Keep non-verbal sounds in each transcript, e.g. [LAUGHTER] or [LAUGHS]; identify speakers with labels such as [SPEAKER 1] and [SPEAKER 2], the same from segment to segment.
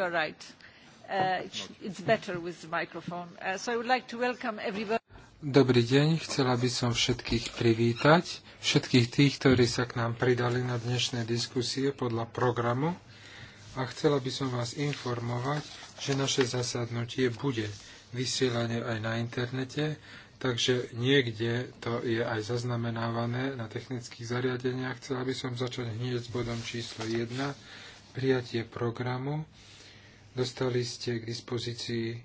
[SPEAKER 1] right. Uh, it's better with the microphone. Uh, so I would like to welcome everybody.
[SPEAKER 2] Dobrý deň, chcela by som všetkých privítať, všetkých tých, ktorí sa k nám pridali na dnešné diskusie podľa programu a chcela by som vás informovať, že naše zasadnutie bude vysielanie aj na internete, takže niekde to je aj zaznamenávané na technických zariadeniach. Chcela by som začať hneď s bodom číslo 1, prijatie programu. Dostali ste k dispozícii e,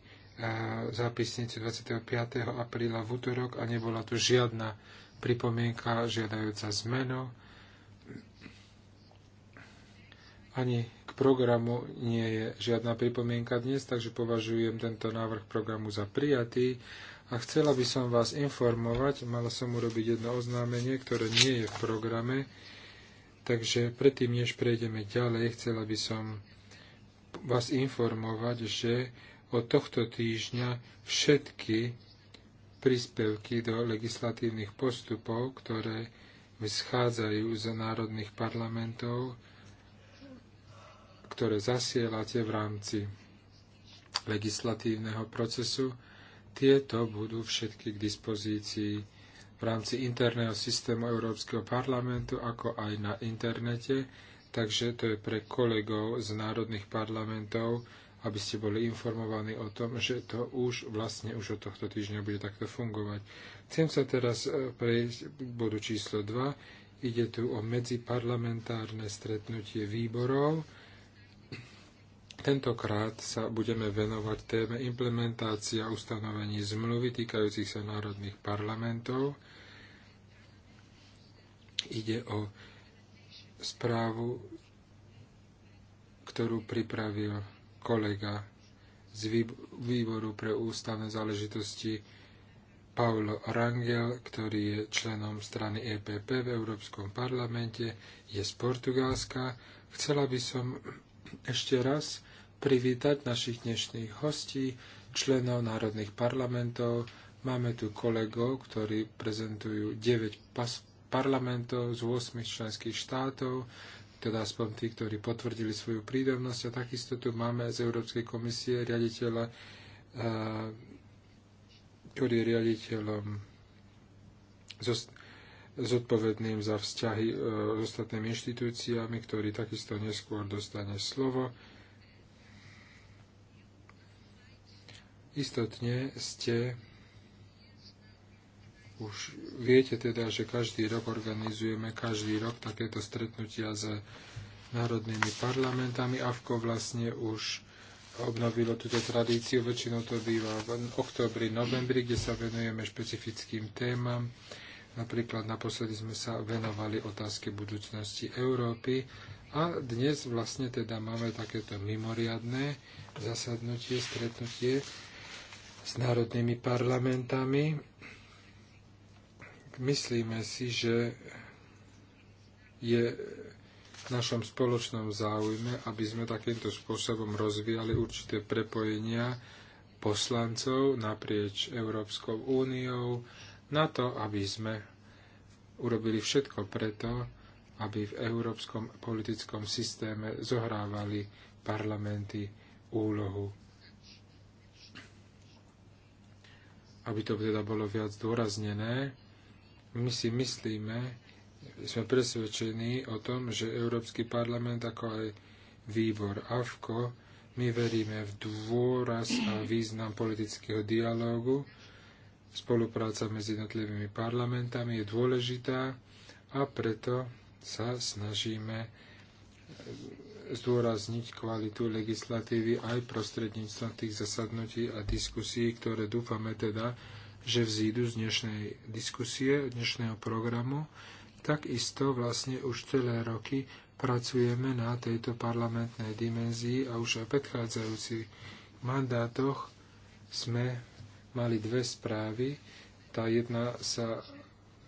[SPEAKER 2] zápisnicu 25. apríla v útorok a nebola tu žiadna pripomienka žiadajúca zmenu. Ani k programu nie je žiadna pripomienka dnes, takže považujem tento návrh programu za prijatý. A chcela by som vás informovať, mala som urobiť jedno oznámenie, ktoré nie je v programe, takže predtým, než prejdeme ďalej, chcela by som vás informovať, že od tohto týždňa všetky príspevky do legislatívnych postupov, ktoré vyschádzajú z národných parlamentov, ktoré zasielate v rámci legislatívneho procesu, tieto budú všetky k dispozícii v rámci interného systému Európskeho parlamentu, ako aj na internete Takže to je pre kolegov z národných parlamentov, aby ste boli informovaní o tom, že to už vlastne už od tohto týždňa bude takto fungovať. Chcem sa teraz e, prejsť k bodu číslo 2. Ide tu o medziparlamentárne stretnutie výborov. Tentokrát sa budeme venovať téme implementácia ustanovení zmluvy týkajúcich sa národných parlamentov. Ide o správu, ktorú pripravil kolega z výboru pre ústavné záležitosti Paulo Rangel, ktorý je členom strany EPP v Európskom parlamente, je z Portugalska. Chcela by som ešte raz privítať našich dnešných hostí, členov národných parlamentov. Máme tu kolegov, ktorí prezentujú 9 pas- parlamentov z 8 členských štátov, teda aspoň tí, ktorí potvrdili svoju prídomnosť. A takisto tu máme z Európskej komisie riaditeľa, eh, ktorý je riaditeľom zodpovedným za vzťahy eh, s ostatnými inštitúciami, ktorý takisto neskôr dostane slovo. Istotne ste už viete teda, že každý rok organizujeme každý rok takéto stretnutia s národnými parlamentami. Avko vlastne už obnovilo túto tradíciu. Väčšinou to býva v oktobri, novembri, kde sa venujeme špecifickým témam. Napríklad naposledy sme sa venovali otázke budúcnosti Európy a dnes vlastne teda máme takéto mimoriadné zasadnutie, stretnutie s národnými parlamentami myslíme si, že je v našom spoločnom záujme, aby sme takýmto spôsobom rozvíjali určité prepojenia poslancov naprieč Európskou úniou na to, aby sme urobili všetko preto, aby v európskom politickom systéme zohrávali parlamenty úlohu. Aby to teda bolo viac zdôraznené, my si myslíme, sme presvedčení o tom, že Európsky parlament ako aj výbor AFKO, my veríme v dôraz a význam politického dialógu. Spolupráca medzi jednotlivými parlamentami je dôležitá a preto sa snažíme zdôrazniť kvalitu legislatívy aj prostredníctvom tých zasadnutí a diskusí, ktoré dúfame teda že vzídu z dnešnej diskusie, dnešného programu. Takisto vlastne už celé roky pracujeme na tejto parlamentnej dimenzii a už aj v predchádzajúcich mandátoch sme mali dve správy. Tá jedna sa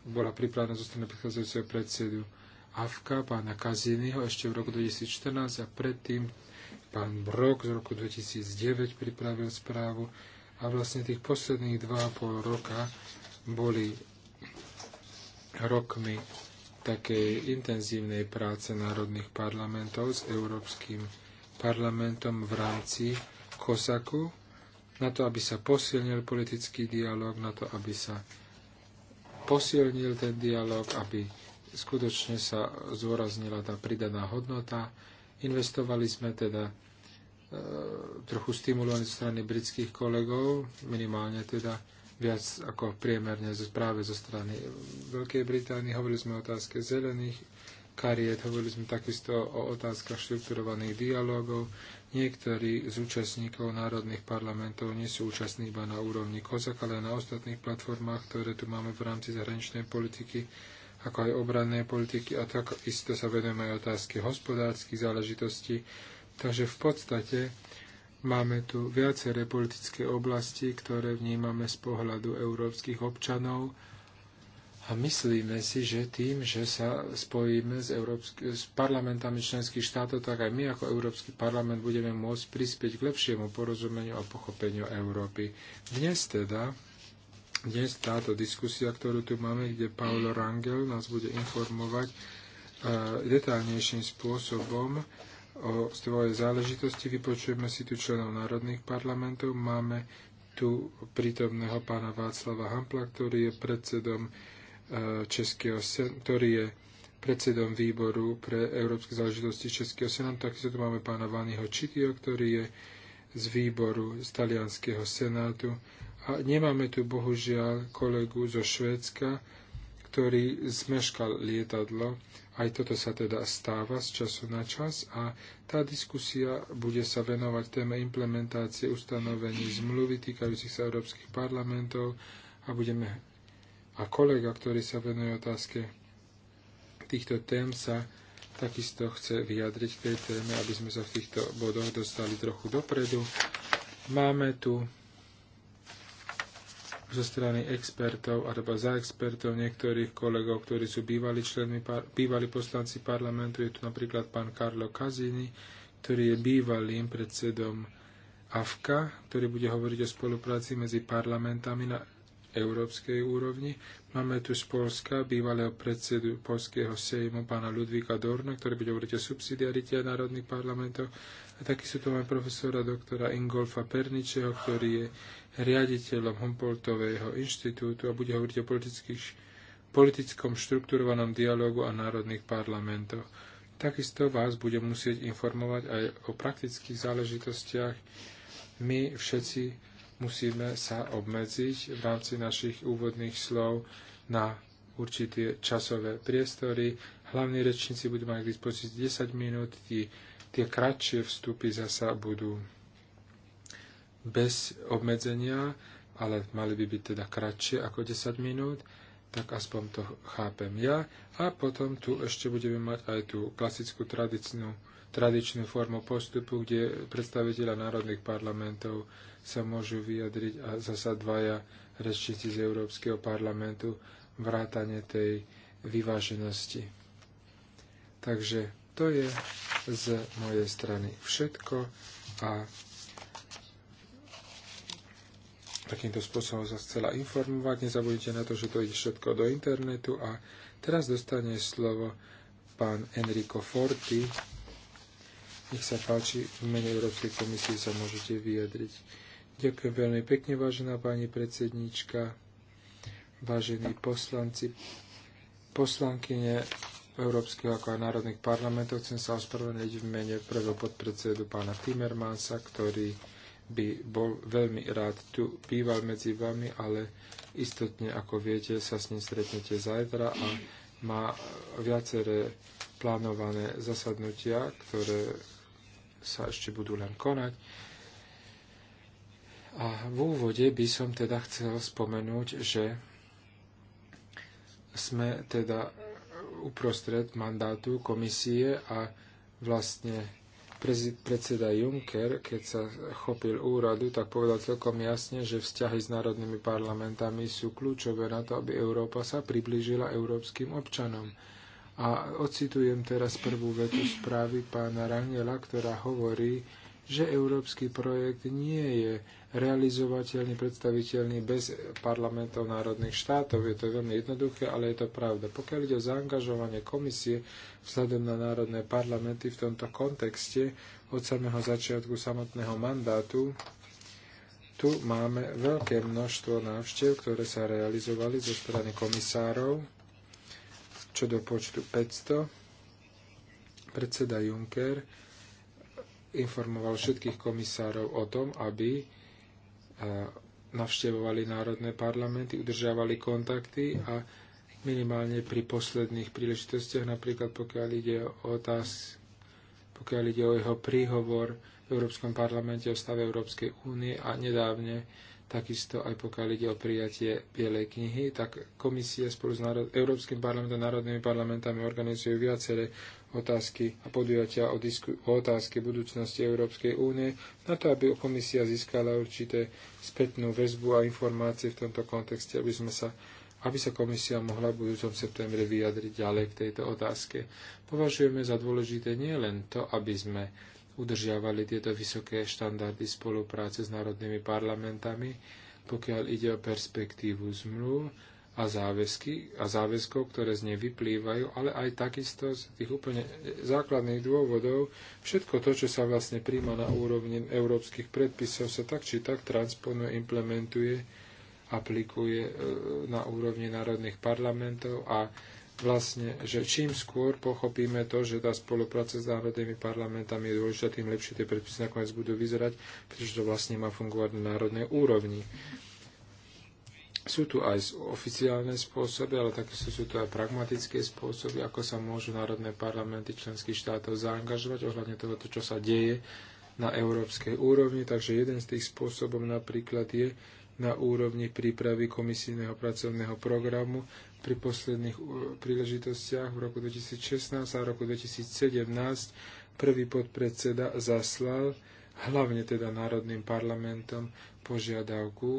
[SPEAKER 2] bola pripravená zo strany predchádzajúceho predsedu Avka, pána Kazinyho, ešte v roku 2014 a predtým pán Brok z roku 2009 pripravil správu a vlastne tých posledných 2,5 roka boli rokmi takej intenzívnej práce národných parlamentov s Európskym parlamentom v rámci Kosaku, na to, aby sa posilnil politický dialog, na to, aby sa posilnil ten dialog, aby skutočne sa zdôraznila tá pridaná hodnota. Investovali sme teda E, trochu stimulovaný zo strany britských kolegov, minimálne teda viac ako priemerne práve zo strany Veľkej Británie. Hovorili sme o otázke zelených kariet, hovorili sme takisto o otázkach štrukturovaných dialogov. Niektorí z účastníkov národných parlamentov nie sú účastní iba na úrovni COSAC, ale aj na ostatných platformách, ktoré tu máme v rámci zahraničnej politiky, ako aj obrannej politiky a takisto sa vedeme aj otázky hospodárskych záležitostí Takže v podstate máme tu viaceré politické oblasti, ktoré vnímame z pohľadu európskych občanov a myslíme si, že tým, že sa spojíme s, európsky, s parlamentami členských štátov, tak aj my ako Európsky parlament budeme môcť prispieť k lepšiemu porozumeniu a pochopeniu Európy. Dnes teda dnes táto diskusia, ktorú tu máme, kde Paolo Rangel nás bude informovať eh, detaľnejším detálnejším spôsobom o svojej záležitosti. Vypočujeme si tu členov národných parlamentov. Máme tu prítomného pána Václava Hampla, ktorý je predsedom e, Českého sen, ktorý je predsedom výboru pre európske záležitosti Českého senátu. Takisto tu máme pána Vaniho Čitio, ktorý je z výboru z talianského senátu. A nemáme tu bohužiaľ kolegu zo Švédska, ktorý zmeškal lietadlo. Aj toto sa teda stáva z času na čas a tá diskusia bude sa venovať téme implementácie ustanovení zmluvy týkajúcich sa európskych parlamentov a budeme a kolega, ktorý sa venuje otázke týchto tém, sa takisto chce vyjadriť k tej téme, aby sme sa v týchto bodoch dostali trochu dopredu. Máme tu zo strany expertov alebo za expertov niektorých kolegov, ktorí sú bývali, členmi, bývali poslanci parlamentu. Je tu napríklad pán Karlo Kazini, ktorý je bývalým predsedom AFKA, ktorý bude hovoriť o spolupráci medzi parlamentami na európskej úrovni. Máme tu z Polska bývalého predsedu Polského sejmu pána Ludvíka Dorna, ktorý bude hovoriť o subsidiarite a národných parlamentov. A takisto tu máme profesora doktora Ingolfa Perničeho, ktorý je riaditeľom Humboldtového inštitútu a bude hovoriť o politickom štrukturovanom dialogu a národných parlamentov. Takisto vás budem musieť informovať aj o praktických záležitostiach. My všetci musíme sa obmedziť v rámci našich úvodných slov na určité časové priestory. Hlavní rečníci budú mať k dispozícii 10 minút, tí, tie kratšie vstupy zasa budú bez obmedzenia, ale mali by byť teda kratšie ako 10 minút, tak aspoň to chápem ja. A potom tu ešte budeme mať aj tú klasickú tradičnú, tradičnú formu postupu, kde predstaviteľa národných parlamentov sa môžu vyjadriť a zasa dvaja rečníci z Európskeho parlamentu vrátane tej vyváženosti. Takže to je z mojej strany všetko a takýmto spôsobom sa chcela informovať. Nezabudnite na to, že to ide všetko do internetu a teraz dostane slovo pán Enrico Forti. Nech sa páči, v mene Európskej komisie sa môžete vyjadriť. Ďakujem veľmi pekne, vážená pani predsednička, vážení poslanci, poslankyne Európskeho ako aj národných parlamentov. Chcem sa ospravedlniť v mene prvého podpredsedu pána Timmermansa, ktorý by bol veľmi rád tu býval medzi vami, ale istotne, ako viete, sa s ním stretnete zajtra a má viaceré plánované zasadnutia, ktoré sa ešte budú len konať. A v úvode by som teda chcel spomenúť, že sme teda uprostred mandátu komisie a vlastne predseda Juncker, keď sa chopil úradu, tak povedal celkom jasne, že vzťahy s národnými parlamentami sú kľúčové na to, aby Európa sa priblížila európskym občanom. A ocitujem teraz prvú vetu správy pána Rangela, ktorá hovorí, že európsky projekt nie je realizovateľný, predstaviteľný bez parlamentov národných štátov. Je to veľmi jednoduché, ale je to pravda. Pokiaľ ide o zaangažovanie komisie vzhľadom na národné parlamenty v tomto kontexte od samého začiatku samotného mandátu, tu máme veľké množstvo návštev, ktoré sa realizovali zo strany komisárov, čo do počtu 500. Predseda Juncker informoval všetkých komisárov o tom, aby e, navštevovali národné parlamenty, udržiavali kontakty a minimálne pri posledných príležitostiach, napríklad pokiaľ ide o otáz, pokiaľ ide o jeho príhovor v Európskom parlamente o stave Európskej únie a nedávne takisto aj pokiaľ ide o prijatie Bielej knihy, tak komisia spolu s národ- Európskym parlamentom a národnými parlamentami organizujú viaceré otázky a podujatia o, disku, o otázke budúcnosti Európskej únie, na to, aby komisia získala určité spätnú väzbu a informácie v tomto kontexte, aby, sme sa, aby sa komisia mohla v budúcom septembre vyjadriť ďalej k tejto otázke. Považujeme za dôležité nie len to, aby sme udržiavali tieto vysoké štandardy spolupráce s národnými parlamentami, pokiaľ ide o perspektívu zmluv, a, záväzky, a záväzkov, ktoré z nej vyplývajú, ale aj takisto z tých úplne základných dôvodov, všetko to, čo sa vlastne príjma na úrovni európskych predpisov, sa tak či tak transponuje, implementuje, aplikuje e, na úrovni národných parlamentov a vlastne, že čím skôr pochopíme to, že tá spolupráca s národnými parlamentami je dôležitá, tým lepšie tie predpisy nakoniec budú vyzerať, pretože to vlastne má fungovať na národnej úrovni sú tu aj oficiálne spôsoby, ale takisto sú tu aj pragmatické spôsoby, ako sa môžu národné parlamenty členských štátov zaangažovať ohľadne toho, čo sa deje na európskej úrovni. Takže jeden z tých spôsobov napríklad je na úrovni prípravy komisijného pracovného programu pri posledných uh, príležitostiach v roku 2016 a v roku 2017 prvý podpredseda zaslal hlavne teda národným parlamentom požiadavku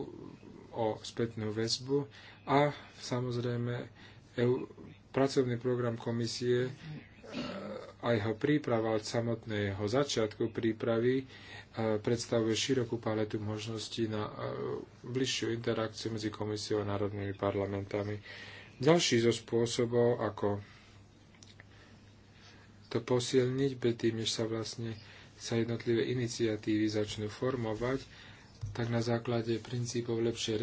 [SPEAKER 2] o spätnú väzbu a samozrejme EU, pracovný program komisie e, a jeho príprava od samotného začiatku prípravy e, predstavuje širokú paletu možností na e, bližšiu interakciu medzi komisiou a národnými parlamentami. Ďalší zo spôsobov, ako to posilniť, tým, než sa vlastne sa jednotlivé iniciatívy začnú formovať, tak na základe princípov lepšej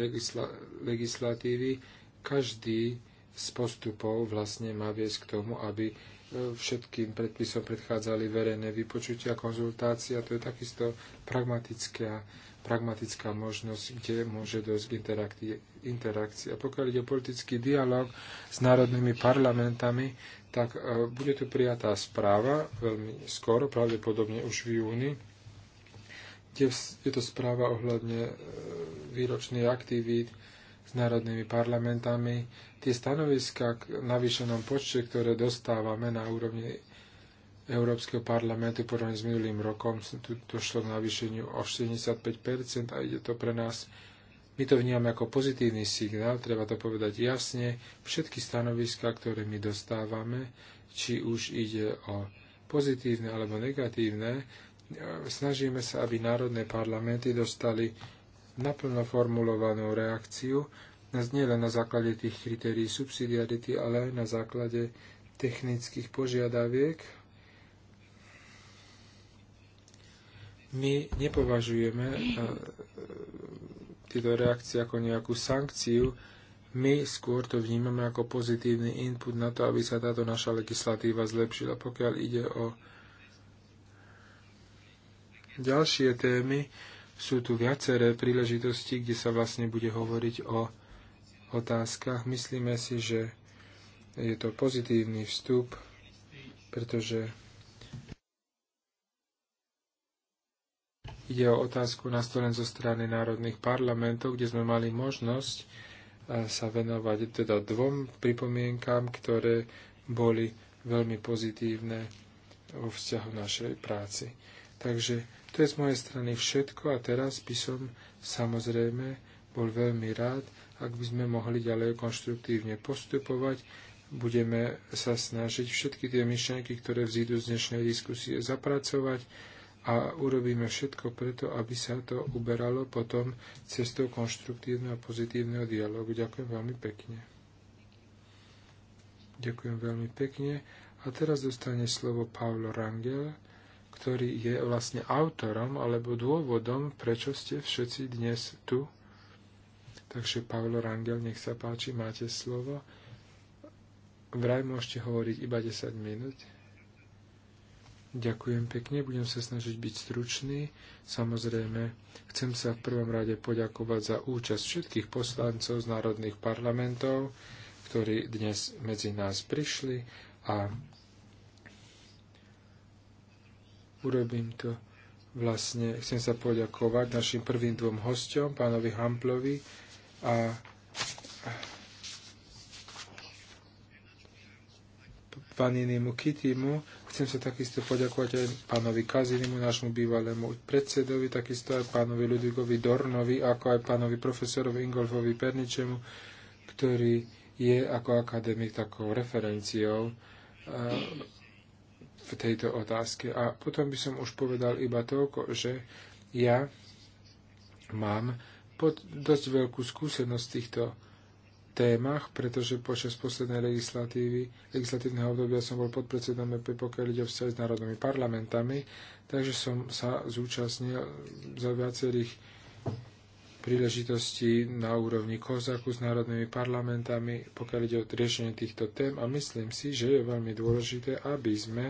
[SPEAKER 2] legislatívy každý z postupov vlastne má viesť k tomu, aby e, všetkým predpisom predchádzali verejné vypočutia, konzultácia. To je takisto pragmatická, pragmatická možnosť, kde môže dosť k interakcii. A pokiaľ ide o politický dialog s národnými parlamentami, tak e, bude tu prijatá správa veľmi skoro, pravdepodobne už v júni, kde je to správa ohľadne e, výročných aktivít s národnými parlamentami. Tie stanoviska k navýšenom počte, ktoré dostávame na úrovni Európskeho parlamentu porovnaní s minulým rokom, tu došlo k navýšeniu o 75% a ide to pre nás my to vnímame ako pozitívny signál, treba to povedať jasne. Všetky stanoviská, ktoré my dostávame, či už ide o pozitívne alebo negatívne, snažíme sa, aby národné parlamenty dostali naplno formulovanú reakciu, nielen na základe tých kritérií subsidiarity, ale aj na základe technických požiadaviek. My nepovažujeme tieto reakcie ako nejakú sankciu, my skôr to vnímame ako pozitívny input na to, aby sa táto naša legislatíva zlepšila. Pokiaľ ide o ďalšie témy. Sú tu viaceré príležitosti, kde sa vlastne bude hovoriť o otázkach. Myslíme si, že je to pozitívny vstup, pretože ide o otázku stolen zo strany národných parlamentov, kde sme mali možnosť e, sa venovať teda dvom pripomienkám, ktoré boli veľmi pozitívne vo vzťahu našej práci. Takže to je z mojej strany všetko a teraz by som samozrejme bol veľmi rád, ak by sme mohli ďalej konštruktívne postupovať. Budeme sa snažiť všetky tie myšlienky, ktoré vzídu z dnešnej diskusie, zapracovať a urobíme všetko preto, aby sa to uberalo potom cestou konštruktívneho a pozitívneho dialogu. Ďakujem veľmi pekne. Ďakujem veľmi pekne. A teraz dostane slovo Paolo Rangel, ktorý je vlastne autorom alebo dôvodom, prečo ste všetci dnes tu. Takže Pavlo Rangel, nech sa páči, máte slovo. Vraj môžete hovoriť iba 10 minút. Ďakujem pekne, budem sa snažiť byť stručný. Samozrejme, chcem sa v prvom rade poďakovať za účasť všetkých poslancov z národných parlamentov, ktorí dnes medzi nás prišli a Urobím to vlastne, chcem sa poďakovať našim prvým dvom hostom, pánovi Hamplovi a paninimu Kitimu. Chcem sa takisto poďakovať aj pánovi Kazinimu, nášmu bývalému predsedovi, takisto aj pánovi Ludvigovi Dornovi, ako aj pánovi profesorovi Ingolfovi Perničemu, ktorý je ako akademik takou referenciou v tejto otázke. A potom by som už povedal iba toľko, že ja mám pod dosť veľkú skúsenosť v týchto témach, pretože počas poslednej legislatívy, legislatívneho obdobia som bol podpredsedom EP, pokiaľ ide o s národnými parlamentami, takže som sa zúčastnil za viacerých príležitosti na úrovni Kozaku s národnými parlamentami, pokiaľ ide o riešenie týchto tém a myslím si, že je veľmi dôležité, aby sme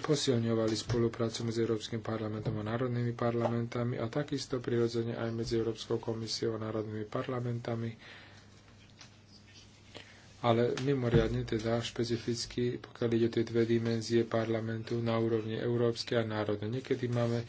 [SPEAKER 2] posilňovali spoluprácu medzi Európskym parlamentom a národnými parlamentami a takisto prirodzene aj medzi Európskou komisiou a národnými parlamentami, ale mimoriadne teda špecificky, pokiaľ ide o tie dve dimenzie parlamentu na úrovni európskej a národnej. Niekedy máme e,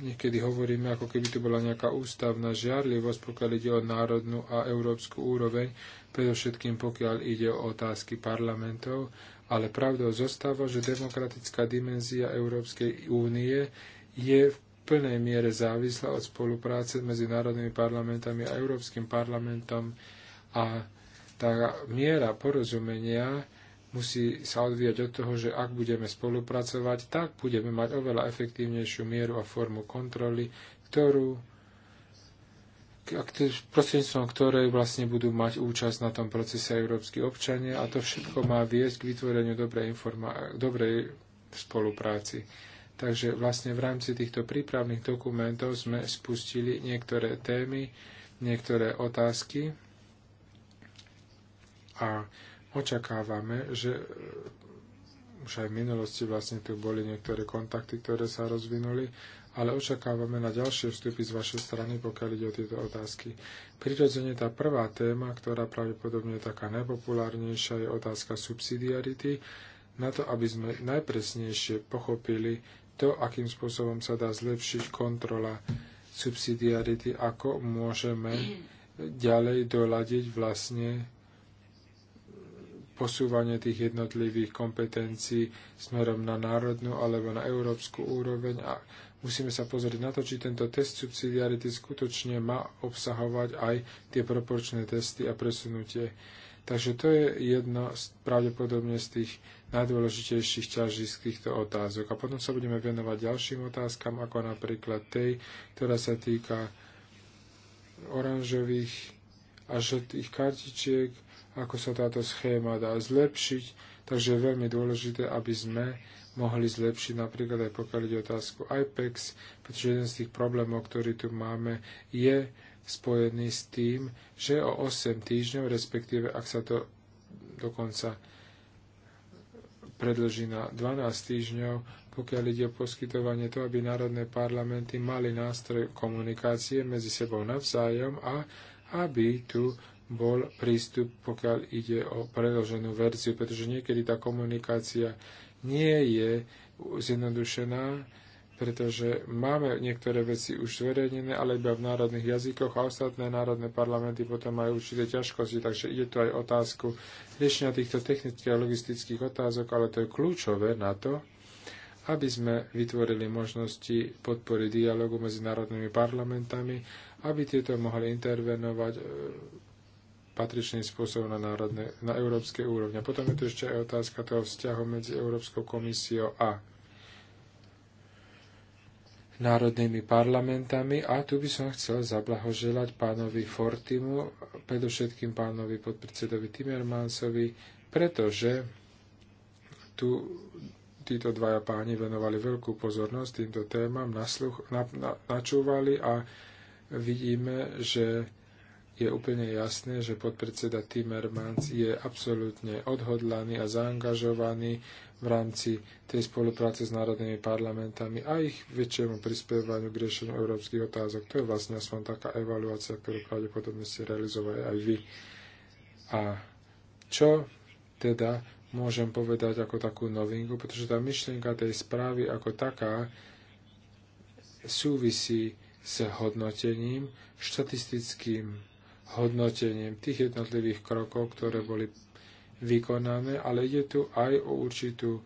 [SPEAKER 2] niekedy hovoríme, ako keby tu bola nejaká ústavná žiarlivosť, pokiaľ ide o národnú a európsku úroveň, predovšetkým pokiaľ ide o otázky parlamentov, ale pravdou zostáva, že demokratická dimenzia Európskej únie je v plnej miere závislá od spolupráce medzi národnými parlamentami a Európskym parlamentom a tá miera porozumenia musí sa odvíjať od toho, že ak budeme spolupracovať, tak budeme mať oveľa efektívnejšiu mieru a formu kontroly, ktorú prostredníctvom ktorej vlastne budú mať účasť na tom procese európsky občania a to všetko má viesť k vytvoreniu dobrej, informa- dobrej spolupráci. Takže vlastne v rámci týchto prípravných dokumentov sme spustili niektoré témy, niektoré otázky a očakávame, že už aj v minulosti vlastne tu boli niektoré kontakty, ktoré sa rozvinuli, ale očakávame na ďalšie vstupy z vašej strany, pokiaľ ide o tieto otázky. Prirodzene tá prvá téma, ktorá pravdepodobne je taká najpopulárnejšia, je otázka subsidiarity, na to, aby sme najpresnejšie pochopili to, akým spôsobom sa dá zlepšiť kontrola subsidiarity, ako môžeme ďalej doľadiť vlastne posúvanie tých jednotlivých kompetencií smerom na národnú alebo na európsku úroveň a musíme sa pozrieť na to, či tento test subsidiarity skutočne má obsahovať aj tie proporčné testy a presunutie. Takže to je jedno z, pravdepodobne z tých najdôležitejších ťaží z týchto otázok. A potom sa budeme venovať ďalším otázkam, ako napríklad tej, ktorá sa týka oranžových a žltých kartičiek, ako sa táto schéma dá zlepšiť, takže je veľmi dôležité, aby sme mohli zlepšiť napríklad aj pokiaľ ide otázku IPEX, pretože jeden z tých problémov, ktorý tu máme, je spojený s tým, že o 8 týždňov, respektíve ak sa to dokonca predlží na 12 týždňov, pokiaľ ide o poskytovanie to, aby národné parlamenty mali nástroj komunikácie medzi sebou navzájom a aby tu bol prístup, pokiaľ ide o preloženú verziu, pretože niekedy tá komunikácia nie je zjednodušená, pretože máme niektoré veci už zverejnené, ale iba v národných jazykoch a ostatné národné parlamenty potom majú určité ťažkosti, takže ide tu aj otázku riešenia týchto technických a logistických otázok, ale to je kľúčové na to, aby sme vytvorili možnosti podpory dialogu medzi národnými parlamentami, aby tieto mohli intervenovať patričným spôsobom na, národne, na európskej úrovni. A potom je tu ešte aj otázka toho vzťahu medzi Európskou komisiou a národnými parlamentami a tu by som chcel zablahoželať pánovi Fortimu, predovšetkým pánovi podpredsedovi Timmermansovi, pretože tu títo dvaja páni venovali veľkú pozornosť týmto témam, nasluch, na, na, načúvali a vidíme, že je úplne jasné, že podpredseda Timmermans je absolútne odhodlaný a zaangažovaný v rámci tej spolupráce s národnými parlamentami a ich väčšiemu prispievaniu k riešeniu európskych otázok. To je vlastne aspoň taká evaluácia, ktorú pravdepodobne ste realizovali aj vy. A čo teda môžem povedať ako takú novinku, pretože tá myšlienka tej správy ako taká súvisí s hodnotením, štatistickým hodnotením tých jednotlivých krokov, ktoré boli vykonané, ale ide tu aj o určitú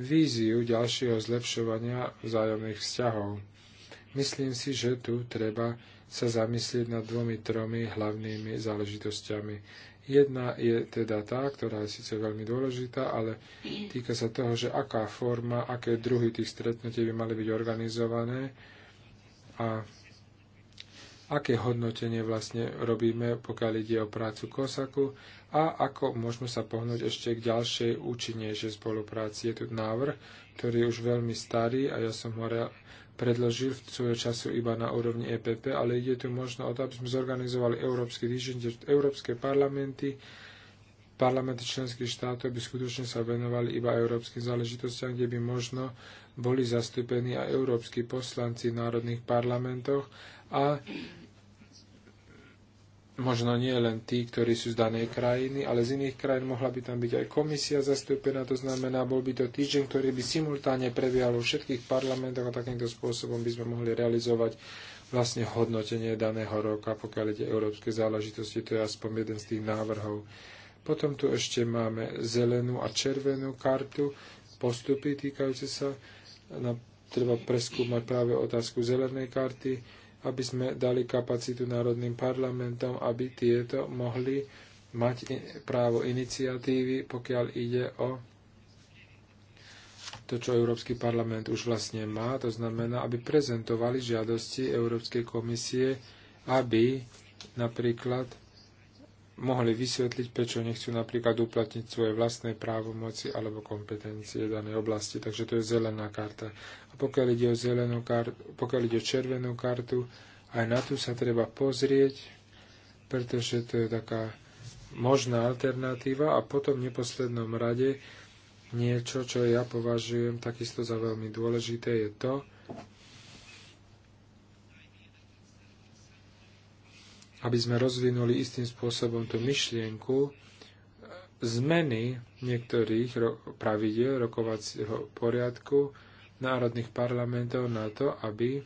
[SPEAKER 2] víziu ďalšieho zlepšovania vzájomných vzťahov. Myslím si, že tu treba sa zamyslieť nad dvomi, tromi hlavnými záležitosťami. Jedna je teda tá, ktorá je síce veľmi dôležitá, ale týka sa toho, že aká forma, aké druhy tých stretnutí by mali byť organizované a aké hodnotenie vlastne robíme, pokiaľ ide o prácu Kosaku a ako môžeme sa pohnúť ešte k ďalšej účinnejšej spolupráci. Je tu návrh, ktorý je už veľmi starý a ja som ho predložil v svojho času iba na úrovni EPP, ale ide tu možno o to, aby sme zorganizovali Európsky týždeň, kde Európske parlamenty, parlamenty členských štátov by skutočne sa venovali iba európskym záležitostiam, kde by možno boli zastúpení aj európsky poslanci v národných parlamentoch a možno nie len tí, ktorí sú z danej krajiny, ale z iných krajín mohla by tam byť aj komisia zastúpená, to znamená, bol by to týždeň, ktorý by simultáne prebiehal vo všetkých parlamentoch a takýmto spôsobom by sme mohli realizovať vlastne hodnotenie daného roka, pokiaľ ide európske záležitosti, to je aspoň jeden z tých návrhov. Potom tu ešte máme zelenú a červenú kartu, postupy týkajúce sa, na, treba preskúmať práve otázku zelenej karty, aby sme dali kapacitu národným parlamentom, aby tieto mohli mať právo iniciatívy, pokiaľ ide o to, čo Európsky parlament už vlastne má, to znamená, aby prezentovali žiadosti Európskej komisie, aby napríklad mohli vysvetliť, prečo nechcú napríklad uplatniť svoje vlastné právomoci alebo kompetencie v danej oblasti. Takže to je zelená karta pokiaľ ide o, zelenú kartu, pokiaľ ide o červenú kartu, aj na tú sa treba pozrieť, pretože to je taká možná alternatíva a potom v neposlednom rade niečo, čo ja považujem takisto za veľmi dôležité, je to, aby sme rozvinuli istým spôsobom tú myšlienku zmeny niektorých pravidel rokovacieho poriadku, národných parlamentov na to, aby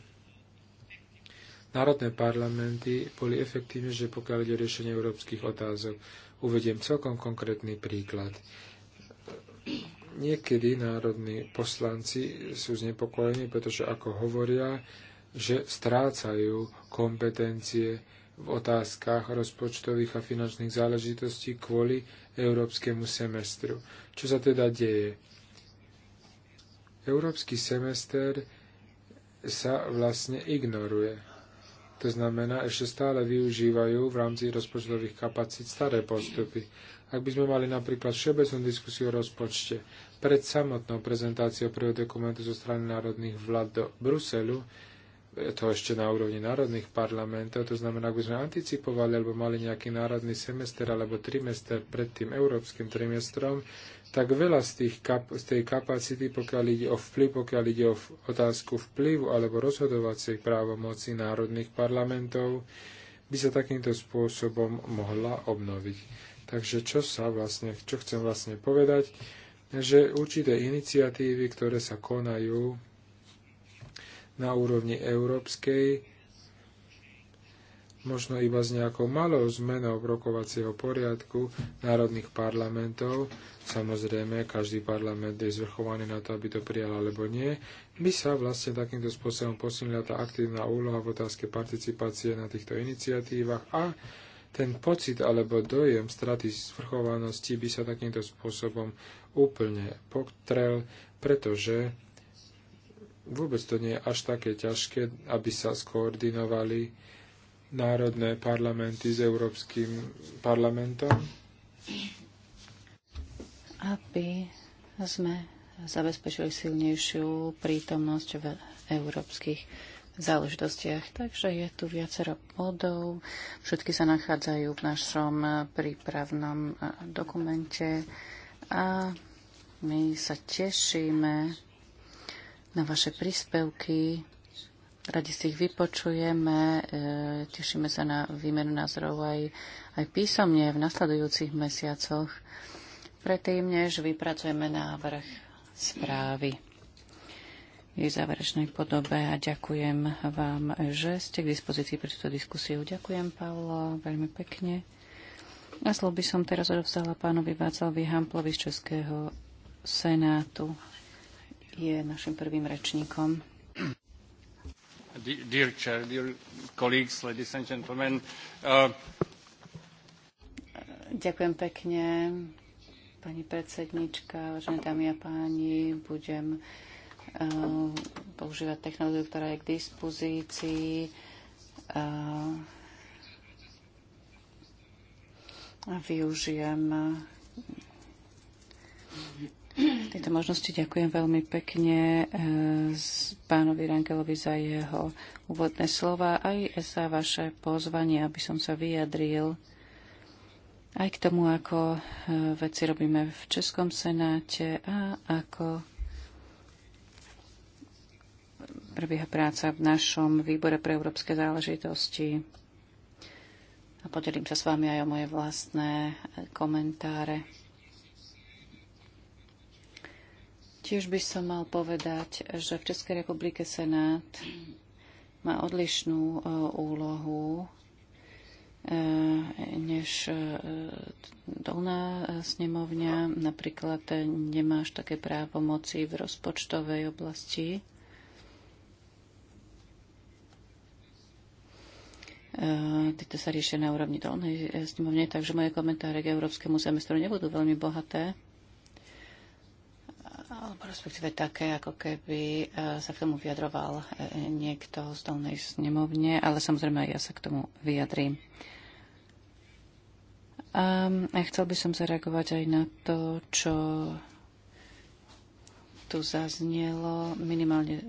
[SPEAKER 2] národné parlamenty boli efektívne, že pokiaľ ide o riešenie európskych otázok. Uvediem celkom konkrétny príklad. Niekedy národní poslanci sú znepokojení, pretože ako hovoria, že strácajú kompetencie v otázkach rozpočtových a finančných záležitostí kvôli európskemu semestru. Čo sa teda deje? Európsky semester sa vlastne ignoruje. To znamená, ešte stále využívajú v rámci rozpočtových kapacít staré postupy. Ak by sme mali napríklad všeobecnú diskusiu o rozpočte pred samotnou prezentáciou prvého dokumentu zo strany národných vlád do Bruselu, e, to ešte na úrovni národných parlamentov, to znamená, ak by sme anticipovali alebo mali nejaký národný semester alebo trimester pred tým európskym trimestrom, tak veľa z, tých kap- z tej kapacity, pokiaľ ide o vplyv, pokiaľ ide o otázku vplyvu alebo rozhodovacej právomoci národných parlamentov, by sa takýmto spôsobom mohla obnoviť. Takže čo sa vlastne, čo chcem vlastne povedať, že určité iniciatívy, ktoré sa konajú na úrovni európskej, možno iba s nejakou malou zmenou rokovacieho poriadku národných parlamentov, samozrejme každý parlament je zvrchovaný na to, aby to prijal alebo nie, by sa vlastne takýmto spôsobom posunila tá aktívna úloha v otázke participácie na týchto iniciatívach a ten pocit alebo dojem straty zvrchovanosti by sa takýmto spôsobom úplne potrel, pretože vôbec to nie je až také ťažké, aby sa skoordinovali národné parlamenty s Európskym parlamentom?
[SPEAKER 3] Aby sme zabezpečili silnejšiu prítomnosť v európskych záležitostiach. Takže je tu viacero bodov. Všetky sa nachádzajú v našom prípravnom dokumente a my sa tešíme na vaše príspevky Radi si ich vypočujeme, e, tešíme sa na výmenu názorov aj, aj písomne v nasledujúcich mesiacoch, predtým, než vypracujeme návrh správy jej záverečnej podobe a ďakujem vám, že ste k dispozícii pre túto diskusiu. Ďakujem, Pavlo, veľmi pekne. A slovo by som teraz odovzdala pánovi Václavovi Hamplovi z Českého senátu. Je našim prvým rečníkom.
[SPEAKER 2] Dear Chair, dear
[SPEAKER 3] colleagues, ladies and gentlemen. Uh, Ďakujem pekne, pani predsednička, vážené dámy a páni. Budem uh, používať technológiu, ktorá je k dispozícii. Uh, a využijem tejto možnosti ďakujem veľmi pekne eh, pánovi Rangelovi za jeho úvodné slova aj za vaše pozvanie, aby som sa vyjadril aj k tomu, ako eh, veci robíme v Českom senáte a ako prebieha práca v našom výbore pre európske záležitosti. A podelím sa s vami aj o moje vlastné komentáre. Tiež by som mal povedať, že v Českej republike Senát má odlišnú e, úlohu e, než e, dolná snemovňa. Napríklad nemáš také moci v rozpočtovej oblasti. Tieto sa riešia na úrovni dolnej snemovne, takže moje komentáre k Európskemu semestru nebudú veľmi bohaté alebo respektíve také, ako keby e, sa k tomu vyjadroval e, niekto z dolnej snemovne, ale samozrejme aj ja sa k tomu vyjadrím. Ehm, a chcel by som zareagovať aj na to, čo tu zaznelo minimálne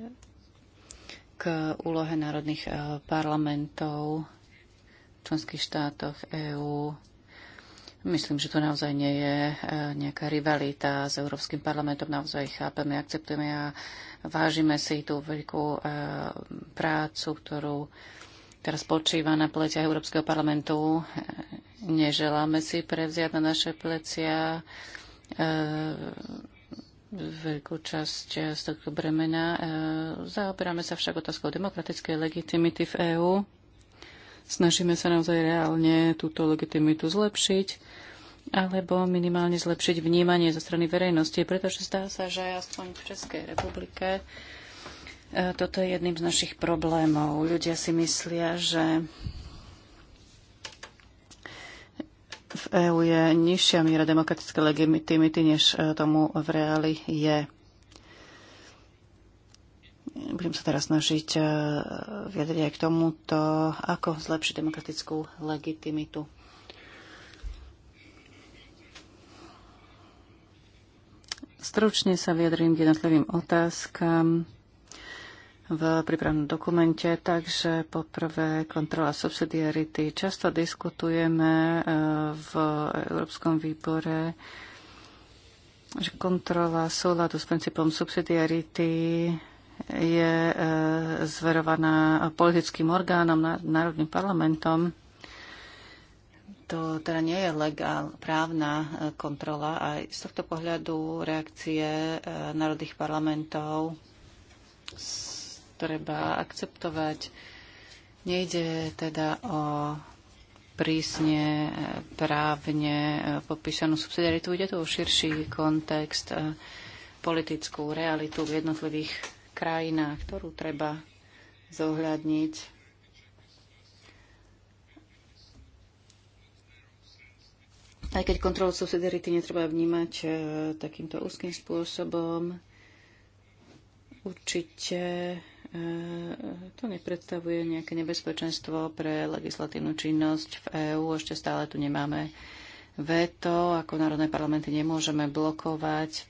[SPEAKER 3] k úlohe národných e, parlamentov v členských štátoch EÚ Myslím, že to naozaj nie je e, nejaká rivalita s Európskym parlamentom. Naozaj chápeme, akceptujeme a vážime si tú veľkú e, prácu, ktorú teraz počíva na plecia Európskeho parlamentu. E, neželáme si prevziať na naše plecia veľkú časť z tohto bremena. Zaoberáme sa však otázkou demokratickej legitimity v EÚ snažíme sa naozaj reálne túto legitimitu zlepšiť alebo minimálne zlepšiť vnímanie zo strany verejnosti, pretože zdá sa, že aspoň v Českej republike e, toto je jedným z našich problémov. Ľudia si myslia, že v EÚ je nižšia miera demokratické legitimity, než e, tomu v reáli je. Budem sa teraz snažiť e, vyjadriť aj k tomuto, ako zlepšiť demokratickú legitimitu. Stručne sa vyjadrím k jednotlivým otázkam v prípravnom dokumente. Takže poprvé kontrola subsidiarity. Často diskutujeme e, v Európskom výbore že kontrola súladu s princípom subsidiarity je e, zverovaná politickým orgánom, národným parlamentom. To teda nie je legál, právna e, kontrola. Aj z tohto pohľadu reakcie e, národných parlamentov treba akceptovať. Nejde teda o prísne právne popísanú subsidiaritu. Ide tu o širší kontext, politickú realitu v jednotlivých krajina, ktorú treba zohľadniť. Aj keď kontrolu subsidiarity netreba vnímať e, takýmto úzkým spôsobom, určite e, to nepredstavuje nejaké nebezpečenstvo pre legislatívnu činnosť v EÚ. Ešte stále tu nemáme veto. Ako národné parlamenty nemôžeme blokovať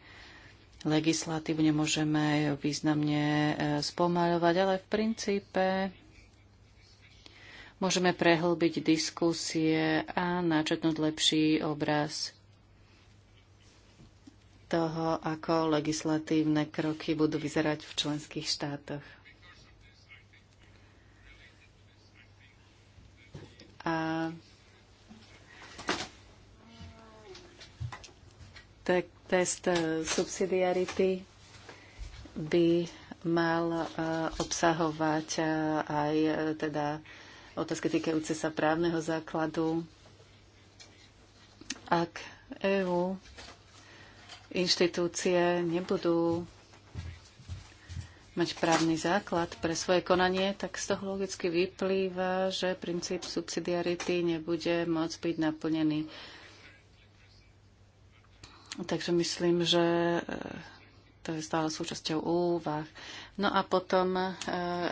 [SPEAKER 3] legislatívne môžeme významne e, spomaľovať, ale v princípe môžeme prehlbiť diskusie a načetnúť lepší obraz toho, ako legislatívne kroky budú vyzerať v členských štátoch. A tak Test e, subsidiarity by mal e, obsahovať e, aj teda otázky týkajúce sa právneho základu. Ak EÚ inštitúcie nebudú mať právny základ pre svoje konanie, tak z toho logicky vyplýva, že princíp subsidiarity nebude môcť byť naplnený. Takže myslím, že e, to je stále súčasťou úvah. No a potom e,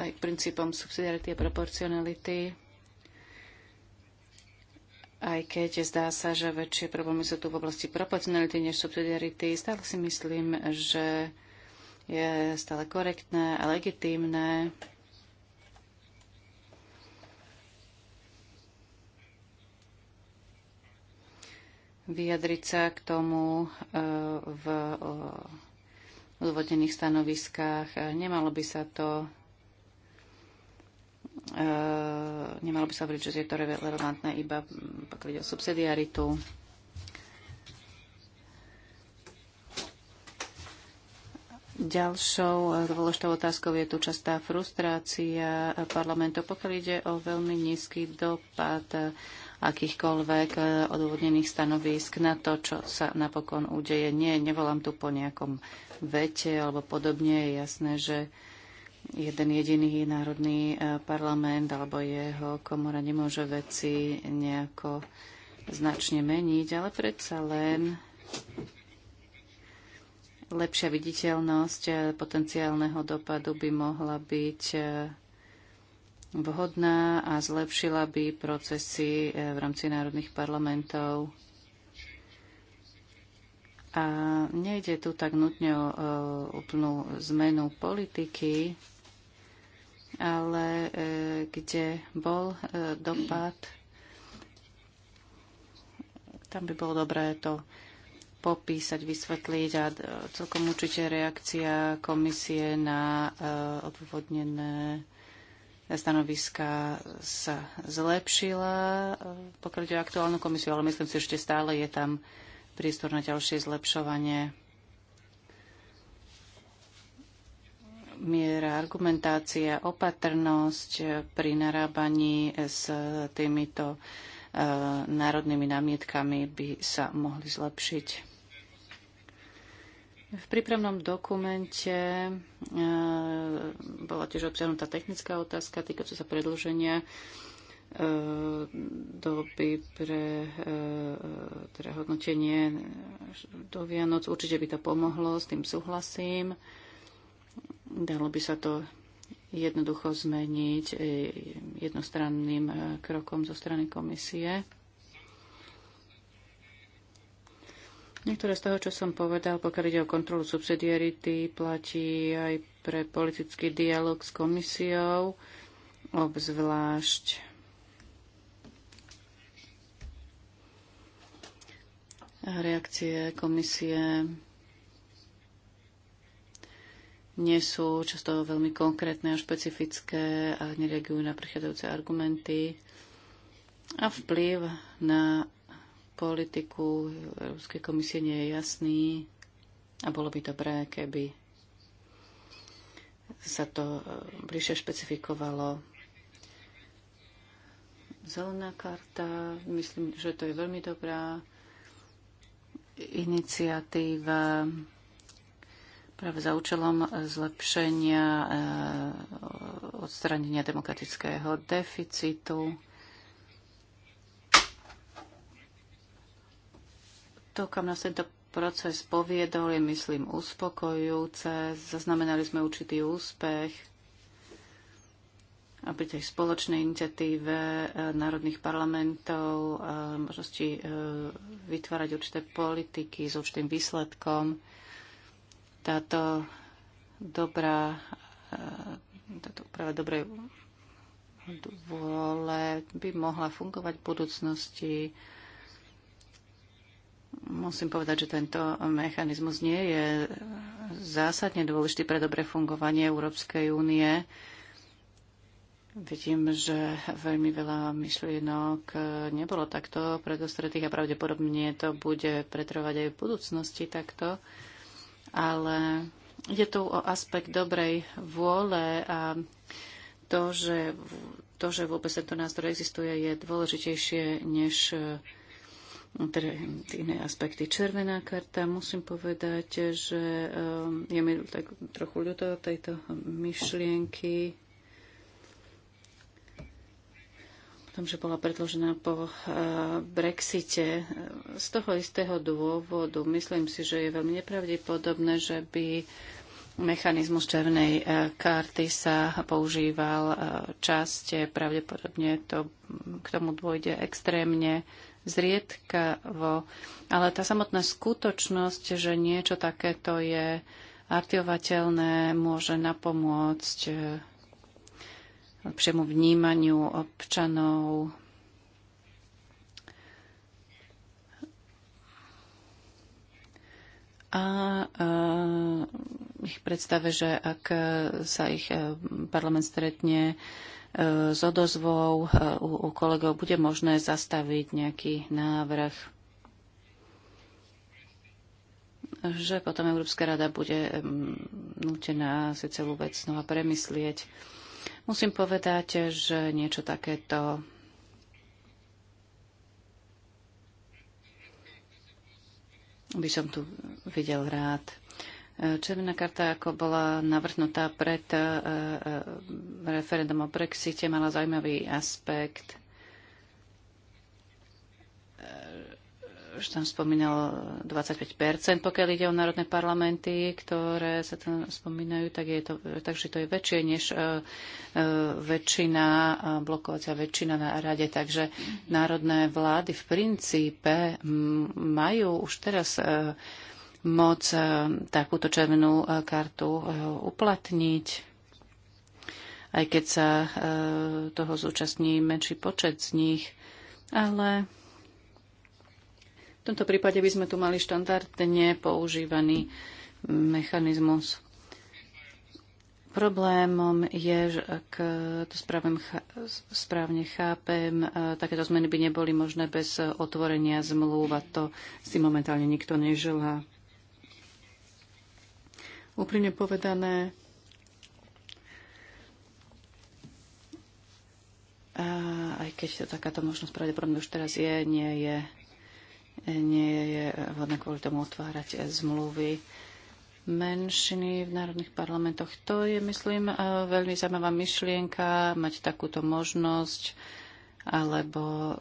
[SPEAKER 3] aj princípom subsidiarity a proporcionality. Aj keď zdá sa, že väčšie problémy sú tu v oblasti proporcionality než subsidiarity, stále si myslím, že je stále korektné a legitímne vyjadriť sa k tomu e, v odvodených stanoviskách. Nemalo by sa to e, nemalo by sa hovoriť, že je to relevantné iba pokiaľ ide o subsidiaritu. Ďalšou dôležitou otázkou je tu častá frustrácia parlamentu, pokiaľ ide o veľmi nízky dopad akýchkoľvek eh, odôvodnených stanovisk na to, čo sa napokon udeje. Nie, nevolám tu po nejakom vete alebo podobne. Je jasné, že jeden jediný národný eh, parlament alebo jeho komora nemôže veci nejako značne meniť, ale predsa len lepšia viditeľnosť eh, potenciálneho dopadu by mohla byť vhodná a zlepšila by procesy eh, v rámci národných parlamentov. A nejde tu tak nutne o, úplnú zmenu politiky, ale eh, kde bol eh, dopad, tam by bolo dobré to popísať, vysvetliť a celkom určite reakcia komisie na odvodnené stanoviska sa zlepšila, eh, pokiaľ ide o aktuálnu komisiu, ale myslím si, že ešte stále je tam priestor na ďalšie zlepšovanie. Miera argumentácia, opatrnosť pri narábaní s týmito eh, národnými námietkami by sa mohli zlepšiť. V prípravnom dokumente eh, bola tiež obsiahnutá technická otázka týkajúca sa predlženia eh, doby pre eh, teda hodnotenie do Vianoc. Určite by to pomohlo, s tým súhlasím. Dalo by sa to jednoducho zmeniť jednostranným krokom zo strany komisie. Niektoré z toho, čo som povedal, pokiaľ ide o kontrolu subsidiarity, platí aj pre politický dialog s komisiou, obzvlášť reakcie komisie nie sú často veľmi konkrétne a špecifické a nereagujú na prichádzajúce argumenty a vplyv na politiku Európskej komisie nie je jasný a bolo by dobré, keby sa to e, bližšie špecifikovalo. Zelená karta, myslím, že to je veľmi dobrá iniciatíva práve za účelom zlepšenia e, odstranenia demokratického deficitu To, kam nás tento proces poviedol, je, myslím, uspokojujúce. Zaznamenali sme určitý úspech a pri tej spoločnej iniciatíve e, národných parlamentov a e, možnosti e, vytvárať určité politiky s určitým výsledkom. Táto dobrá táto práve dobrej vôle by mohla fungovať v budúcnosti Musím povedať, že tento mechanizmus nie je zásadne dôležitý pre dobré fungovanie Európskej únie. Vidím, že veľmi veľa myšlienok nebolo takto predostretých a pravdepodobne to bude pretrvať aj v budúcnosti takto. Ale ide tu o aspekt dobrej vôle a to, že, to, že vôbec tento nástroj existuje, je dôležitejšie než iné aspekty. Červená karta, musím povedať, že ehm, je mi tak trochu ľuto tejto myšlienky, tom, že bola predložená po eh, Brexite. Z toho istého dôvodu myslím si, že je veľmi nepravdepodobné, že by mechanizmus červenej eh, karty sa používal eh, časte. Pravdepodobne to, k tomu dôjde extrémne zriedkavo. Ale tá samotná skutočnosť, že niečo takéto je aktivovateľné, môže napomôcť eh, lepšiemu vnímaniu občanov, a uh, ich predstave, že ak sa ich eh, parlament stretne s odozvou e, u, u kolegov bude možné zastaviť nejaký návrh, že potom Európska rada bude nutená si celú vec znova premyslieť. Musím povedať, že niečo takéto by som tu videl rád. Červená karta, ako bola navrhnutá pred e, e, referendum o Brexite, mala zaujímavý aspekt, e, už tam spomínal 25%, pokiaľ ide o národné parlamenty, ktoré sa tam spomínajú, tak je to, takže to je väčšie než väčšina, blokovacia väčšina na rade. Takže národné vlády v princípe majú už teraz moc eh, takúto červenú eh, kartu eh, uplatniť aj keď sa toho zúčastní menší počet z nich. Ale v tomto prípade by sme tu mali štandardne používaný mechanizmus. Problémom je, že ak to správne, správne chápem, takéto zmeny by neboli možné bez otvorenia zmluv a to si momentálne nikto neželá. Úprimne povedané, A aj keď takáto možnosť pravdepodobne už teraz je, nie je, nie je vhodné kvôli tomu otvárať zmluvy menšiny v národných parlamentoch. To je, myslím, e, veľmi zaujímavá myšlienka, mať takúto možnosť, alebo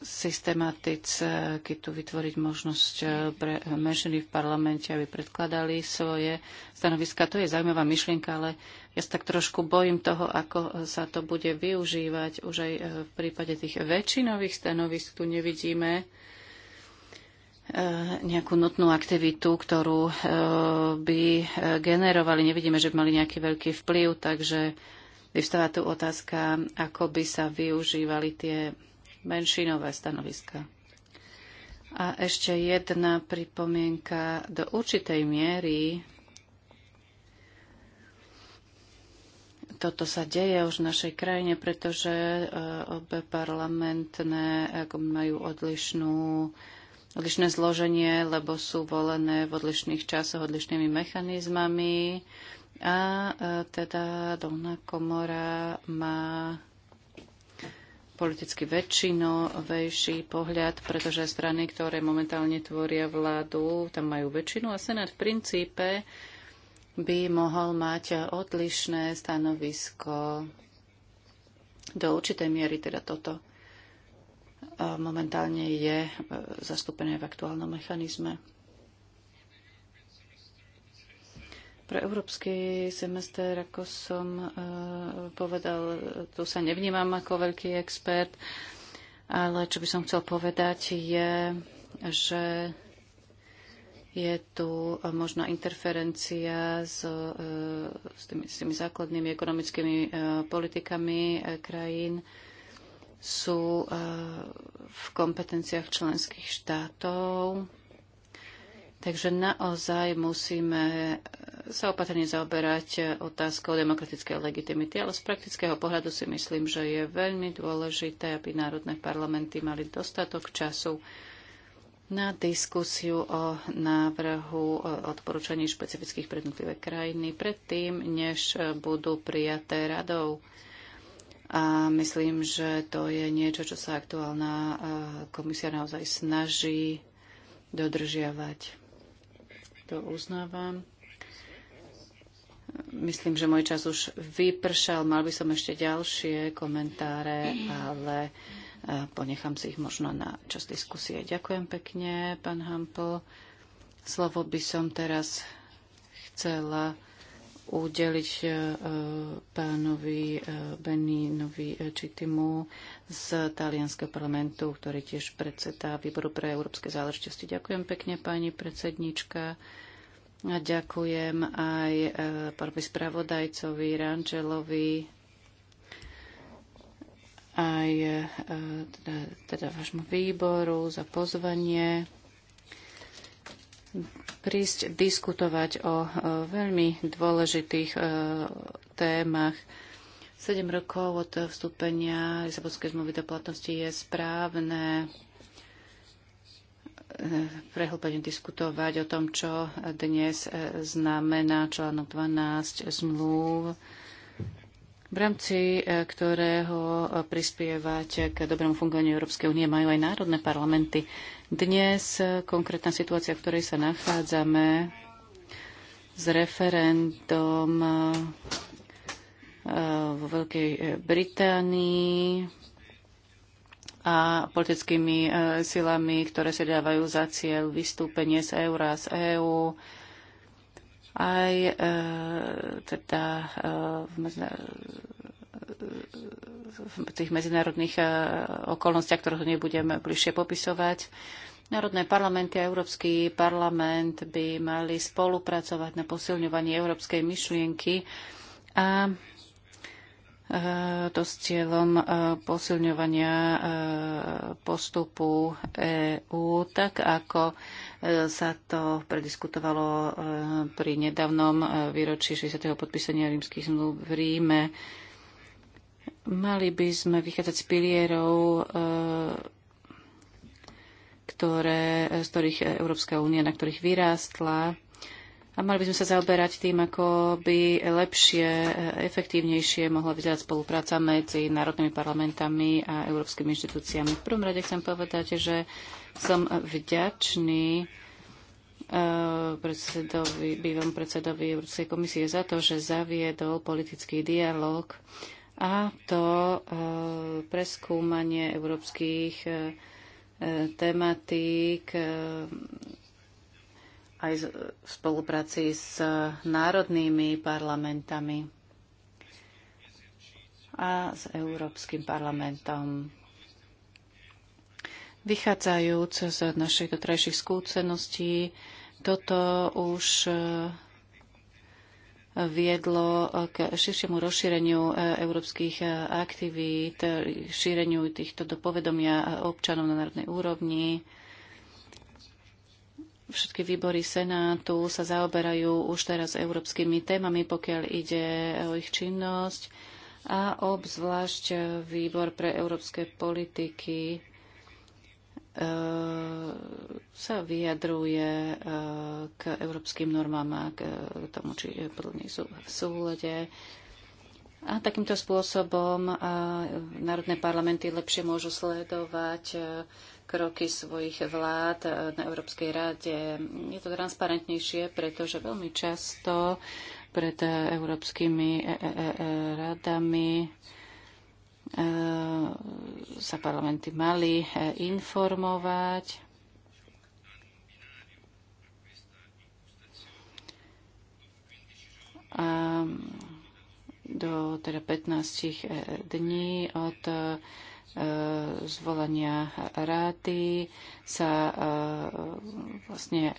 [SPEAKER 3] systematicky tu vytvoriť možnosť eh, pre menšiny v parlamente, aby predkladali svoje stanoviska. To je zaujímavá myšlienka, ale ja sa tak trošku bojím toho, ako sa to bude využívať. Už aj eh, v prípade tých väčšinových stanovisk tu nevidíme eh, nejakú nutnú aktivitu, ktorú by generovali. Nevidíme, že by mali nejaký veľký vplyv, takže vyvstáva tu otázka, ako by sa využívali tie menšinové stanoviska. A ešte jedna pripomienka. Do určitej miery toto sa deje už v našej krajine, pretože eh, obe parlamentné majú odlišnú, odlišné zloženie, lebo sú volené v odlišných časoch odlišnými mechanizmami. A eh, teda dolná komora má politicky väčšinovejší pohľad, pretože strany, ktoré momentálne tvoria vládu, tam majú väčšinu a Senát v princípe by mohol mať odlišné stanovisko do určitej miery teda toto momentálne je e, zastúpené v aktuálnom mechanizme. Pre európsky semester, ako som e, povedal, tu sa nevnímam ako veľký expert, ale čo by som chcel povedať je, že je tu možná interferencia s, e, s, tými, s tými základnými ekonomickými e, politikami e, krajín sú v kompetenciách členských štátov Takže naozaj musíme sa opatrne zaoberať otázkou demokratickej legitimity, ale z praktického pohľadu si myslím, že je veľmi dôležité, aby národné parlamenty mali dostatok času na diskusiu o návrhu odporúčaní špecifických pre jednotlivé krajiny predtým, než budú prijaté radou. A myslím, že to je niečo, čo sa aktuálna eh, komisia naozaj snaží dodržiavať to uznávam. Myslím, že môj čas už vypršal. Mal by som ešte ďalšie komentáre, ale e, ponechám si ich možno na čas diskusie. Ďakujem pekne, pán Hampel. Slovo by som teraz chcela udeliť e, pánovi e, Beninovi e, Čitimu z talianského parlamentu, ktorý tiež predsedá výboru pre európske záležitosti. Ďakujem pekne, pani predsednička. A ďakujem aj pánovi spravodajcovi Rangelovi, aj teda, teda vášmu výboru za pozvanie prísť diskutovať o veľmi dôležitých e, témach. Sedem rokov od vstúpenia Lisabonskej zmluvy do platnosti je správne e, prehlbene diskutovať o tom, čo dnes e, znamená článok 12 zmluv, v rámci ktorého prispievať k dobrému fungovaniu Európskej únie majú aj národné parlamenty. Dnes konkrétna situácia, v ktorej sa nachádzame s referendom e, vo Veľkej Británii a politickými e, silami, ktoré si dávajú za cieľ vystúpenie z eura, z EÚ, EU, aj e, teda v v tých medzinárodných e, okolnostiach, ktoré nebudem bližšie popisovať. Národné parlamenty a Európsky parlament by mali spolupracovať na posilňovanie európskej myšlienky a e, to s cieľom e, posilňovania postupu EÚ, tak ako sa to prediskutovalo pri nedávnom výročí 60. podpísania rímskych zmluv v Ríme. Mali by sme vychádzať z pilierov, eh, ktoré, z ktorých Európska únia, na ktorých vyrástla. A mali by sme sa zaoberať tým, ako by lepšie, eh, efektívnejšie mohla vyzerať spolupráca medzi národnými parlamentami a európskymi inštitúciami. V prvom rade chcem povedať, že som vďačný eh, predsedovi, bývalom predsedovi Európskej komisie za to, že zaviedol politický dialog a to e, preskúmanie európskych e, tematík e, aj v spolupráci s národnými parlamentami a s Európskym parlamentom. Vychádzajúc z našich dotrajších skúseností, toto už viedlo k širšiemu rozšíreniu e, európskych e, aktivít, šíreniu týchto do povedomia občanov na národnej úrovni. Všetky výbory Senátu sa zaoberajú už teraz európskymi témami, pokiaľ ide o ich činnosť a obzvlášť e, výbor pre európske politiky E, sa vyjadruje e, k európskym normám a k tomu, či podľa nich sú v súhľade. A takýmto spôsobom e, národné parlamenty lepšie môžu sledovať kroky svojich vlád na Európskej rade. Je to transparentnejšie, pretože veľmi často pred európskymi radami Eh, sa parlamenty mali eh, informovať. A mm, do teda 15 eh, dní od zvolania rády sa vlastne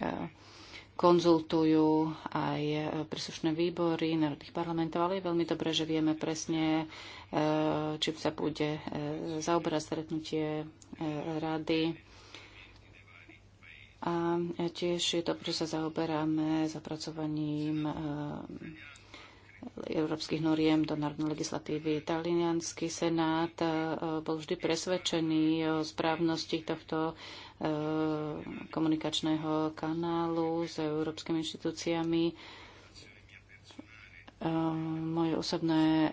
[SPEAKER 3] konzultujú aj e, príslušné výbory národných parlamentov, ale je veľmi dobré, že vieme presne, e, či sa bude e, zaoberať stretnutie rady. A tiež je dobré, že sa zaoberáme zapracovaním európskych noriem do národnej legislatívy. Talianský senát e, bol vždy presvedčený o správnosti tohto e, komunikačného kanálu s európskymi inštitúciami. E, moje osobné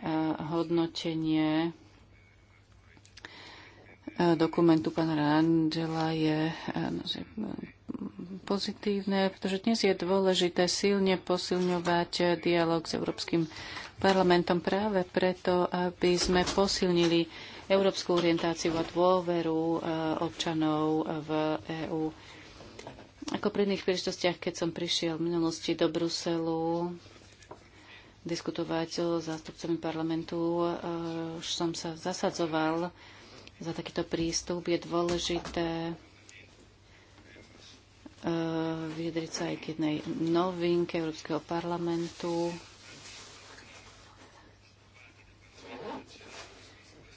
[SPEAKER 3] hodnotenie dokumentu pána Rangela je e, no, e, pozitívne, pretože dnes je dôležité silne posilňovať dialog s Európskym parlamentom práve preto, aby sme posilnili európsku orientáciu a dôveru e, občanov v EÚ. Ako pri iných príležitostiach, keď som prišiel v minulosti do Bruselu diskutovať so zástupcami parlamentu, už som sa zasadzoval za takýto prístup. Je dôležité e, vyjadriť sa aj k jednej novinke Európskeho parlamentu.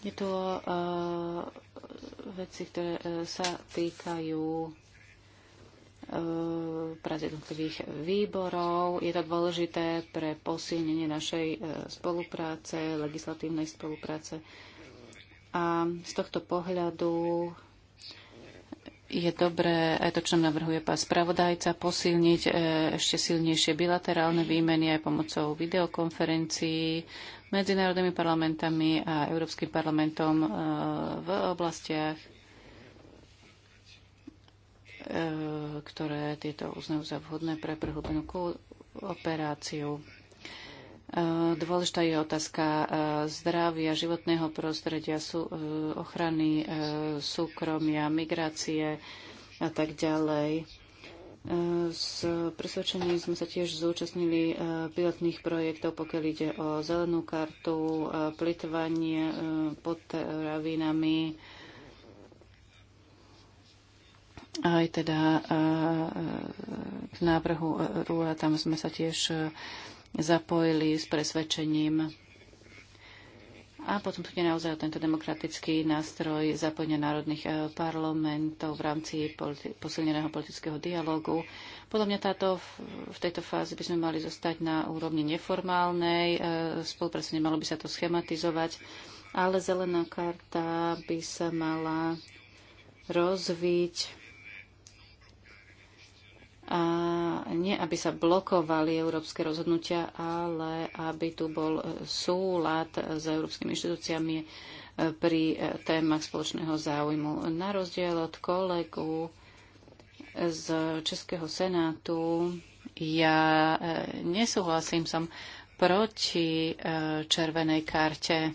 [SPEAKER 3] Je tu uh, e, veci, ktoré e, sa týkajú uh, jednotlivých výborov. Je to dôležité pre posilnenie našej uh, spolupráce, legislatívnej spolupráce uh, a z tohto pohľadu je dobré aj to, čo navrhuje pán spravodajca, posilniť e, ešte silnejšie bilaterálne výmeny aj pomocou videokonferencií medzinárodnými parlamentami a Európskym parlamentom e, v oblastiach, e, ktoré tieto uznajú za vhodné pre prehlbenú kooperáciu. Ehm, dôležitá je otázka ehm, zdravia, životného prostredia, ehm, ochrany súkromia, migrácie a tak ďalej. S presvedčením sme sa tiež zúčastnili pilotných projektov, pokiaľ ide o zelenú kartu, plitvanie pod ravinami, aj teda k návrhu Rúla, tam sme sa tiež zapojili s presvedčením. A potom tu je naozaj tento demokratický nástroj zapojenia národných e, parlamentov v rámci politi- posilneného politického dialogu. Podľa mňa táto, v tejto fáze by sme mali zostať na úrovni neformálnej, e, spolupráce nemalo by sa to schematizovať, ale zelená karta by sa mala rozviť a nie aby sa blokovali európske rozhodnutia, ale aby tu bol súlad s európskymi inštitúciami e, pri e, témach spoločného záujmu. Na rozdiel od kolegu z Českého senátu, ja e, nesúhlasím, som proti červenej karte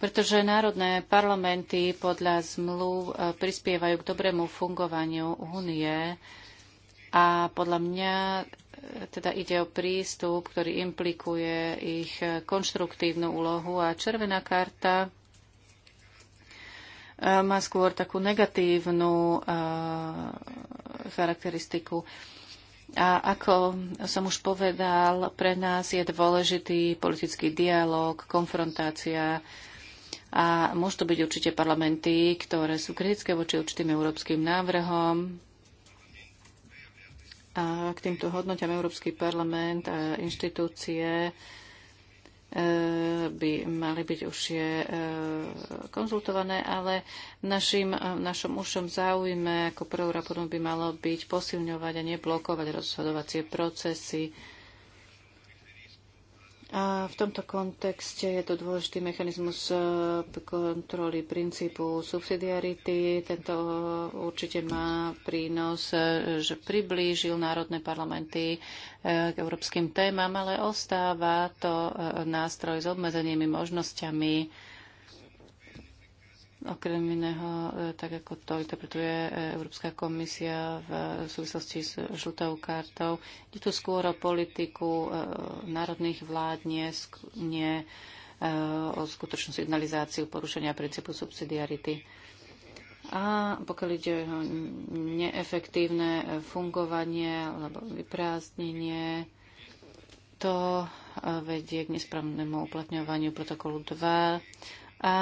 [SPEAKER 3] pretože národné parlamenty podľa zmluv prispievajú k dobrému fungovaniu únie a podľa mňa e, teda ide o prístup, ktorý implikuje ich konštruktívnu úlohu a červená karta e, má skôr takú negatívnu e, charakteristiku. A ako som už povedal, pre nás je dôležitý politický dialog, konfrontácia a môžu to byť určite parlamenty, ktoré sú kritické voči určitým európskym návrhom, a k týmto hodnotiam Európsky parlament a inštitúcie e, by mali byť už je e, konzultované, ale našim, e, našom ušom záujme ako prvú by malo byť posilňovať a neblokovať rozhodovacie procesy, a v tomto kontexte je to dôležitý mechanizmus e, kontroly princípu subsidiarity. Tento určite má prínos, e, že priblížil národné parlamenty e, k európskym témam, ale ostáva to nástroj s obmedzenými možnosťami Okrem iného, e, tak ako to interpretuje e, Európska komisia v súvislosti s žltou kartou, je tu skôr o politiku e, národných vlád, nie, nie o skutočnú signalizáciu porušenia princípu subsidiarity. A pokiaľ ide o neefektívne fungovanie alebo vyprázdnenie, to vedie k nesprávnemu uplatňovaniu protokolu 2 a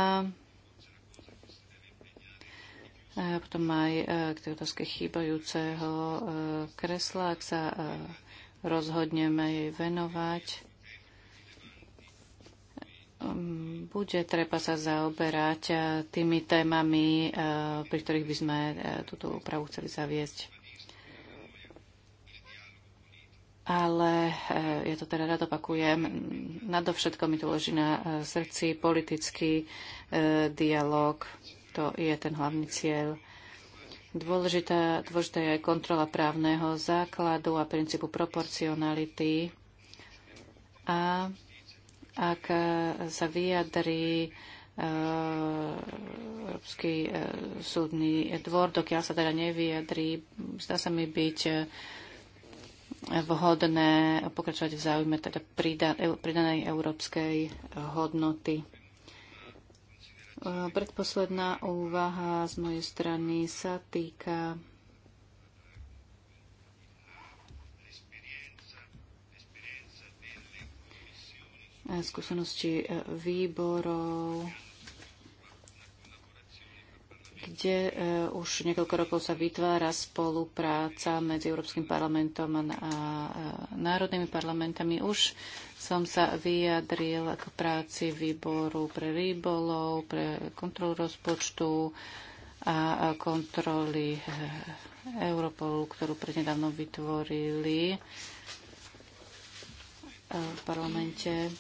[SPEAKER 3] potom aj e, k tej otázke chýbajúceho e, kresla, ak sa e, rozhodneme jej venovať. Um, bude treba sa zaoberať tými témami, pri ktorých by sme túto úpravu chceli zaviesť. Ale ja to teda rád opakujem, nadovšetko mi to leží na srdci politický dialog to je ten hlavný cieľ. Dôležitá, dôležitá je aj kontrola právneho základu a princípu proporcionality. A ak sa vyjadrí eh, Európsky eh, súdny dvor, dokiaľ sa teda nevyjadrí, zdá sa mi byť eh, vhodné pokračovať v záujme teda pridanej európskej hodnoty. Eh, predposledná úvaha z mojej strany sa týka eh, skúsenosti eh, výborov kde e, už niekoľko rokov sa vytvára spolupráca medzi Európskym parlamentom a národnými parlamentami. Už som sa vyjadril k práci výboru pre rýbolov, pre kontrolu rozpočtu a kontroly e, Europolu, ktorú prednedávno vytvorili e, v parlamente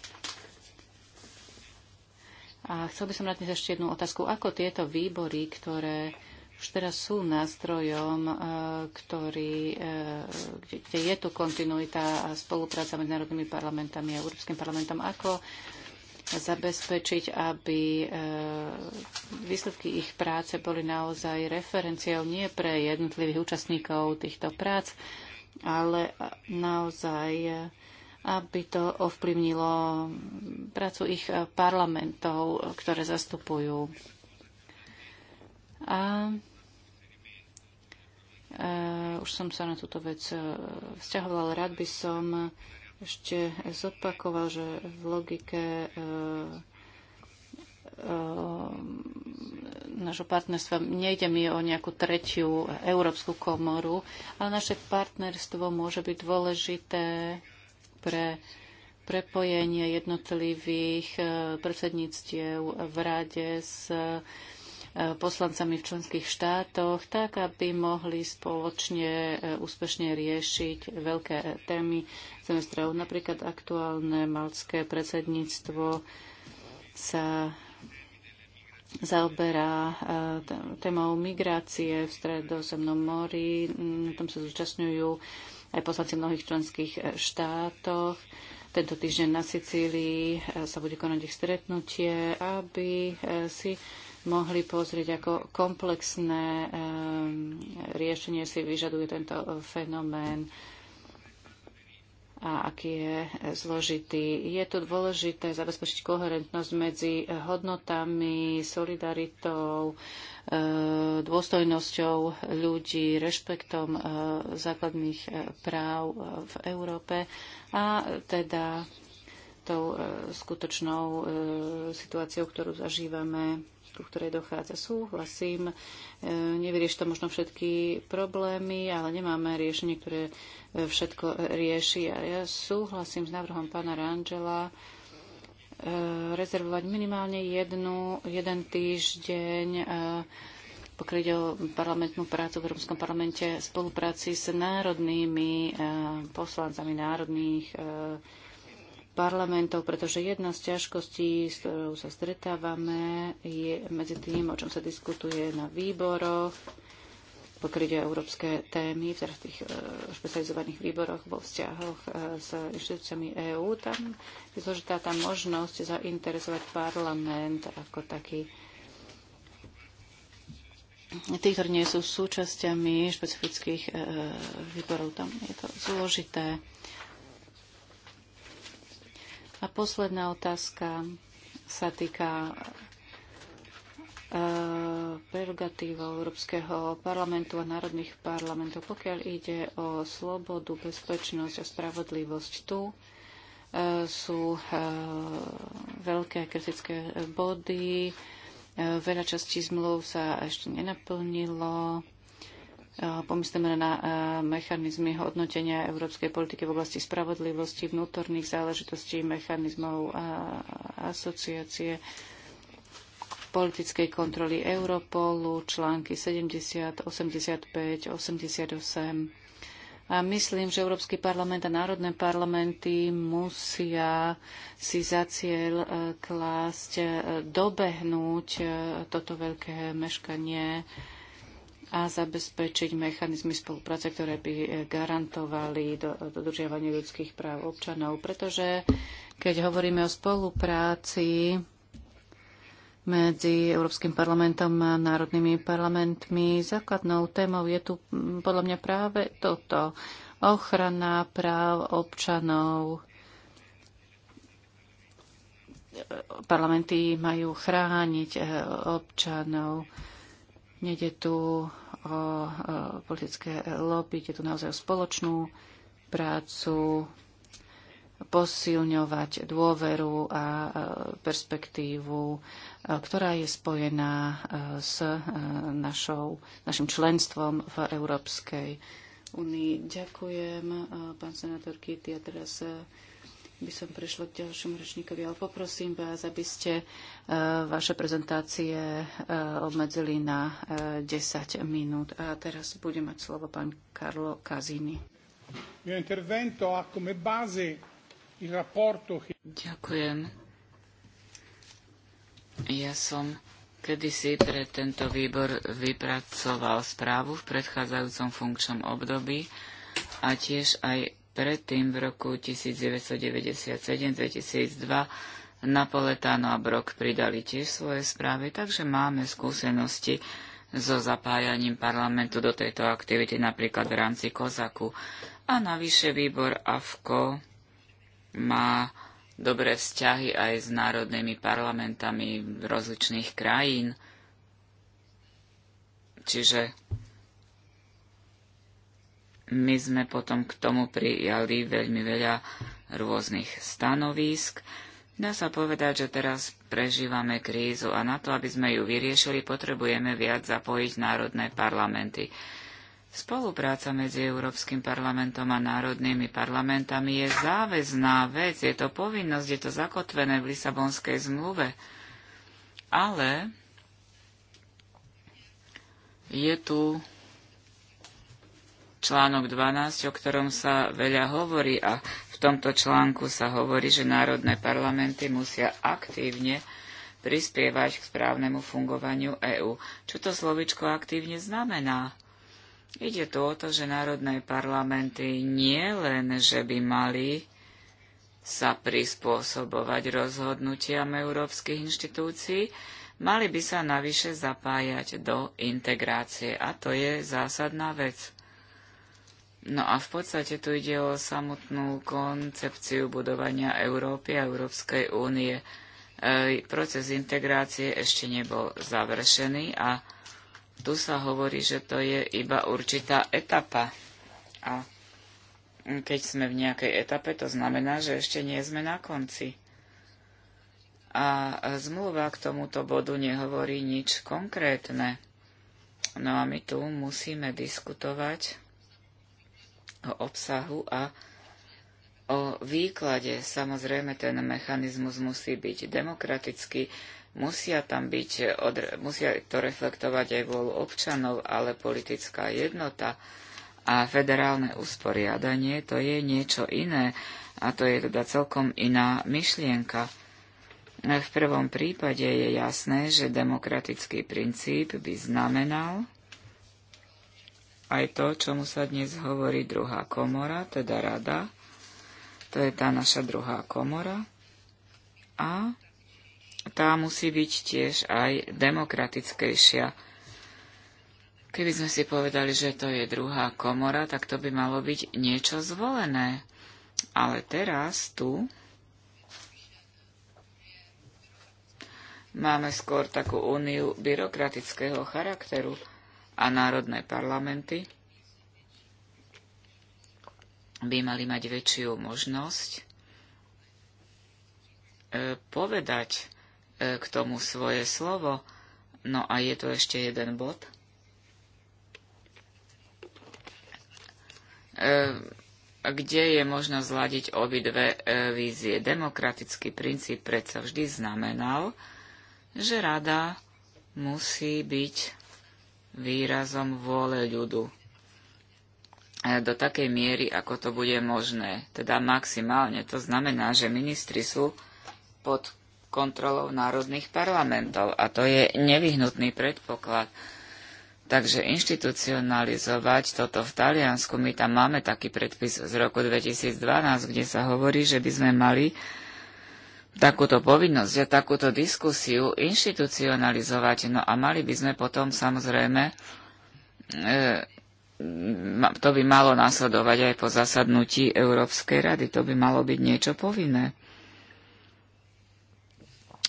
[SPEAKER 3] a chcel by som dať ešte jednu otázku. Ako tieto výbory, ktoré už teraz sú nástrojom, e, ktorý, e, kde je tu kontinuita a spolupráca medzi národnými parlamentami a Európskym parlamentom, ako zabezpečiť, aby e, výsledky ich práce boli naozaj referenciou nie pre jednotlivých účastníkov týchto prác, ale naozaj aby to ovplyvnilo prácu ich parlamentov, ktoré zastupujú. A e, už som sa na túto vec e, vzťahovala, ale rád by som ešte zopakoval, že v logike uh, nášho partnerstva nejde mi o nejakú tretiu európsku komoru, ale naše partnerstvo môže byť dôležité pre prepojenie jednotlivých e, predsedníctiev v rade s e, poslancami v členských štátoch, tak aby mohli spoločne e, úspešne riešiť veľké témy semestrov. Napríklad aktuálne malské predsedníctvo sa zaoberá témou migrácie v stredozemnom mori. Mm, na tom sa zúčastňujú aj poslanci v mnohých členských e, štátoch. Tento týždeň na Sicílii e, sa bude konať ich stretnutie, aby e, si mohli pozrieť, ako komplexné riešenie si vyžaduje tento fenomén a aký je e, zložitý. Je tu dôležité zabezpečiť koherentnosť medzi e, hodnotami, solidaritou, e, dôstojnosťou ľudí, rešpektom základných práv v Európe a teda tou skutočnou situáciou, ktorú zažívame ku ktorej dochádza. Súhlasím, e, nevyrieš to možno všetky problémy, ale nemáme riešenie, ktoré e, všetko rieši. A ja súhlasím s návrhom pána Rangela e, rezervovať minimálne jednu, jeden týždeň pokryť o parlamentnú prácu v Európskom parlamente v spolupráci s národnými poslancami národných parlamentov, pretože jedna z ťažkostí, s ktorou sa stretávame, je medzi tým, o čom sa diskutuje na výboroch, pokryť európske témy v tých e, špecializovaných výboroch vo vzťahoch e, s inštitúciami EÚ. Tam je zložitá tá možnosť zainteresovať parlament ako taký tí, ktorí nie sú súčasťami špecifických e, e výborov, tam je to zložité. A posledná otázka sa týka e, prerogatívou Európskeho parlamentu a národných parlamentov. Pokiaľ ide o slobodu, bezpečnosť a spravodlivosť tu, e, sú e, veľké kritické body. Veľa častí zmluv sa ešte nenaplnilo pomyslíme na e, mechanizmy hodnotenia európskej politiky v oblasti spravodlivosti, vnútorných záležitostí, mechanizmov a asociácie, politickej kontroly Europolu, články 70, 85, 88. A myslím, že Európsky parlament a národné parlamenty musia si za cieľ e, klásť e, dobehnúť toto veľké meškanie a zabezpečiť mechanizmy spolupráce, ktoré by e, garantovali dodržiavanie ľudských práv občanov. Pretože keď hovoríme o spolupráci medzi Európskym parlamentom a národnými parlamentmi, základnou témou je tu podľa mňa práve toto. Ochrana práv občanov. E, parlamenty majú chrániť e, občanov Nede tu o politické lobby, ide tu naozaj o spoločnú prácu, posilňovať dôveru a e, perspektívu, e, ktorá je spojená e, s našou, našim členstvom v Európskej únii. Ďakujem, pán senátor Kitty. A teraz by som prešla k ďalšiemu rečníkovi, ale poprosím vás, aby ste e, vaše prezentácie e, obmedzili na 10 e, minút. A teraz bude mať slovo pán Karlo Kazini. Ďakujem.
[SPEAKER 1] Ja som kedysi pre tento výbor vypracoval správu v predchádzajúcom funkčnom období a tiež aj predtým v roku 1997-2002 Napoletano a Brok pridali tiež svoje správy, takže máme skúsenosti so zapájaním parlamentu do tejto aktivity, napríklad v rámci Kozaku. A navyše výbor AFKO má dobré vzťahy aj s národnými parlamentami rozličných krajín. Čiže my sme potom k tomu prijali veľmi veľa rôznych stanovísk. Dá sa povedať, že teraz prežívame krízu a na to, aby sme ju vyriešili, potrebujeme viac zapojiť národné parlamenty. Spolupráca medzi Európskym parlamentom a národnými parlamentami je záväzná vec, je to povinnosť, je to zakotvené v Lisabonskej zmluve. Ale je tu článok 12, o ktorom sa veľa hovorí a v tomto článku sa hovorí, že národné parlamenty musia aktívne prispievať k správnemu fungovaniu EÚ. Čo to slovičko aktívne znamená? Ide tu o to, že národné parlamenty nie len, že by mali sa prispôsobovať rozhodnutiam európskych inštitúcií, mali by sa navyše zapájať do integrácie. A to je zásadná vec. No a v podstate tu ide o samotnú koncepciu budovania Európy a Európskej únie. E, proces integrácie ešte nebol završený a tu sa hovorí, že to je iba určitá etapa. A keď sme v nejakej etape, to znamená, že ešte nie sme na konci. A zmluva k tomuto bodu nehovorí nič konkrétne. No a my tu musíme diskutovať o obsahu a o výklade. Samozrejme, ten mechanizmus musí byť demokratický, musia tam byť, musia to reflektovať aj vôľu občanov, ale politická jednota a federálne usporiadanie to je niečo iné a to je teda celkom iná myšlienka. V prvom prípade je jasné, že demokratický princíp by znamenal, aj to, čomu sa dnes hovorí druhá komora, teda rada. To je tá naša druhá komora. A tá musí byť tiež aj demokratickejšia. Keby sme si povedali, že to je druhá komora, tak to by malo byť niečo zvolené. Ale teraz tu máme skôr takú úniu byrokratického charakteru a národné parlamenty by mali mať väčšiu možnosť e, povedať e, k tomu svoje slovo. No a je tu ešte jeden bod. E, kde je možno zladiť obidve vízie? Demokratický princíp predsa vždy znamenal, že rada musí byť výrazom vôle ľudu e, do takej miery, ako to bude možné, teda maximálne. To znamená, že ministri sú pod kontrolou národných parlamentov a to je nevyhnutný predpoklad. Takže inštitucionalizovať toto v Taliansku, my tam máme taký predpis z roku 2012, kde sa hovorí, že by sme mali takúto povinnosť a takúto diskusiu inštitucionalizovať. No a mali by sme potom samozrejme, e, to by malo následovať aj po zasadnutí Európskej rady, to by malo byť niečo povinné.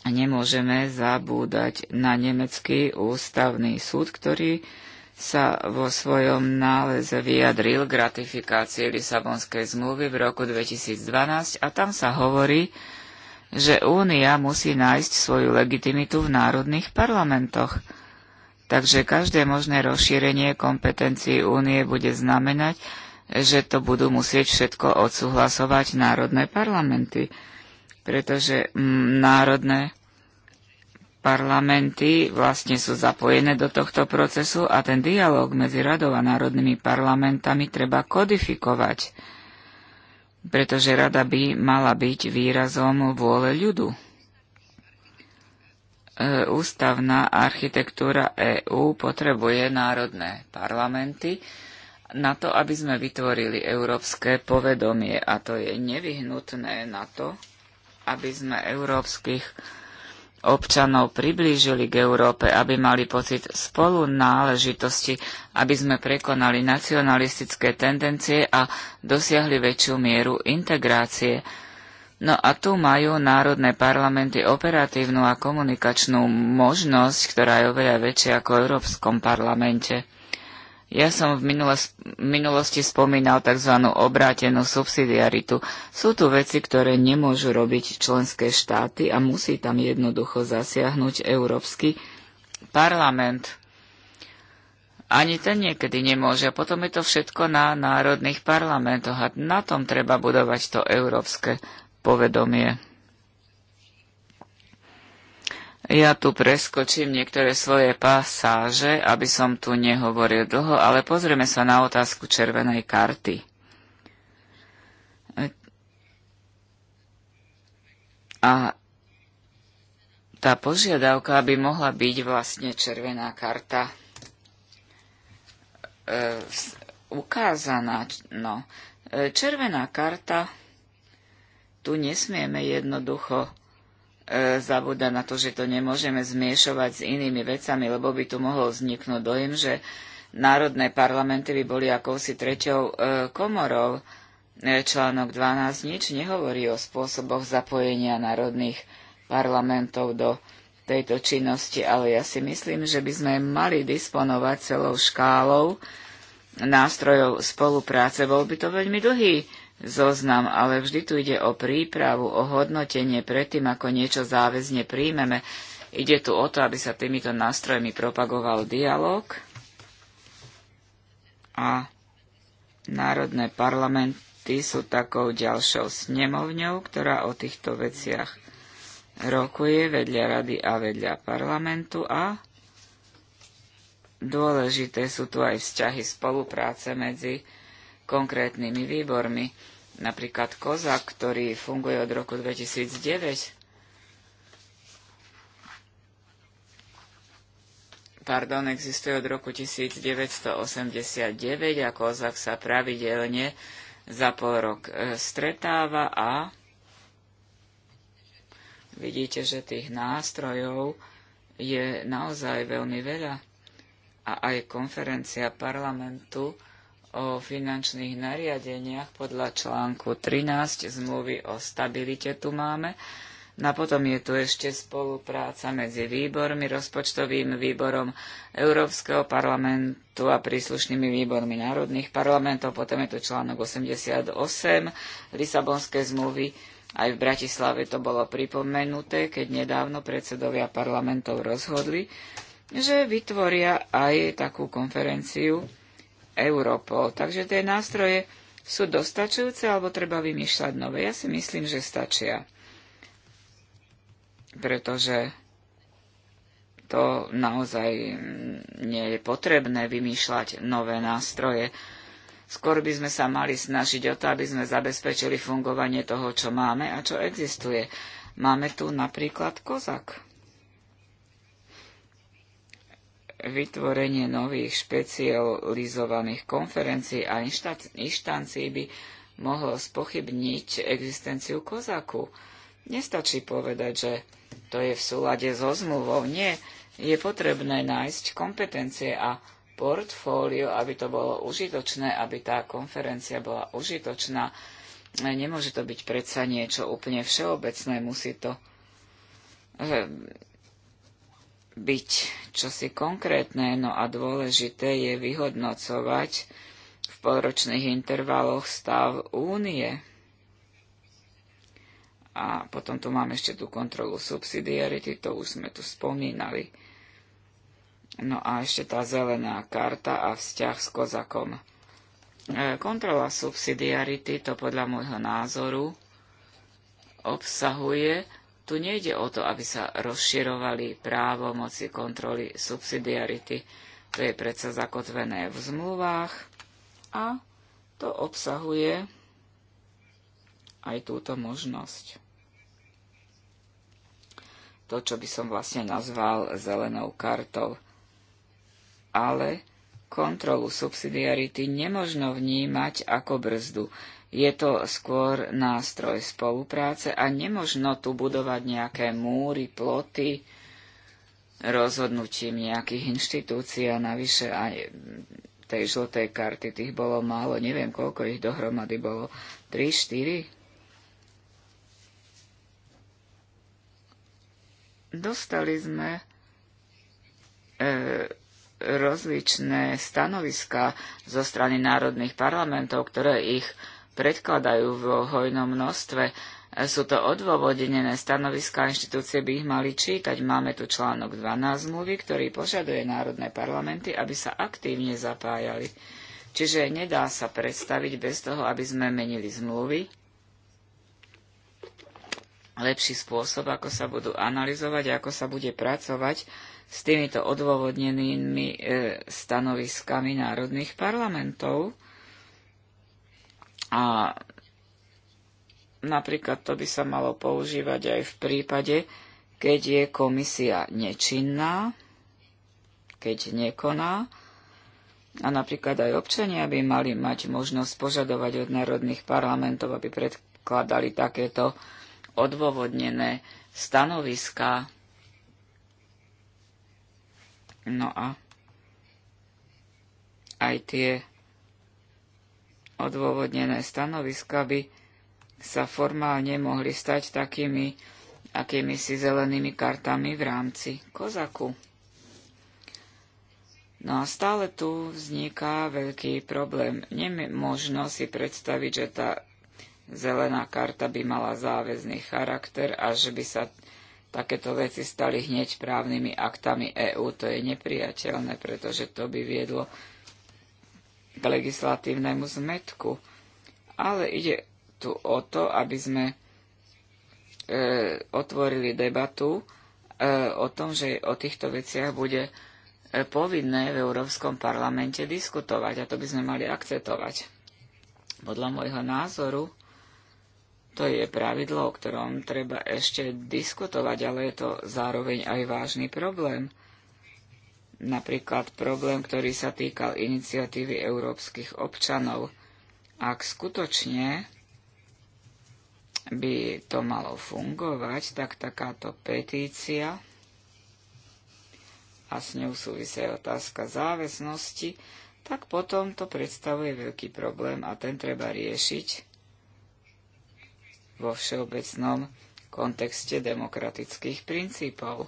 [SPEAKER 1] Nemôžeme zabúdať na nemecký ústavný súd, ktorý sa vo svojom náleze vyjadril k ratifikácii Lisabonskej zmluvy v roku 2012 a tam sa hovorí, že Únia musí nájsť svoju legitimitu v národných parlamentoch. Takže každé možné rozšírenie kompetencií Únie bude znamenať, že to budú musieť všetko odsúhlasovať národné parlamenty, pretože m, mm, národné parlamenty vlastne sú zapojené do tohto procesu a ten dialog medzi radou a národnými parlamentami treba kodifikovať pretože rada by mala byť výrazom vôle ľudu. E, ústavná architektúra EÚ potrebuje národné parlamenty na to, aby sme vytvorili európske povedomie a to je nevyhnutné na to, aby sme európskych občanov priblížili k Európe, aby mali pocit spolu náležitosti, aby sme prekonali nacionalistické tendencie a dosiahli väčšiu mieru integrácie. No a tu majú národné parlamenty operatívnu a komunikačnú možnosť, ktorá je oveľa väčšia ako v Európskom parlamente. Ja som v minulosti spomínal tzv. obrátenú subsidiaritu. Sú tu veci, ktoré nemôžu robiť členské štáty a musí tam jednoducho zasiahnuť Európsky parlament. Ani ten niekedy nemôže. A Potom je to všetko na národných parlamentoch a na tom treba budovať to európske povedomie. Ja tu preskočím niektoré svoje pasáže, aby som tu nehovoril dlho, ale pozrieme sa na otázku červenej karty. A tá požiadavka by mohla byť vlastne červená karta e, ukázaná. No, e, červená karta tu nesmieme jednoducho zabúda na to, že to nemôžeme zmiešovať s inými vecami, lebo by tu mohol vzniknúť dojem, že národné parlamenty by boli akousi treťou e, komorou. E, článok 12 nič nehovorí o spôsoboch zapojenia národných parlamentov do tejto činnosti, ale ja si myslím, že by sme mali disponovať celou škálou nástrojov spolupráce. Bol by to veľmi dlhý zoznam, ale vždy tu ide o prípravu, o hodnotenie predtým, ako niečo záväzne príjmeme. Ide tu o to, aby sa týmito nástrojmi propagoval dialog a národné parlamenty sú takou ďalšou snemovňou, ktorá o týchto veciach rokuje vedľa rady a vedľa parlamentu a dôležité sú tu aj vzťahy spolupráce medzi konkrétnymi výbormi. Napríklad Kozak, ktorý funguje od roku 2009, pardon, existuje od roku 1989 a Kozak sa pravidelne za pol rok e, stretáva a vidíte, že tých nástrojov je naozaj veľmi veľa. A aj konferencia parlamentu o finančných nariadeniach podľa článku 13 zmluvy o stabilite tu máme. No a potom je tu ešte spolupráca medzi výbormi, rozpočtovým výborom Európskeho parlamentu a príslušnými výbormi národných parlamentov. Potom je tu článok 88 Lisabonskej zmluvy. Aj v Bratislave to bolo pripomenuté, keď nedávno predsedovia parlamentov rozhodli, že vytvoria aj takú konferenciu Europol. Takže tie nástroje sú dostačujúce alebo treba vymýšľať nové? Ja si myslím, že stačia. Pretože to naozaj mm, nie je potrebné vymýšľať nové nástroje. Skôr by sme sa mali snažiť o to, aby sme zabezpečili fungovanie toho, čo máme a čo existuje. Máme tu napríklad kozak. vytvorenie nových špecializovaných konferencií a inštancií by mohlo spochybniť existenciu kozaku. Nestačí povedať, že to je v súlade so zmluvou. Nie, je potrebné nájsť kompetencie a portfólio, aby to bolo užitočné, aby tá konferencia bola užitočná. Nemôže to byť predsa niečo úplne všeobecné, musí to ehm, byť čosi konkrétne, no a dôležité je vyhodnocovať v polročných intervaloch stav únie. A potom tu máme ešte tú kontrolu subsidiarity, to už sme tu spomínali. No a ešte tá zelená karta a vzťah s kozakom. E, kontrola subsidiarity, to podľa môjho názoru, obsahuje tu nejde o to, aby sa rozširovali právo moci kontroly subsidiarity. To je predsa zakotvené v zmluvách a to obsahuje aj túto možnosť. To, čo by som vlastne nazval zelenou kartou. Ale kontrolu subsidiarity nemožno vnímať ako brzdu. Je to skôr nástroj spolupráce a nemožno tu budovať nejaké múry, ploty rozhodnutím nejakých inštitúcií a navyše aj tej žltej karty tých bolo málo, neviem koľko ich dohromady bolo, 3, 4. Dostali sme e, rozličné stanoviská zo strany národných parlamentov, ktoré ich predkladajú v hojnom množstve. Sú to odôvodenené stanoviská, inštitúcie by ich mali čítať. Máme tu článok 12 zmluvy, ktorý požaduje národné parlamenty, aby sa aktívne zapájali. Čiže nedá sa predstaviť bez toho, aby sme menili zmluvy. Lepší spôsob, ako sa budú analyzovať, ako sa bude pracovať s týmito odôvodnenými e, stanoviskami národných parlamentov a napríklad to by sa malo používať aj v prípade, keď je komisia nečinná, keď nekoná. A napríklad aj občania by mali mať možnosť požadovať od národných parlamentov, aby predkladali takéto odôvodnené stanoviská. No a aj tie odôvodnené stanoviska by sa formálne mohli stať takými akými si zelenými kartami v rámci kozaku. No a stále tu vzniká veľký problém. Nemožno si predstaviť, že tá zelená karta by mala záväzný charakter a že by sa takéto veci stali hneď právnymi aktami EÚ. To je nepriateľné, pretože to by viedlo k legislatívnemu zmetku. Ale ide tu o to, aby sme e, otvorili debatu e, o tom, že o týchto veciach bude e, povinné v Európskom parlamente diskutovať a to by sme mali akceptovať. Podľa môjho názoru to je pravidlo, o ktorom treba ešte diskutovať, ale je to zároveň aj vážny problém. Napríklad problém, ktorý sa týkal iniciatívy európskych občanov. Ak skutočne by to malo fungovať, tak takáto petícia a s ňou súvisia otázka záväznosti, tak potom to predstavuje veľký problém a ten treba riešiť vo všeobecnom kontexte demokratických princípov.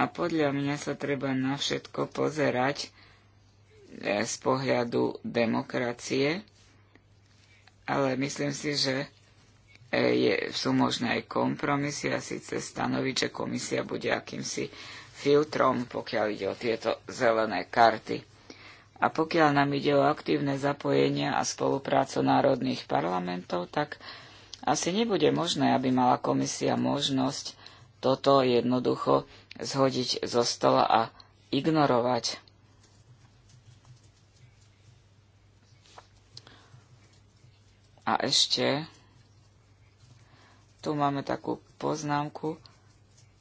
[SPEAKER 1] A podľa mňa sa treba na všetko pozerať e, z pohľadu demokracie, ale myslím si, že e, je, sú možné aj kompromisy a síce stanoviť, že komisia bude akýmsi filtrom, pokiaľ ide o tieto zelené karty. A pokiaľ nám ide o aktívne zapojenie a spoluprácu národných parlamentov, tak asi nebude možné, aby mala komisia možnosť toto jednoducho zhodiť zo stola a ignorovať. A ešte tu máme takú poznámku,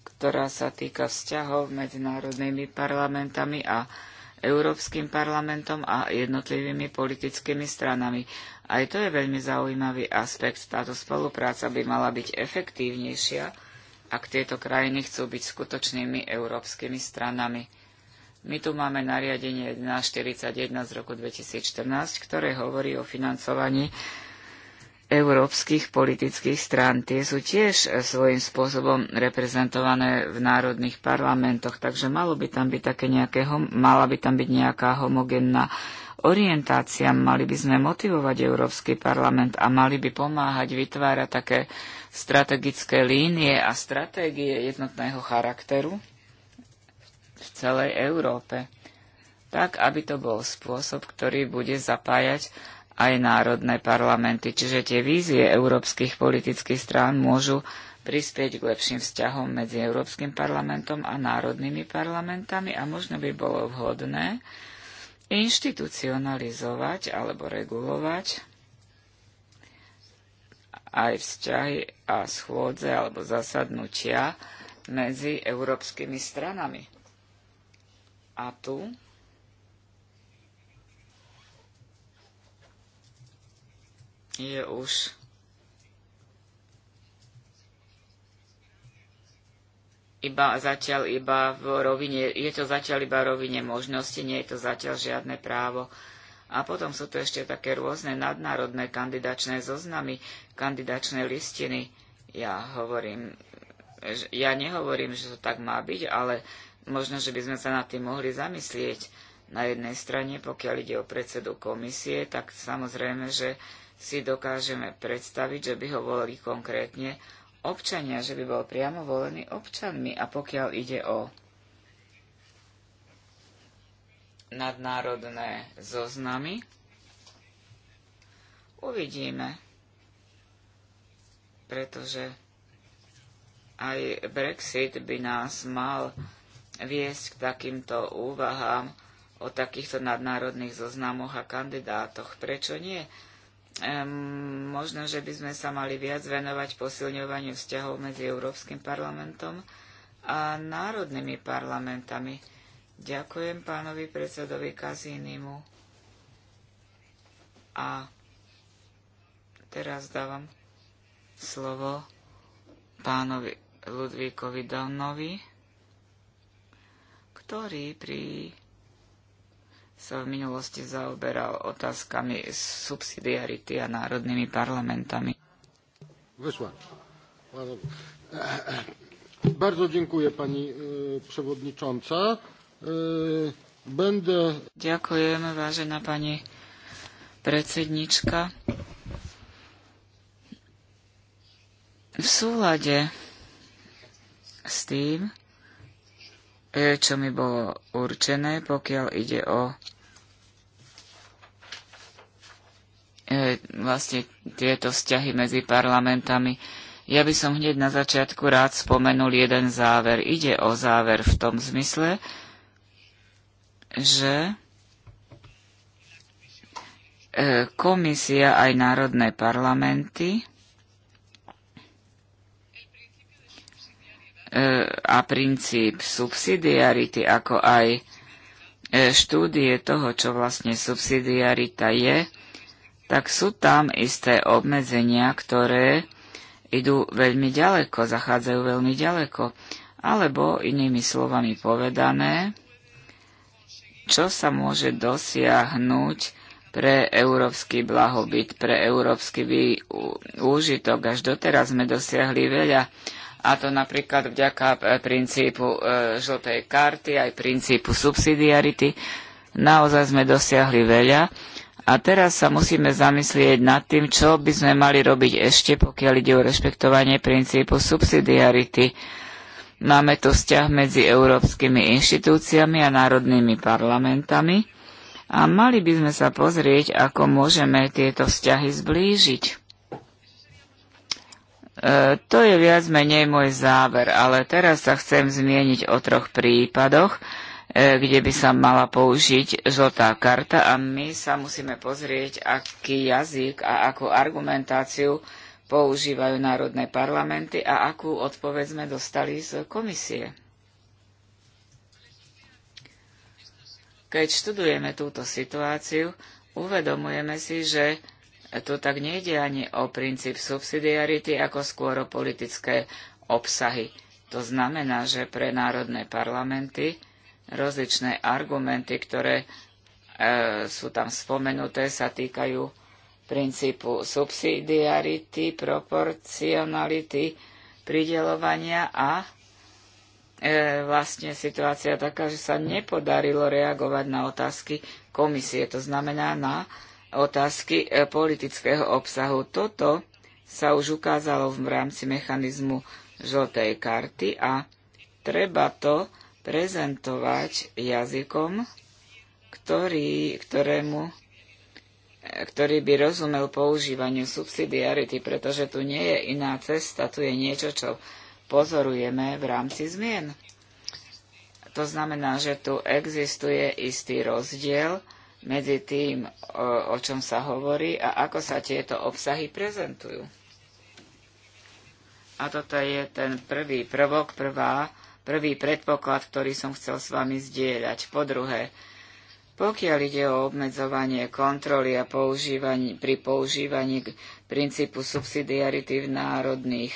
[SPEAKER 1] ktorá sa týka vzťahov medzi národnými parlamentami a Európskym parlamentom a jednotlivými politickými stranami. Aj to je veľmi zaujímavý aspekt. Táto spolupráca by mala byť efektívnejšia ak tieto krajiny chcú byť skutočnými európskymi stranami. My tu máme nariadenie 141 z roku 2014, ktoré hovorí o financovaní európskych politických strán. Tie sú tiež svojím spôsobom reprezentované v národných parlamentoch, takže malo by tam byť také nejaké, mala by tam byť nejaká homogénna orientácia, mali by sme motivovať Európsky parlament a mali by pomáhať vytvárať také strategické línie a stratégie jednotného charakteru v celej Európe, tak aby to bol spôsob, ktorý bude zapájať aj národné parlamenty. Čiže tie vízie európskych politických strán môžu prispieť k lepším vzťahom medzi Európskym parlamentom a národnými parlamentami a možno by bolo vhodné inštitucionalizovať alebo regulovať aj vzťahy a schôdze alebo zasadnutia medzi európskymi stranami. A tu je už iba zatiaľ iba v rovine, je to zatiaľ iba v rovine možnosti, nie je to zatiaľ žiadne právo a potom sú tu ešte také rôzne nadnárodné kandidačné zoznamy, kandidačné listiny. Ja hovorím, ja nehovorím, že to tak má byť, ale možno, že by sme sa nad tým mohli zamyslieť. Na jednej strane, pokiaľ ide o predsedu komisie, tak samozrejme, že si dokážeme predstaviť, že by ho volili konkrétne občania, že by bol priamo volený občanmi. A pokiaľ ide o nadnárodné zoznamy. Uvidíme, pretože aj Brexit by nás mal viesť k takýmto úvahám o takýchto nadnárodných zoznamoch a kandidátoch. Prečo nie? Ehm, možno, že by sme sa mali viac venovať posilňovaniu vzťahov medzi Európskym parlamentom a národnými parlamentami Ďakujem pánovi predsedovi Kazínimu. A teraz dávam slovo pánovi Ludvíkovi Donovi, ktorý pri sa v minulosti zaoberal otázkami
[SPEAKER 2] subsidiarity a národnými
[SPEAKER 1] parlamentami.
[SPEAKER 2] Bardzo dziękuję pani e, przewodnicząca.
[SPEAKER 1] E, Ďakujem, vážená pani predsednička. V súlade s tým, e, čo mi bolo určené, pokiaľ ide o e, vlastne tieto vzťahy medzi parlamentami. Ja by som hneď na začiatku rád spomenul jeden záver. Ide o záver v tom zmysle, že e, komisia aj národné parlamenty e, a princíp subsidiarity, ako aj e, štúdie toho, čo vlastne subsidiarita je, tak sú tam isté obmedzenia, ktoré idú veľmi ďaleko, zachádzajú veľmi ďaleko. Alebo inými slovami povedané, čo sa môže dosiahnuť pre európsky blahobyt, pre európsky úžitok. Až doteraz sme dosiahli veľa, a to napríklad vďaka e, princípu e, žltej karty, aj princípu subsidiarity. Naozaj sme dosiahli veľa. A teraz sa musíme zamyslieť nad tým, čo by sme mali robiť ešte, pokiaľ ide o rešpektovanie princípu subsidiarity Máme tu vzťah medzi európskymi inštitúciami a národnými parlamentami a mali by sme sa pozrieť, ako môžeme tieto vzťahy zblížiť. E, to je viac menej môj záver, ale teraz sa chcem zmieniť o troch prípadoch, e, kde by sa mala použiť žltá karta a my sa musíme pozrieť, aký jazyk a akú argumentáciu používajú národné parlamenty a akú odpoveď sme dostali z komisie. Keď študujeme túto situáciu, uvedomujeme si, že tu tak nejde ani o princíp subsidiarity, ako skôr o politické obsahy. To znamená, že pre národné parlamenty rozličné argumenty, ktoré e, sú tam spomenuté, sa týkajú princípu subsidiarity, proporcionality, prideľovania a e, vlastne situácia taká, že sa nepodarilo reagovať na otázky komisie, to znamená na otázky e, politického obsahu. Toto sa už ukázalo v rámci mechanizmu žltej karty a treba to prezentovať jazykom, ktorý, ktorému ktorý by rozumel používaniu subsidiarity, pretože tu nie je iná cesta, tu je niečo, čo pozorujeme v rámci zmien. To znamená, že tu existuje istý rozdiel medzi tým, o, o čom sa hovorí a ako sa tieto obsahy prezentujú. A toto je ten prvý prvok, prvá, prvý predpoklad, ktorý som chcel s vami zdieľať. Po druhé, pokiaľ ide o obmedzovanie kontroly a používaní, pri používaní princípu subsidiarity v národných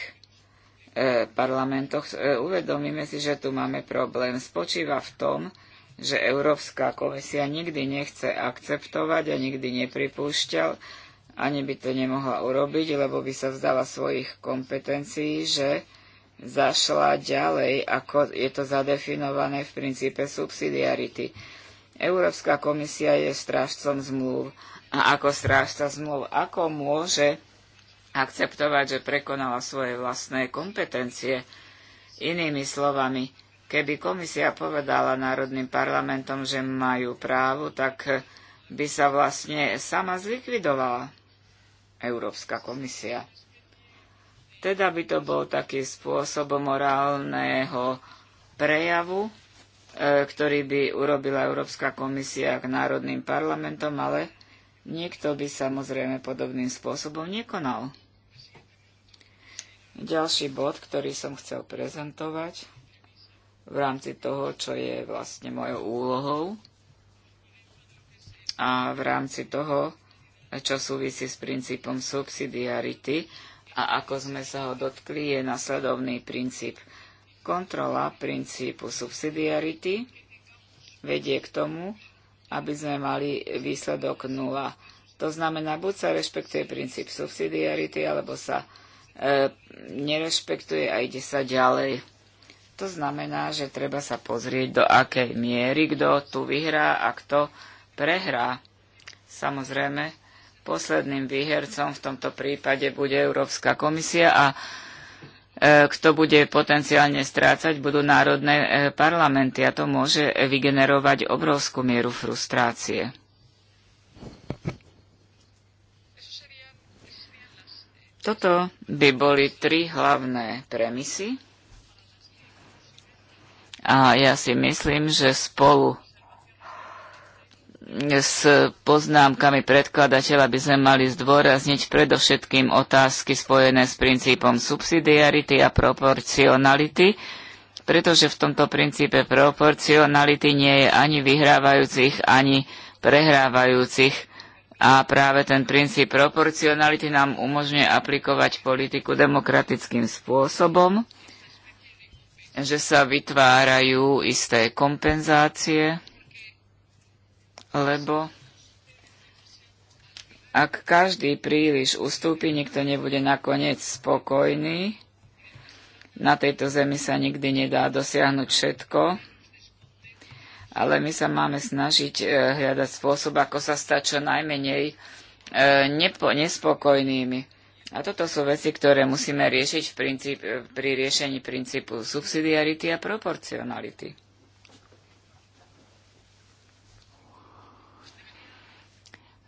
[SPEAKER 1] e, parlamentoch, e, uvedomíme si, že tu máme problém. Spočíva v tom, že Európska komisia nikdy nechce akceptovať a nikdy nepripúšťal, ani by to nemohla urobiť, lebo by sa vzdala svojich kompetencií, že zašla ďalej, ako je to zadefinované v princípe subsidiarity Európska komisia je strážcom zmluv. A ako strážca zmluv, ako môže akceptovať, že prekonala svoje vlastné kompetencie? Inými slovami, keby komisia povedala národným parlamentom, že majú právo, tak by sa vlastne sama zlikvidovala Európska komisia. Teda by to bol taký spôsob morálneho prejavu, E, ktorý by urobila Európska komisia k národným parlamentom, ale nikto by samozrejme podobným spôsobom nekonal. Ďalší bod, ktorý som chcel prezentovať v rámci toho, čo je vlastne mojou úlohou a v rámci toho, čo súvisí s princípom subsidiarity a ako sme sa ho dotkli, je nasledovný princíp – Kontrola princípu subsidiarity vedie k tomu, aby sme mali výsledok nula. To znamená, buď sa rešpektuje princíp subsidiarity, alebo sa e, nerešpektuje a ide sa ďalej. To znamená, že treba sa pozrieť, do akej miery kto tu vyhrá a kto prehrá. Samozrejme, posledným výhercom v tomto prípade bude Európska komisia a E, kto bude potenciálne strácať, budú národné e, parlamenty a to môže vygenerovať obrovskú mieru frustrácie. Toto by boli tri hlavné premisy. A ja si myslím, že spolu s poznámkami predkladateľa by sme mali zdôrazniť predovšetkým otázky spojené s princípom subsidiarity a proporcionality, pretože v tomto princípe proporcionality nie je ani vyhrávajúcich, ani prehrávajúcich. A práve ten princíp proporcionality nám umožňuje aplikovať politiku demokratickým spôsobom, že sa vytvárajú isté kompenzácie, lebo ak každý príliš ustúpi, nikto nebude nakoniec spokojný. Na tejto zemi sa nikdy nedá dosiahnuť všetko, ale my sa máme snažiť eh, hľadať spôsob, ako sa stať čo najmenej eh, nepo, nespokojnými. A toto sú veci, ktoré musíme riešiť v princíp, pri riešení princípu subsidiarity a proporcionality.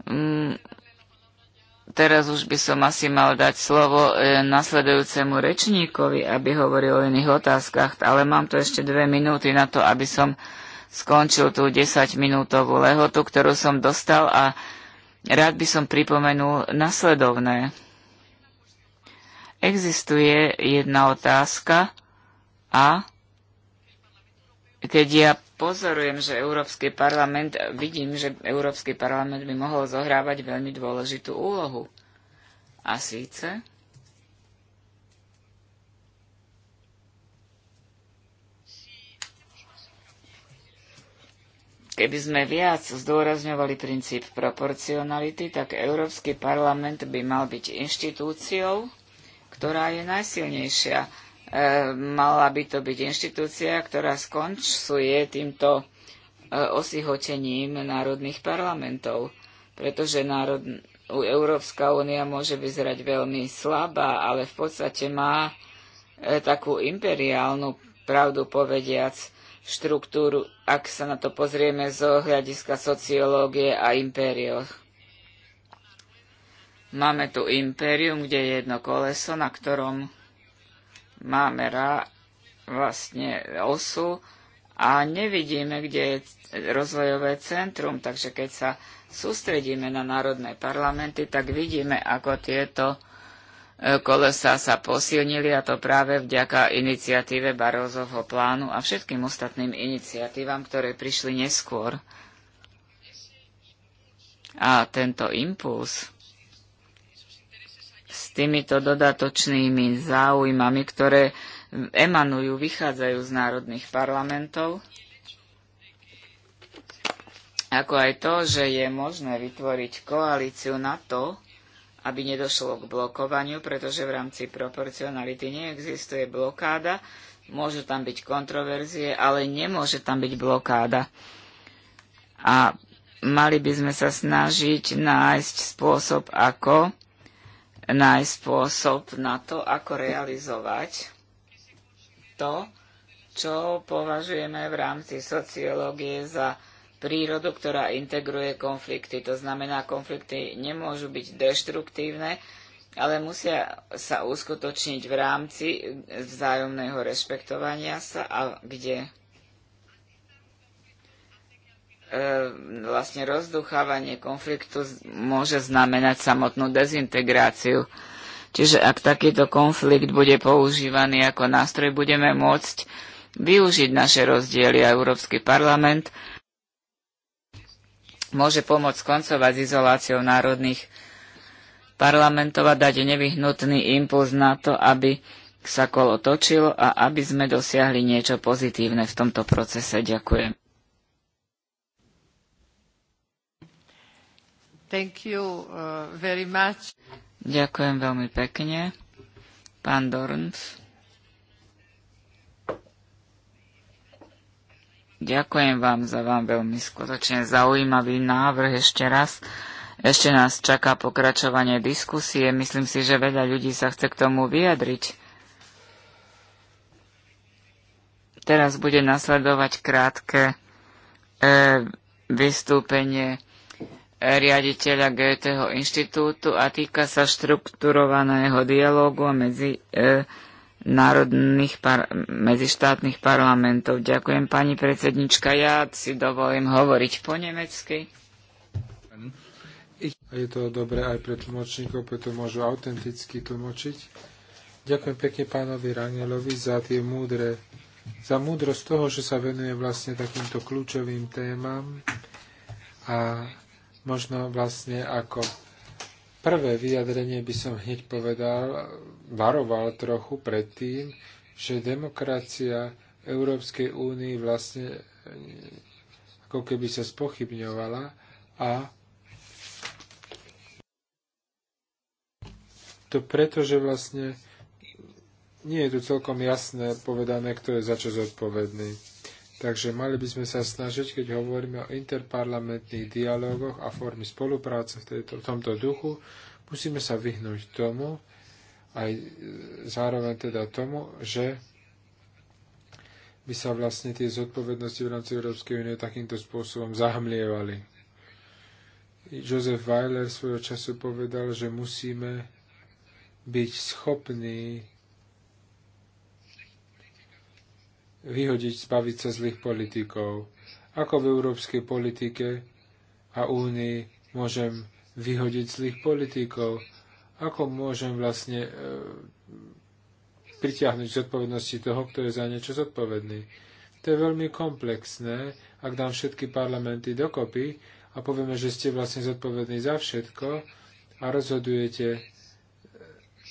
[SPEAKER 1] Mm, teraz už by som asi mal dať slovo e, nasledujúcemu rečníkovi, aby hovoril o iných otázkach, ale mám tu ešte dve minúty na to, aby som skončil tú 10-minútovú lehotu, ktorú som dostal a rád by som pripomenul nasledovné. Existuje jedna otázka a keď ja pozorujem, že Európsky parlament, vidím, že Európsky parlament by mohol zohrávať veľmi dôležitú úlohu. A síce Keby sme viac zdôrazňovali princíp proporcionality, tak Európsky parlament by mal byť inštitúciou, ktorá je najsilnejšia E, mala by to byť inštitúcia, ktorá skončuje týmto e, osihotením národných parlamentov, pretože národ, Európska únia môže vyzerať veľmi slabá, ale v podstate má e, takú imperiálnu, pravdu povediac, štruktúru, ak sa na to pozrieme zo hľadiska sociológie a impériov. Máme tu impérium, kde je jedno koleso, na ktorom máme rá, vlastne osu a nevidíme, kde je rozvojové centrum, takže keď sa sústredíme na národné parlamenty, tak vidíme, ako tieto e, kolesa sa posilnili a to práve vďaka iniciatíve Barózovho plánu a všetkým ostatným iniciatívam, ktoré prišli neskôr. A tento impuls týmito dodatočnými záujmami, ktoré emanujú, vychádzajú z národných parlamentov, ako aj to, že je možné vytvoriť koalíciu na to, aby nedošlo k blokovaniu, pretože v rámci proporcionality neexistuje blokáda, môžu tam byť kontroverzie, ale nemôže tam byť blokáda. A mali by sme sa snažiť nájsť spôsob, ako nájsť spôsob na to, ako realizovať to, čo považujeme v rámci sociológie za prírodu, ktorá integruje konflikty. To znamená, konflikty nemôžu byť deštruktívne, ale musia sa uskutočniť v rámci vzájomného rešpektovania sa a kde E, vlastne rozduchávanie konfliktu môže znamenať samotnú dezintegráciu. Čiže ak takýto konflikt bude používaný ako nástroj, budeme môcť využiť naše rozdiely a Európsky parlament môže pomôcť koncovať s izoláciou národných parlamentov a dať nevyhnutný impuls na to, aby sa kolo točilo a aby sme dosiahli niečo pozitívne v tomto procese. Ďakujem.
[SPEAKER 3] Thank you uh, very much.
[SPEAKER 1] Ďakujem veľmi pekne. Pán Dorns. Ďakujem vám za vám veľmi skutočne zaujímavý návrh ešte raz. Ešte nás čaká pokračovanie diskusie. Myslím si, že veľa ľudí sa chce k tomu vyjadriť. Teraz bude nasledovať krátke e, vystúpenie riaditeľa Goetheho inštitútu a týka sa štrukturovaného dialógu medzi e, národných par- medzištátnych parlamentov. Ďakujem, pani predsednička. Ja si dovolím hovoriť po nemecky.
[SPEAKER 2] Je to dobré aj pre tlmočníkov, preto môžu autenticky tlmočiť. Ďakujem pekne pánovi Rangelovi za tie múdre, za múdrosť toho, že sa venuje vlastne takýmto kľúčovým témam a Možno vlastne ako prvé vyjadrenie by som hneď povedal, varoval trochu pred tým, že demokracia Európskej únii vlastne eh, ako keby sa spochybňovala a to preto, že vlastne nie je tu celkom jasné povedané, kto je za čo zodpovedný. Takže mali by sme sa snažiť, keď hovoríme o interparlamentných dialogoch a formy spolupráce v, tejto, v tomto duchu, musíme sa vyhnúť tomu, aj zároveň teda tomu, že by sa vlastne tie zodpovednosti v rámci Európskej únie takýmto spôsobom zahmlievali. Joseph Weiler svojho času povedal, že musíme byť schopní vyhodiť, zbaviť sa zlých politikov. Ako v európskej politike a únii môžem vyhodiť zlých politikov? Ako môžem vlastne e, pritiahnuť zodpovednosti toho, kto je za niečo zodpovedný? To je veľmi komplexné, ak dám všetky parlamenty dokopy a povieme, že ste vlastne zodpovední za všetko a rozhodujete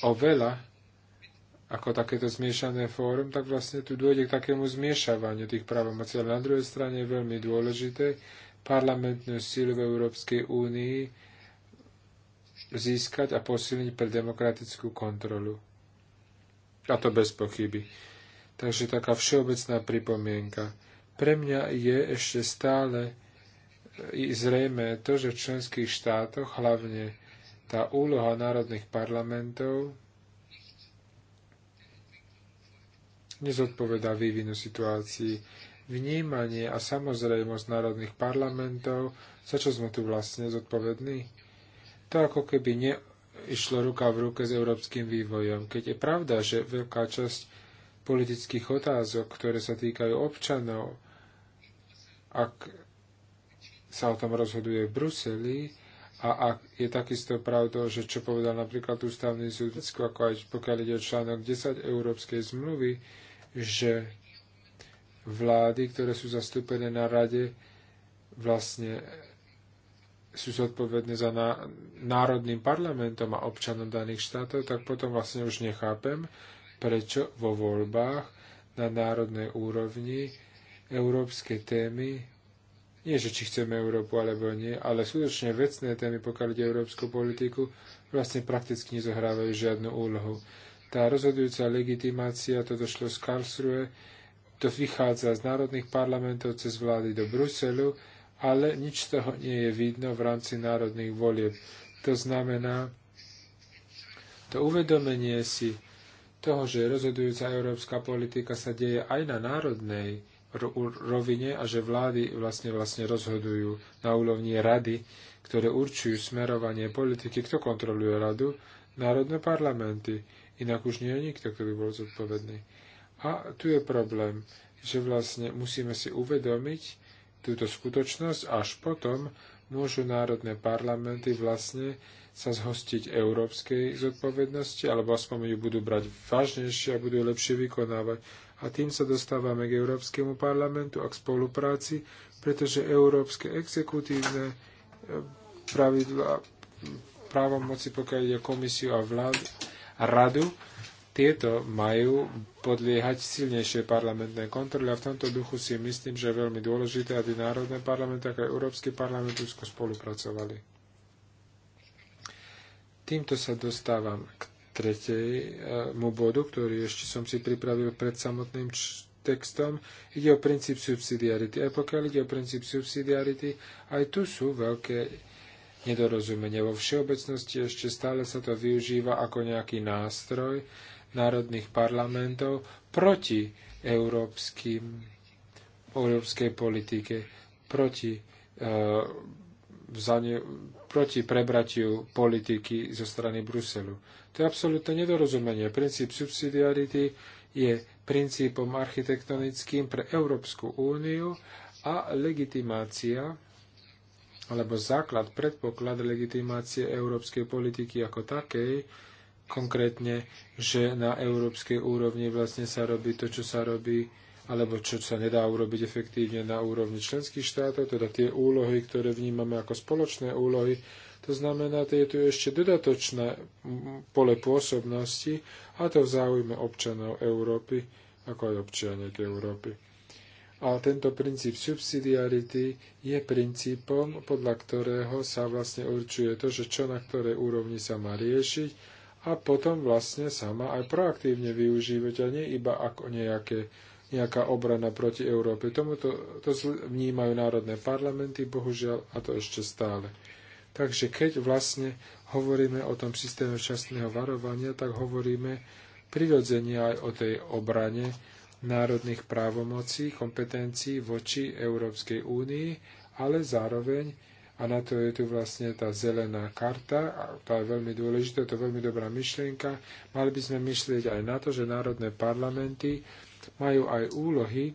[SPEAKER 2] o veľa, ako takéto zmiešané fórum, tak vlastne tu dôjde k takému zmiešavaniu tých právomocí. Ale na druhej strane je veľmi dôležité parlamentnú sílu v Európskej únii získať a posilniť pre demokratickú kontrolu. A to bez pochyby. Takže taká všeobecná pripomienka. Pre mňa je ešte stále e, zrejme to, že v členských štátoch hlavne tá úloha národných parlamentov nezodpovedá vývinu situácií. Vnímanie a samozrejmosť národných parlamentov, za čo sme tu vlastne zodpovední? To ako keby neišlo ruka v ruke s európskym vývojom. Keď je pravda, že veľká časť politických otázok, ktoré sa týkajú občanov, ak sa o tom rozhoduje v Bruseli, a ak je takisto pravdou, že čo povedal napríklad ústavný súd, ako aj pokiaľ ide o článok 10 Európskej zmluvy, že vlády, ktoré sú zastúpené na rade, vlastne sú zodpovedné za národným parlamentom a občanom daných štátov, tak potom vlastne už nechápem, prečo vo voľbách na národnej úrovni európske témy, nie že či chceme Európu alebo nie, ale skutočne vecné témy, pokiaľ ide európsku politiku, vlastne prakticky nezohrávajú žiadnu úlohu. Tá rozhodujúca legitimácia, to došlo z Karlsruhe, to vychádza z národných parlamentov cez vlády do Bruselu, ale nič z toho nie je vidno v rámci národných volieb. To znamená, to uvedomenie si toho, že rozhodujúca európska politika sa deje aj na národnej rovine a že vlády vlastne, vlastne rozhodujú na úrovni rady, ktoré určujú smerovanie politiky. Kto kontroluje radu? Národné parlamenty. Inak už nie je nikto, kto by bol zodpovedný. A tu je problém, že vlastne musíme si uvedomiť túto skutočnosť, až potom môžu národné parlamenty vlastne sa zhostiť európskej zodpovednosti, alebo aspoň ju budú brať vážnejšie a budú lepšie vykonávať. A tým sa dostávame k Európskemu parlamentu a k spolupráci, pretože európske exekutívne e, pravidla právomoci, pokiaľ ide komisiu a vlád, radu, tieto majú podliehať silnejšie parlamentné kontroly a v tomto duchu si myslím, že je veľmi dôležité, aby národné parlamenty ako aj Európsky parlament úzko spolupracovali. Týmto sa dostávam k tretiemu bodu, ktorý ešte som si pripravil pred samotným textom. Ide o princíp subsidiarity. Aj pokiaľ ide o princíp subsidiarity, aj tu sú veľké nedorozumenie. Vo všeobecnosti ešte stále sa to využíva ako nejaký nástroj národných parlamentov proti európskym, európskej politike, proti, uh, e, vzanie, proti prebratiu politiky zo strany Bruselu. To je absolútne nedorozumenie. Princíp subsidiarity je princípom architektonickým pre Európsku úniu a legitimácia alebo základ, predpoklad legitimácie európskej politiky ako takej, konkrétne, že na európskej úrovni vlastne sa robí to, čo sa robí, alebo čo sa nedá urobiť efektívne na úrovni členských štátov, teda tie úlohy, ktoré vnímame ako spoločné úlohy, to znamená, že je tu ešte dodatočné pole pôsobnosti a to v záujme občanov Európy, ako aj občianek Európy. A tento princíp subsidiarity je princípom, podľa ktorého sa vlastne určuje to, že čo na ktorej úrovni sa má riešiť a potom vlastne má aj proaktívne využívať a nie iba ako nejaké, nejaká obrana proti Európe. Tomuto to vnímajú národné parlamenty, bohužiaľ, a to ešte stále. Takže keď vlastne hovoríme o tom systéme včasného varovania, tak hovoríme prirodzene aj o tej obrane, národných právomocí, kompetencií voči Európskej únii, ale zároveň, a na to je tu vlastne tá zelená karta, a tá je veľmi dôležitá, to je veľmi dobrá myšlienka, mali by sme myslieť aj na to, že národné parlamenty majú aj úlohy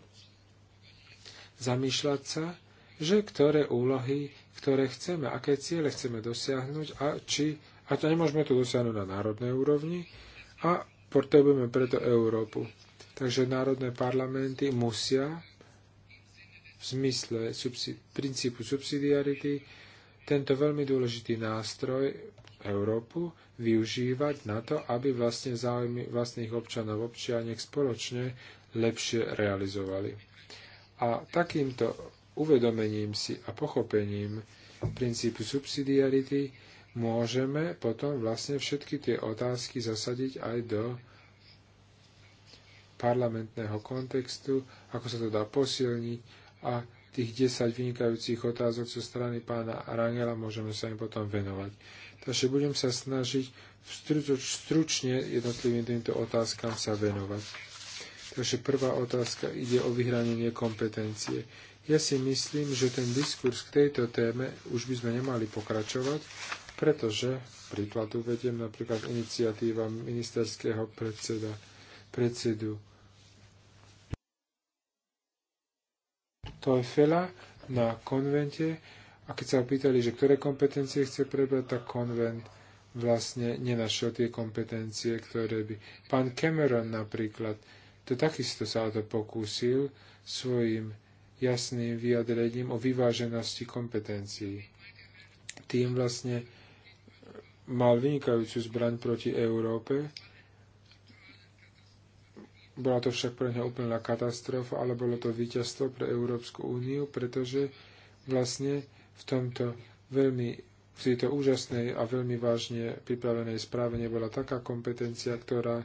[SPEAKER 2] zamýšľať sa, že ktoré úlohy, ktoré chceme, aké ciele chceme dosiahnuť a či, a to nemôžeme to dosiahnuť na národnej úrovni a potrebujeme preto Európu. Takže národné parlamenty musia v zmysle princípu subsidiarity tento veľmi dôležitý nástroj Európu využívať na to, aby vlastne záujmy vlastných občanov občianiek spoločne lepšie realizovali. A takýmto uvedomením si a pochopením princípu subsidiarity môžeme potom vlastne všetky tie otázky zasadiť aj do parlamentného kontextu, ako sa to dá posilniť a tých 10 vynikajúcich otázok zo strany pána Rangela môžeme sa im potom venovať. Takže budem sa snažiť stručne jednotlivým týmto otázkam sa venovať. Takže prvá otázka ide o vyhranenie kompetencie. Ja si myslím, že ten diskurs k tejto téme už by sme nemali pokračovať, pretože, príklad uvediem napríklad iniciatíva ministerského predseda, predsedu Teufela na konvente a keď sa pýtali, že ktoré kompetencie chce prebrať, tak konvent vlastne nenašiel tie kompetencie, ktoré by... Pán Cameron napríklad, to takisto sa to pokúsil svojim jasným vyjadrením o vyváženosti kompetencií. Tým vlastne mal vynikajúcu zbraň proti Európe, bola to však pre neho úplná katastrofa, ale bolo to víťazstvo pre Európsku úniu, pretože vlastne v tomto veľmi v tejto úžasnej a veľmi vážne pripravenej správe nebola taká kompetencia, ktorá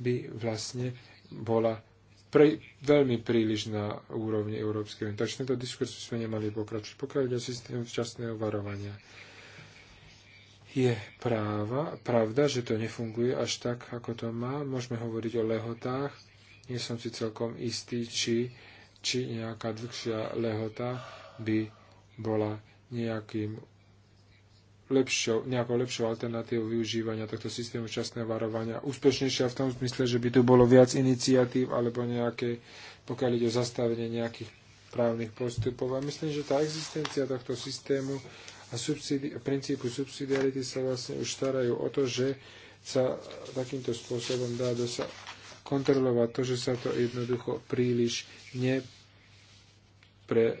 [SPEAKER 2] by vlastne bola pre, veľmi príliš na úrovni Európskej únie. Takže tento diskurs sme nemali pokračovať. Pokiaľ o systém včasného varovania. Je práva, pravda, že to nefunguje až tak, ako to má. Môžeme hovoriť o lehotách. Nie som si celkom istý, či, či nejaká dlhšia lehota by bola nejakým lepšou, nejakou lepšou alternatívou využívania tohto systému časného varovania. Úspešnejšia v tom zmysle, že by tu bolo viac iniciatív alebo nejaké, pokiaľ ide o zastavenie nejakých právnych postupov. A myslím, že tá existencia tohto systému a subsidi- princípu subsidiarity sa vlastne už starajú o to, že sa takýmto spôsobom dá dosa kontrolovať to, že sa to jednoducho príliš ne pre,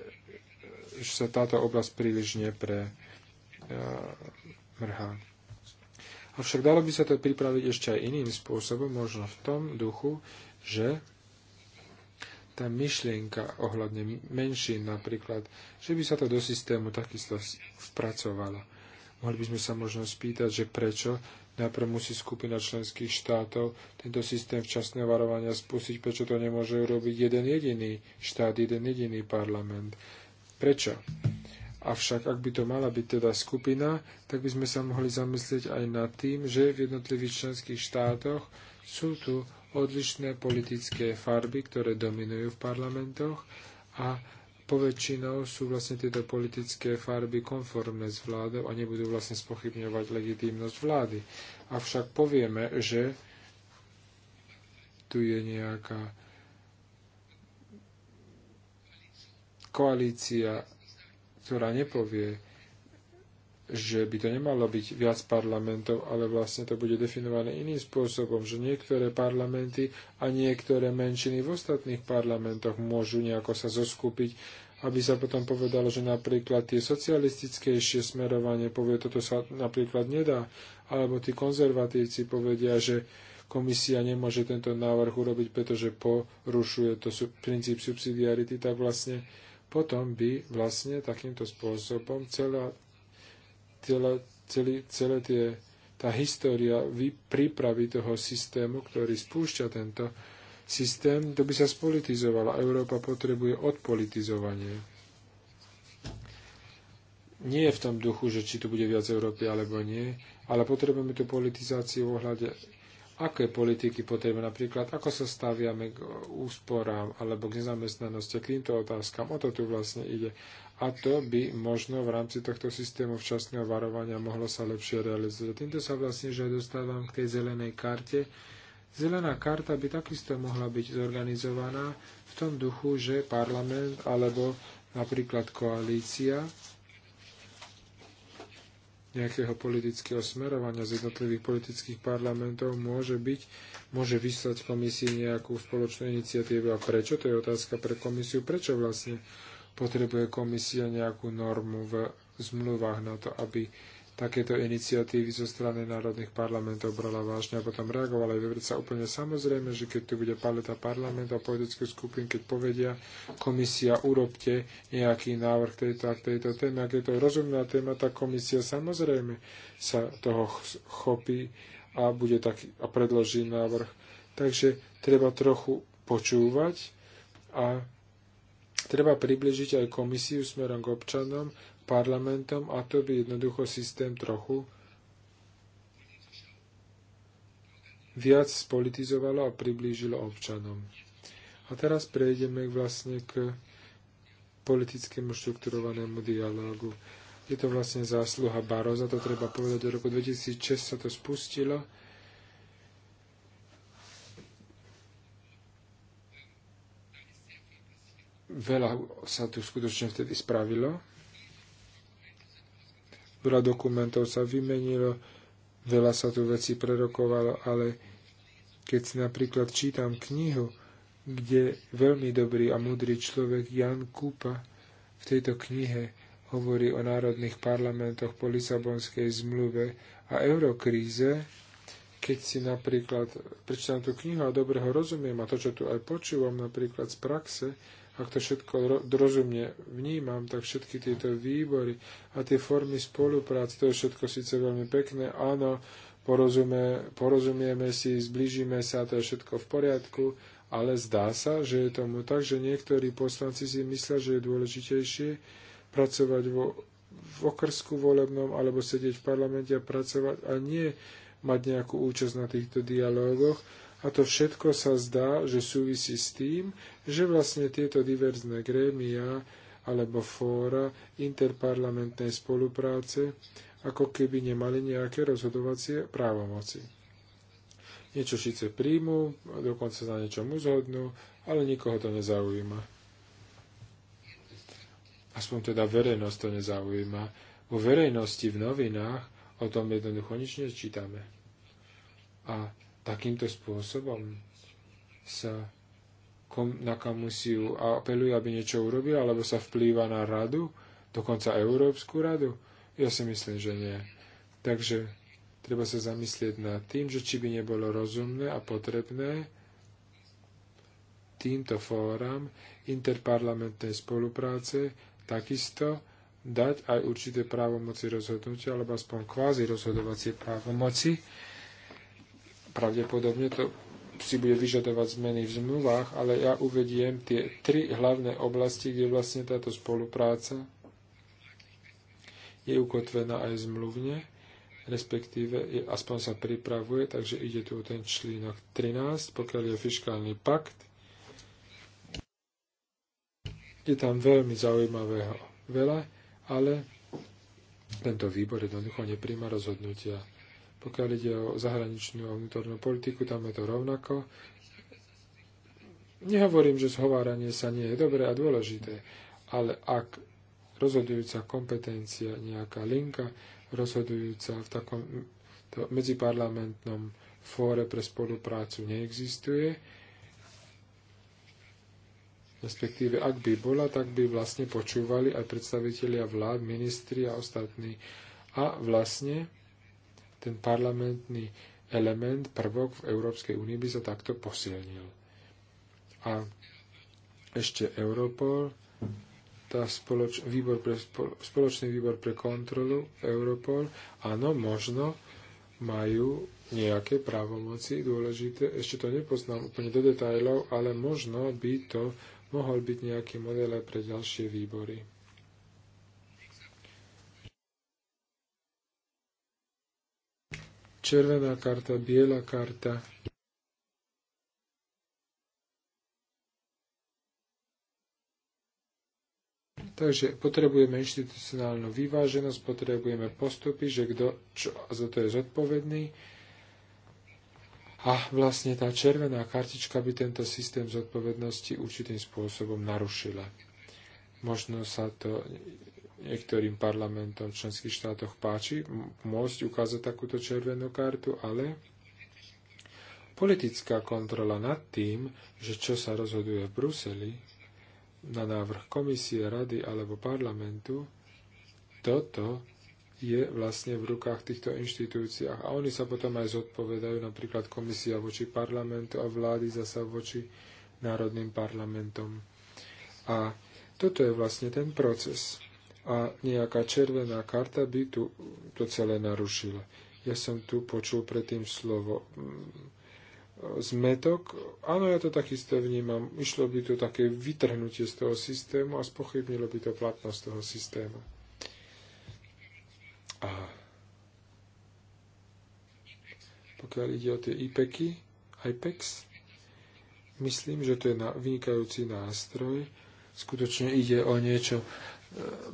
[SPEAKER 2] že sa táto oblasť príliš nepre e, mrhá. Avšak dalo by sa to pripraviť ešte aj iným spôsobom, možno v tom duchu, že tá myšlienka ohľadne menšín napríklad, že by sa to do systému takisto vpracovalo. Mohli by sme sa možno spýtať, že prečo najprv musí skupina členských štátov tento systém včasného varovania spustiť, prečo to nemôže urobiť jeden jediný štát, jeden jediný parlament. Prečo? Avšak ak by to mala byť teda skupina, tak by sme sa mohli zamyslieť aj nad tým, že v jednotlivých členských štátoch sú tu odlišné politické farby, ktoré dominujú v parlamentoch a poväčšinou sú vlastne tieto politické farby konformné s vládou a nebudú vlastne spochybňovať legitímnosť vlády. Avšak povieme, že tu je nejaká koalícia, ktorá nepovie, že by to nemalo byť viac parlamentov, ale vlastne to bude definované iným spôsobom, že niektoré parlamenty a niektoré menšiny v ostatných parlamentoch môžu nejako sa zoskupiť, aby sa potom povedalo, že napríklad tie socialistickejšie smerovanie povie, toto sa napríklad nedá, alebo tí konzervatívci povedia, že komisia nemôže tento návrh urobiť, pretože porušuje to princíp subsidiarity, tak vlastne potom by vlastne takýmto spôsobom celá celá, celý, celé tie, tá história prípravy toho systému, ktorý spúšťa tento systém, to by sa spolitizovala. Európa potrebuje odpolitizovanie. Nie je v tom duchu, že či tu bude viac Európy alebo nie, ale potrebujeme tú politizáciu v ohľade, aké politiky potrebujeme napríklad, ako sa staviame k úsporám alebo k nezamestnanosti, k týmto otázkam. O to tu vlastne ide a to by možno v rámci tohto systému včasného varovania mohlo sa lepšie realizovať. Týmto sa vlastne že dostávam k tej zelenej karte. Zelená karta by takisto mohla byť zorganizovaná v tom duchu, že parlament alebo napríklad koalícia nejakého politického smerovania z jednotlivých politických parlamentov môže byť, môže vyslať komisii nejakú spoločnú iniciatívu. A prečo? To je otázka pre komisiu. Prečo vlastne potrebuje komisia nejakú normu v zmluvách na to, aby takéto iniciatívy zo strany národných parlamentov brala vážne a potom reagovala. Je sa úplne samozrejme, že keď tu bude paleta parlamentov a politických skupín, keď povedia komisia, urobte nejaký návrh tejto a tejto téme. Ak je to rozumná téma, tak komisia samozrejme sa toho chopí a, bude taký, a predloží návrh. Takže treba trochu počúvať a Treba približiť aj komisiu smerom k občanom, parlamentom a to by jednoducho systém trochu viac spolitizovalo a priblížilo občanom. A teraz prejdeme vlastne k politickému štrukturovanému dialogu. Je to vlastne zásluha Baroza, to treba povedať, do roku 2006 sa to spustilo veľa sa tu skutočne vtedy spravilo. Veľa dokumentov sa vymenilo, veľa sa tu vecí prerokovalo, ale keď si napríklad čítam knihu, kde veľmi dobrý a múdry človek Jan Kupa v tejto knihe hovorí o národných parlamentoch po Lisabonskej zmluve a eurokríze, keď si napríklad prečítam tú knihu a dobre ho rozumiem a to, čo tu aj počúvam napríklad z praxe, ak to všetko rozumne vnímam, tak všetky tieto výbory a tie formy spolupráce, to je všetko síce veľmi pekné, áno, porozumie, porozumieme si, zblížime sa, to je všetko v poriadku, ale zdá sa, že je tomu tak, že niektorí poslanci si myslia, že je dôležitejšie pracovať vo, v okrsku volebnom alebo sedieť v parlamente a pracovať a nie mať nejakú účasť na týchto dialógoch, a to všetko sa zdá, že súvisí s tým, že vlastne tieto diverzné grémia alebo fóra interparlamentnej spolupráce ako keby nemali nejaké rozhodovacie právomoci. Niečo síce príjmu, dokonca na niečom uzhodnú, ale nikoho to nezaujíma. Aspoň teda verejnosť to nezaujíma. Vo verejnosti v novinách o tom jednoducho nič nečítame. A takýmto spôsobom sa kom, na kamusiu a apeluje, aby niečo urobil, alebo sa vplýva na radu, dokonca Európsku radu? Ja si myslím, že nie. Takže treba sa zamyslieť nad tým, že či by nebolo rozumné a potrebné týmto fóram interparlamentnej spolupráce takisto dať aj určité právomoci rozhodnutia, alebo aspoň kvázi rozhodovacie právomoci, pravdepodobne to si bude vyžadovať zmeny v zmluvách, ale ja uvediem tie tri hlavné oblasti, kde vlastne táto spolupráca je ukotvená aj zmluvne, respektíve je, aspoň sa pripravuje, takže ide tu o ten člínok 13, pokiaľ je fiskálny pakt. Je tam veľmi zaujímavého veľa, ale tento výbor jednoducho nepríjma rozhodnutia. Pokiaľ ide o zahraničnú a vnútornú politiku, tam je to rovnako. Nehovorím, že zhováranie sa nie je dobré a dôležité, ale ak rozhodujúca kompetencia, nejaká linka, rozhodujúca v takom medziparlamentnom fóre pre spoluprácu neexistuje, respektíve ak by bola, tak by vlastne počúvali aj predstavitelia vlád, ministri a ostatní. A vlastne ten parlamentný element, prvok v Európskej únii by sa takto posilnil. A ešte Europol, tá spoloč, výbor pre, spoločný výbor pre kontrolu Europol, áno, možno majú nejaké právomoci dôležité, ešte to nepoznám úplne do detajlov, ale možno by to mohol byť nejaký model aj pre ďalšie výbory. červená karta, biela karta. Takže potrebujeme inštitucionálnu vyváženosť, potrebujeme postupy, že kto čo, za to je zodpovedný. A vlastne tá červená kartička by tento systém zodpovednosti určitým spôsobom narušila. Možno sa to niektorým parlamentom v členských štátoch páči môcť ukázať takúto červenú kartu, ale politická kontrola nad tým, že čo sa rozhoduje v Bruseli na návrh komisie, rady alebo parlamentu, toto je vlastne v rukách týchto inštitúciách. A oni sa potom aj zodpovedajú, napríklad komisia voči parlamentu a vlády zasa voči národným parlamentom. A toto je vlastne ten proces a nejaká červená karta by tu to celé narušila. Ja som tu počul predtým slovo mm, zmetok. Áno, ja to takisto vnímam. Išlo by to také vytrhnutie z toho systému a spochybnilo by to platnosť toho systému. A pokiaľ ide o tie IPEKy, IPEX, myslím, že to je vynikajúci nástroj. Skutočne ide o niečo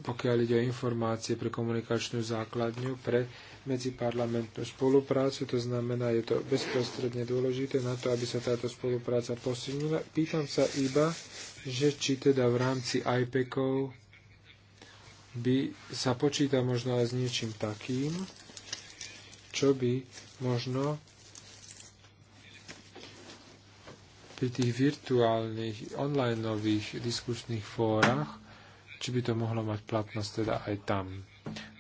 [SPEAKER 2] pokiaľ ide o informácie pre komunikačnú základňu, pre medziparlamentnú spoluprácu, to znamená, je to bezprostredne dôležité na to, aby sa táto spolupráca posilnila. Pýtam sa iba, že či teda v rámci IPECov by sa počíta možno aj s niečím takým, čo by možno pri tých virtuálnych, online diskusných fórach či by to mohlo mať platnosť teda aj tam.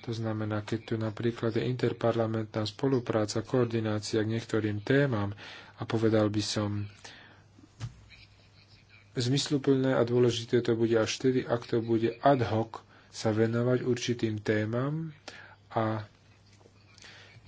[SPEAKER 2] To znamená, keď tu napríklad je interparlamentná spolupráca, koordinácia k niektorým témam a povedal by som, zmysluplné a dôležité to bude až vtedy, ak to bude ad hoc sa venovať určitým témam a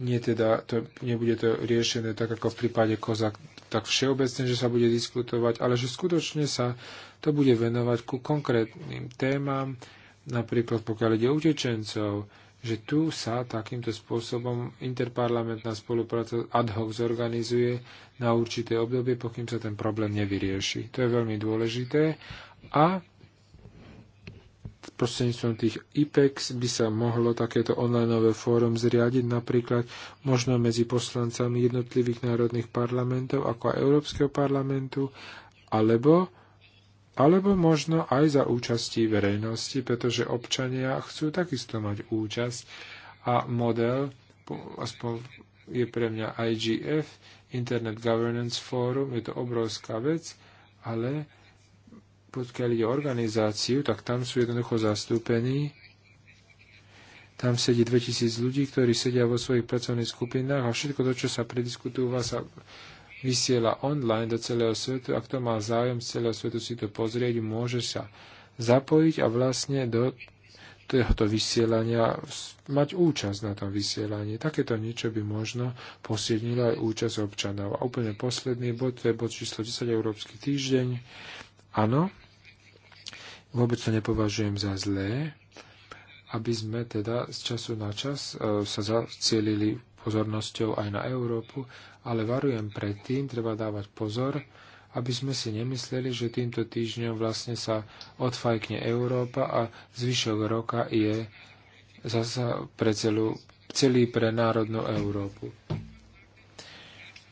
[SPEAKER 2] nie teda, to, nebude to riešené tak ako v prípade kozak tak všeobecne, že sa bude diskutovať, ale že skutočne sa to bude venovať ku konkrétnym témam, napríklad pokiaľ ide utečencov, že tu sa takýmto spôsobom interparlamentná spolupráca ad hoc zorganizuje na určité obdobie, pokým sa ten problém nevyrieši. To je veľmi dôležité a prostredníctvom tých IPEX by sa mohlo takéto onlineové fórum zriadiť napríklad možno medzi poslancami jednotlivých národných parlamentov ako aj Európskeho parlamentu, alebo, alebo možno aj za účasti verejnosti, pretože občania chcú takisto mať účasť a model, aspoň je pre mňa IGF, Internet Governance Forum, je to obrovská vec, ale pokiaľ ide o organizáciu, tak tam sú jednoducho zastúpení. Tam sedí 2000 ľudí, ktorí sedia vo svojich pracovných skupinách a všetko to, čo sa prediskutúva, sa vysiela online do celého svetu a kto má záujem z celého svetu si to pozrieť, môže sa zapojiť a vlastne do tohoto vysielania mať účasť na tom vysielaní. Takéto niečo by možno posiednilo aj účasť občanov. A úplne posledný bod, to je bod číslo 10 Európsky týždeň. Áno, vôbec to nepovažujem za zlé, aby sme teda z času na čas e, sa zacielili pozornosťou aj na Európu, ale varujem predtým, treba dávať pozor, aby sme si nemysleli, že týmto týždňom vlastne sa odfajkne Európa a zvyšok roka je zasa pre celú, celý pre národnú Európu.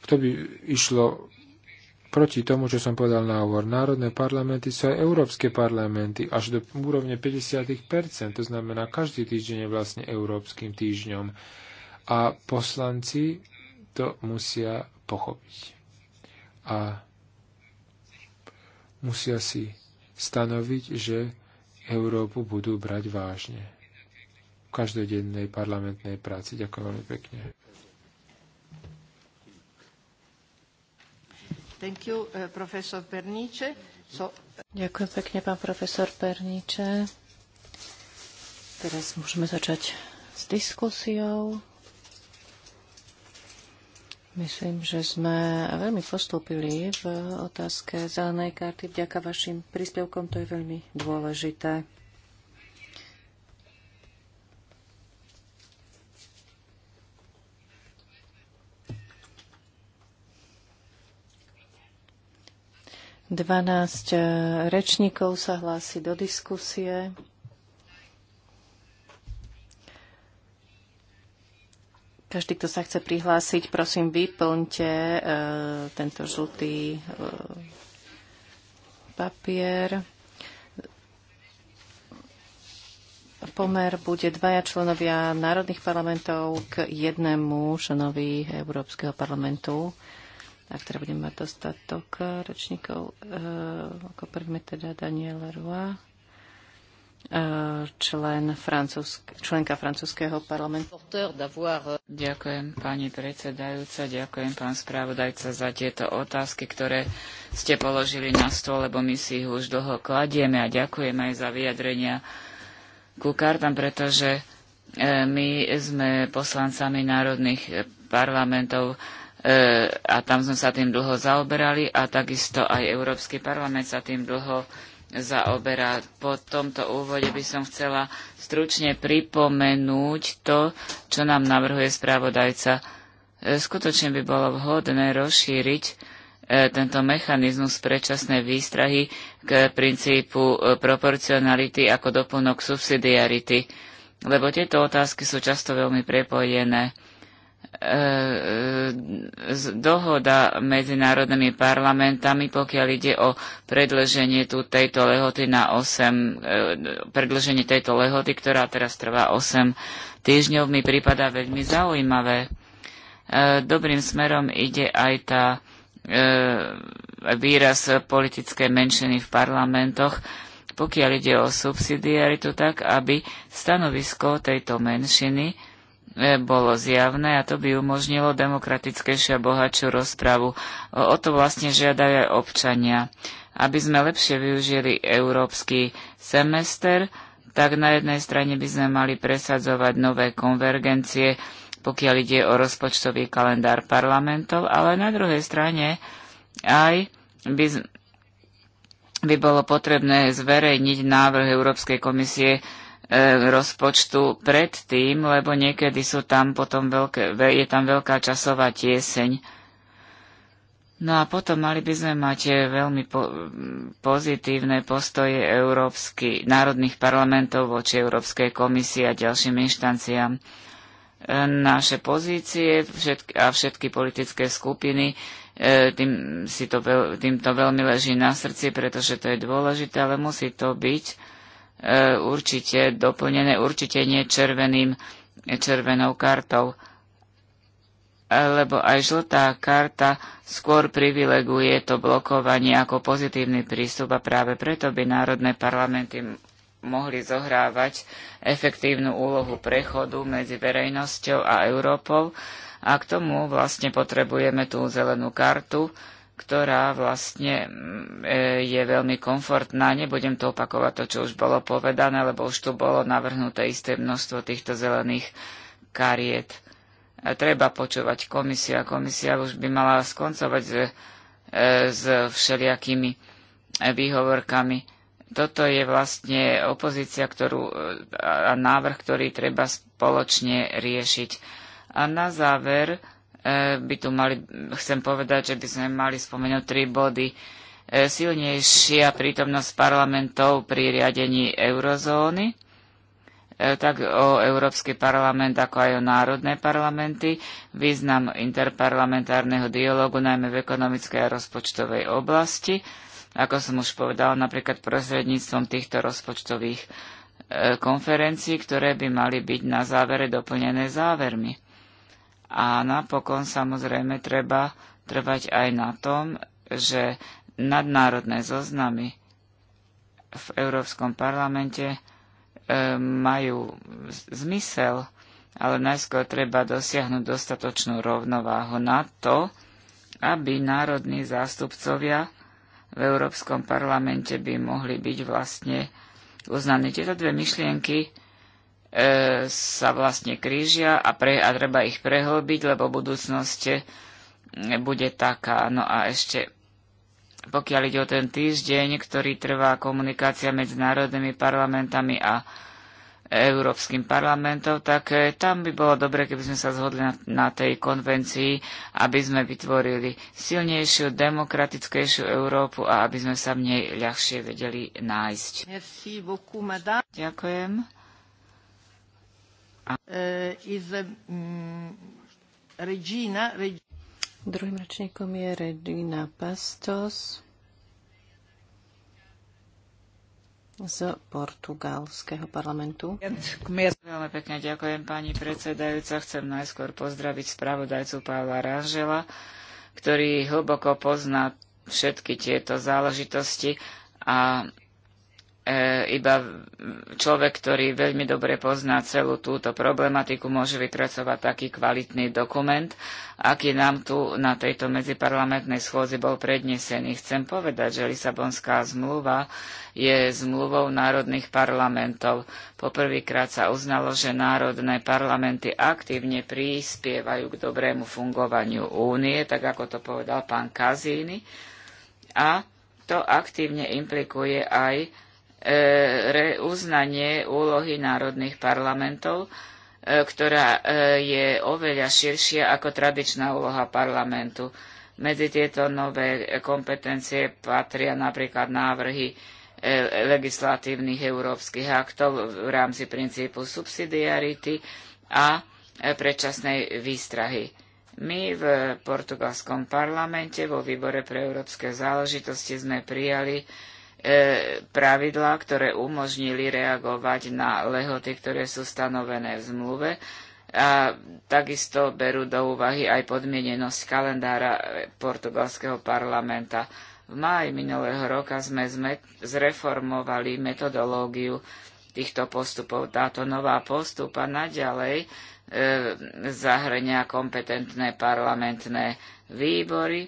[SPEAKER 2] To by išlo proti tomu, čo som povedal na hovor. Národné parlamenty sú aj európske parlamenty až do úrovne 50%, to znamená každý týždeň je vlastne európskym týždňom. A poslanci to musia pochopiť. A musia si stanoviť, že Európu budú brať vážne v každodennej parlamentnej práci. Ďakujem veľmi pekne.
[SPEAKER 3] Thank you, uh, profesor Perniče. So... Ďakujem pekne, pán profesor Perniče. Teraz môžeme začať s diskusiou. Myslím, že sme veľmi postupili v otázke zelenej karty. Vďaka vašim príspevkom to je veľmi dôležité. 12 e, rečníkov sa hlási do diskusie. Každý, kto sa chce prihlásiť, prosím, vyplňte e, tento žltý e, papier. Pomer bude dvaja členovia národných parlamentov k jednému členovi Európskeho parlamentu. E, ak teda budeme mať dostatok e, ročníkov, e, ako prvý teda Daniel Roy, e, člen francúzsk, členka francúzského parlamentu.
[SPEAKER 1] Ďakujem pani predsedajúca, ďakujem pán spravodajca za tieto otázky, ktoré ste položili na stôl, lebo my si ich už dlho kladieme a ďakujem aj za vyjadrenia ku kartám, pretože my sme poslancami národných parlamentov E, a tam sme sa tým dlho zaoberali a takisto aj Európsky parlament sa tým dlho zaoberá. Po tomto úvode by som chcela stručne pripomenúť to, čo nám navrhuje správodajca. E, skutočne by bolo vhodné rozšíriť e, tento mechanizmus predčasnej výstrahy k princípu proporcionality ako doplnok subsidiarity, lebo tieto otázky sú často veľmi prepojené. E, e, dohoda medzi národnými parlamentami, pokiaľ ide o predlženie tu tejto lehoty na 8, e, predlženie tejto lehoty, ktorá teraz trvá 8 týždňov, mi prípada veľmi zaujímavé. Dobrým smerom ide aj tá výraz politické menšiny v parlamentoch, pokiaľ ide o subsidiaritu, tak aby stanovisko tejto menšiny bolo zjavné a to by umožnilo demokratickejšiu a bohatšiu rozpravu. O to vlastne žiadajú aj občania. Aby sme lepšie využili európsky semester, tak na jednej strane by sme mali presadzovať nové konvergencie, pokiaľ ide o rozpočtový kalendár parlamentov, ale na druhej strane aj by, by bolo potrebné zverejniť návrh Európskej komisie E, rozpočtu predtým, lebo niekedy sú tam potom veľké, je tam veľká časová tieseň. No a potom mali by sme mať e, veľmi po- pozitívne postoje európsky, národných parlamentov voči Európskej komisii a ďalším inštanciám. E, naše pozície všetky, a všetky politické skupiny tým, si to, týmto veľmi leží na srdci, pretože to je dôležité, ale musí to byť E, určite doplnené, určite nie červeným, červenou kartou. Lebo aj žltá karta skôr privileguje to blokovanie ako pozitívny prístup a práve preto by národné parlamenty mohli zohrávať efektívnu úlohu prechodu medzi verejnosťou a Európou a k tomu vlastne potrebujeme tú zelenú kartu, ktorá vlastne mm, e, je veľmi komfortná. Nebudem to opakovať to, čo už bolo povedané, lebo už tu bolo navrhnuté isté množstvo týchto zelených kariet. Treba počúvať komisia. Komisia už by mala skoncovať s, e, s všelijakými výhovorkami. Toto je vlastne opozícia ktorú, e, a návrh, ktorý treba spoločne riešiť. A na záver, E, by tu mali, chcem povedať, že by sme mali spomenúť tri body. E, silnejšia prítomnosť parlamentov pri riadení eurozóny, e, tak o Európsky parlament, ako aj o národné parlamenty, význam interparlamentárneho dialogu, najmä v ekonomickej a rozpočtovej oblasti, ako som už povedala, napríklad prostredníctvom týchto rozpočtových konferencií, ktoré by mali byť na závere doplnené závermi. A napokon samozrejme treba trvať aj na tom, že nadnárodné zoznamy v Európskom parlamente e, majú zmysel, ale najskôr treba dosiahnuť dostatočnú rovnováhu na to, aby národní zástupcovia v Európskom parlamente by mohli byť vlastne uznaní. Tieto dve myšlienky E, sa vlastne krížia a, pre, a treba ich prehlbiť, lebo budúcnosť bude taká. No a ešte, pokiaľ ide o ten týždeň, ktorý trvá komunikácia medzi národnými parlamentami a Európskym parlamentom, tak e, tam by bolo dobre, keby sme sa zhodli na, na tej konvencii, aby sme vytvorili silnejšiu, demokratickejšiu Európu a aby sme sa v nej ľahšie vedeli nájsť. Beaucoup, Ďakujem.
[SPEAKER 3] Eh, is, mm, Regina, Druhým ročníkom je Regina Pastos z portugalského parlamentu.
[SPEAKER 1] Veľmi pekne ďakujem pani predsedajúca. Chcem najskôr pozdraviť spravodajcu Pavla Ranžela, ktorý hlboko pozná všetky tieto záležitosti a E, iba človek, ktorý veľmi dobre pozná celú túto problematiku, môže vypracovať taký kvalitný dokument, aký nám tu na tejto medziparlamentnej schôzi bol prednesený. Chcem povedať, že Lisabonská zmluva je zmluvou národných parlamentov. Poprvýkrát sa uznalo, že národné parlamenty aktívne prispievajú k dobrému fungovaniu únie, tak ako to povedal pán Kazíny. A to aktívne implikuje aj E, uznanie úlohy národných parlamentov, e, ktorá e, je oveľa širšia ako tradičná úloha parlamentu. Medzi tieto nové kompetencie patria napríklad návrhy legislatívnych európskych aktov v rámci princípu subsidiarity a predčasnej výstrahy. My v portugalskom parlamente vo výbore pre európske záležitosti sme prijali E, pravidlá, ktoré umožnili reagovať na lehoty, ktoré sú stanovené v zmluve a takisto berú do úvahy aj podmienenosť kalendára e, portugalského parlamenta. V máji minulého roka sme zreformovali metodológiu týchto postupov. Táto nová postupa naďalej e, zahrňa kompetentné parlamentné výbory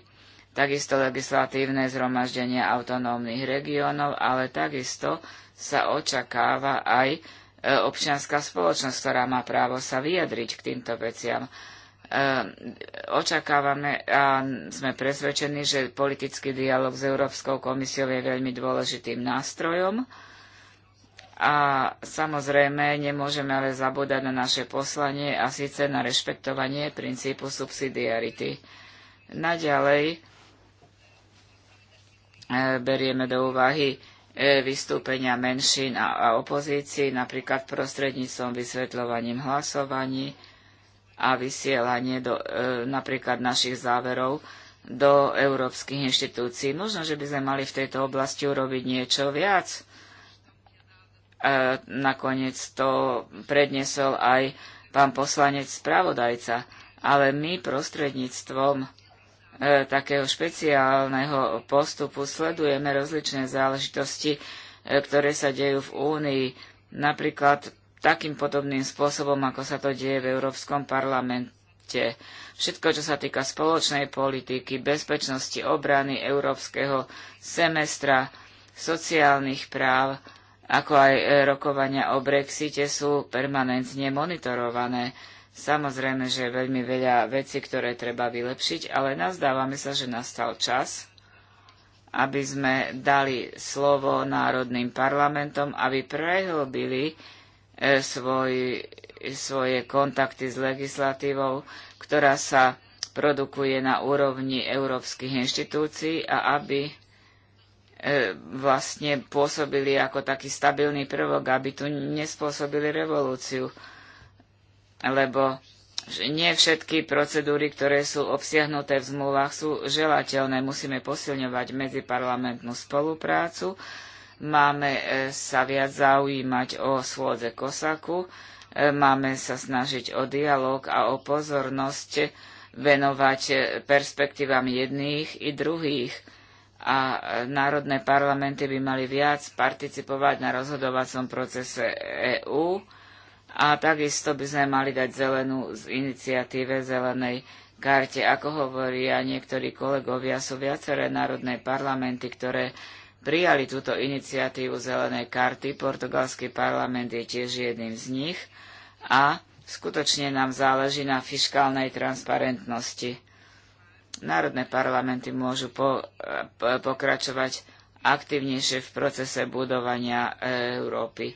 [SPEAKER 1] takisto legislatívne zhromaždenie autonómnych regiónov, ale takisto sa očakáva aj e, občianská spoločnosť, ktorá má právo sa vyjadriť k týmto veciam. E, očakávame a sme presvedčení, že politický dialog s Európskou komisiou je veľmi dôležitým nástrojom. A samozrejme, nemôžeme ale zabúdať na naše poslanie a síce na rešpektovanie princípu subsidiarity. Naďalej E, berieme do úvahy e, vystúpenia menšín a, opozícií, napríklad prostredníctvom vysvetľovaním hlasovaní a vysielanie do, e, napríklad našich záverov do európskych inštitúcií. Možno, že by sme mali v tejto oblasti urobiť niečo viac. nakoniec to predniesol aj pán poslanec spravodajca. Ale my prostredníctvom E, takého špeciálneho postupu sledujeme rozličné záležitosti, e, ktoré sa dejú v Únii, napríklad takým podobným spôsobom, ako sa to deje v Európskom parlamente. Všetko, čo sa týka spoločnej politiky, bezpečnosti, obrany, európskeho semestra, sociálnych práv, ako aj e, rokovania o Brexite sú permanentne monitorované. Samozrejme, že je veľmi veľa vecí, ktoré treba vylepšiť, ale nazdávame sa, že nastal čas, aby sme dali slovo národným parlamentom, aby prehlbili e, svoj, svoje kontakty s legislatívou, ktorá sa produkuje na úrovni európskych inštitúcií a aby e, vlastne pôsobili ako taký stabilný prvok, aby tu nespôsobili revolúciu lebo nie všetky procedúry, ktoré sú obsiahnuté v zmluvách, sú želateľné. Musíme posilňovať medziparlamentnú spoluprácu, máme e, sa viac zaujímať o schôdze Kosaku, e, máme sa snažiť o dialog a o pozornosť venovať e, perspektívam jedných i druhých a národné parlamenty by mali viac participovať na rozhodovacom procese EÚ a takisto by sme mali dať zelenú z iniciatíve zelenej karte. Ako hovoria niektorí kolegovia, sú viaceré národné parlamenty, ktoré prijali túto iniciatívu zelenej karty. Portugalský parlament je tiež jedným z nich a skutočne nám záleží na fiskálnej transparentnosti. Národné parlamenty môžu po, eh, po, pokračovať aktívnejšie v procese budovania eh, Európy.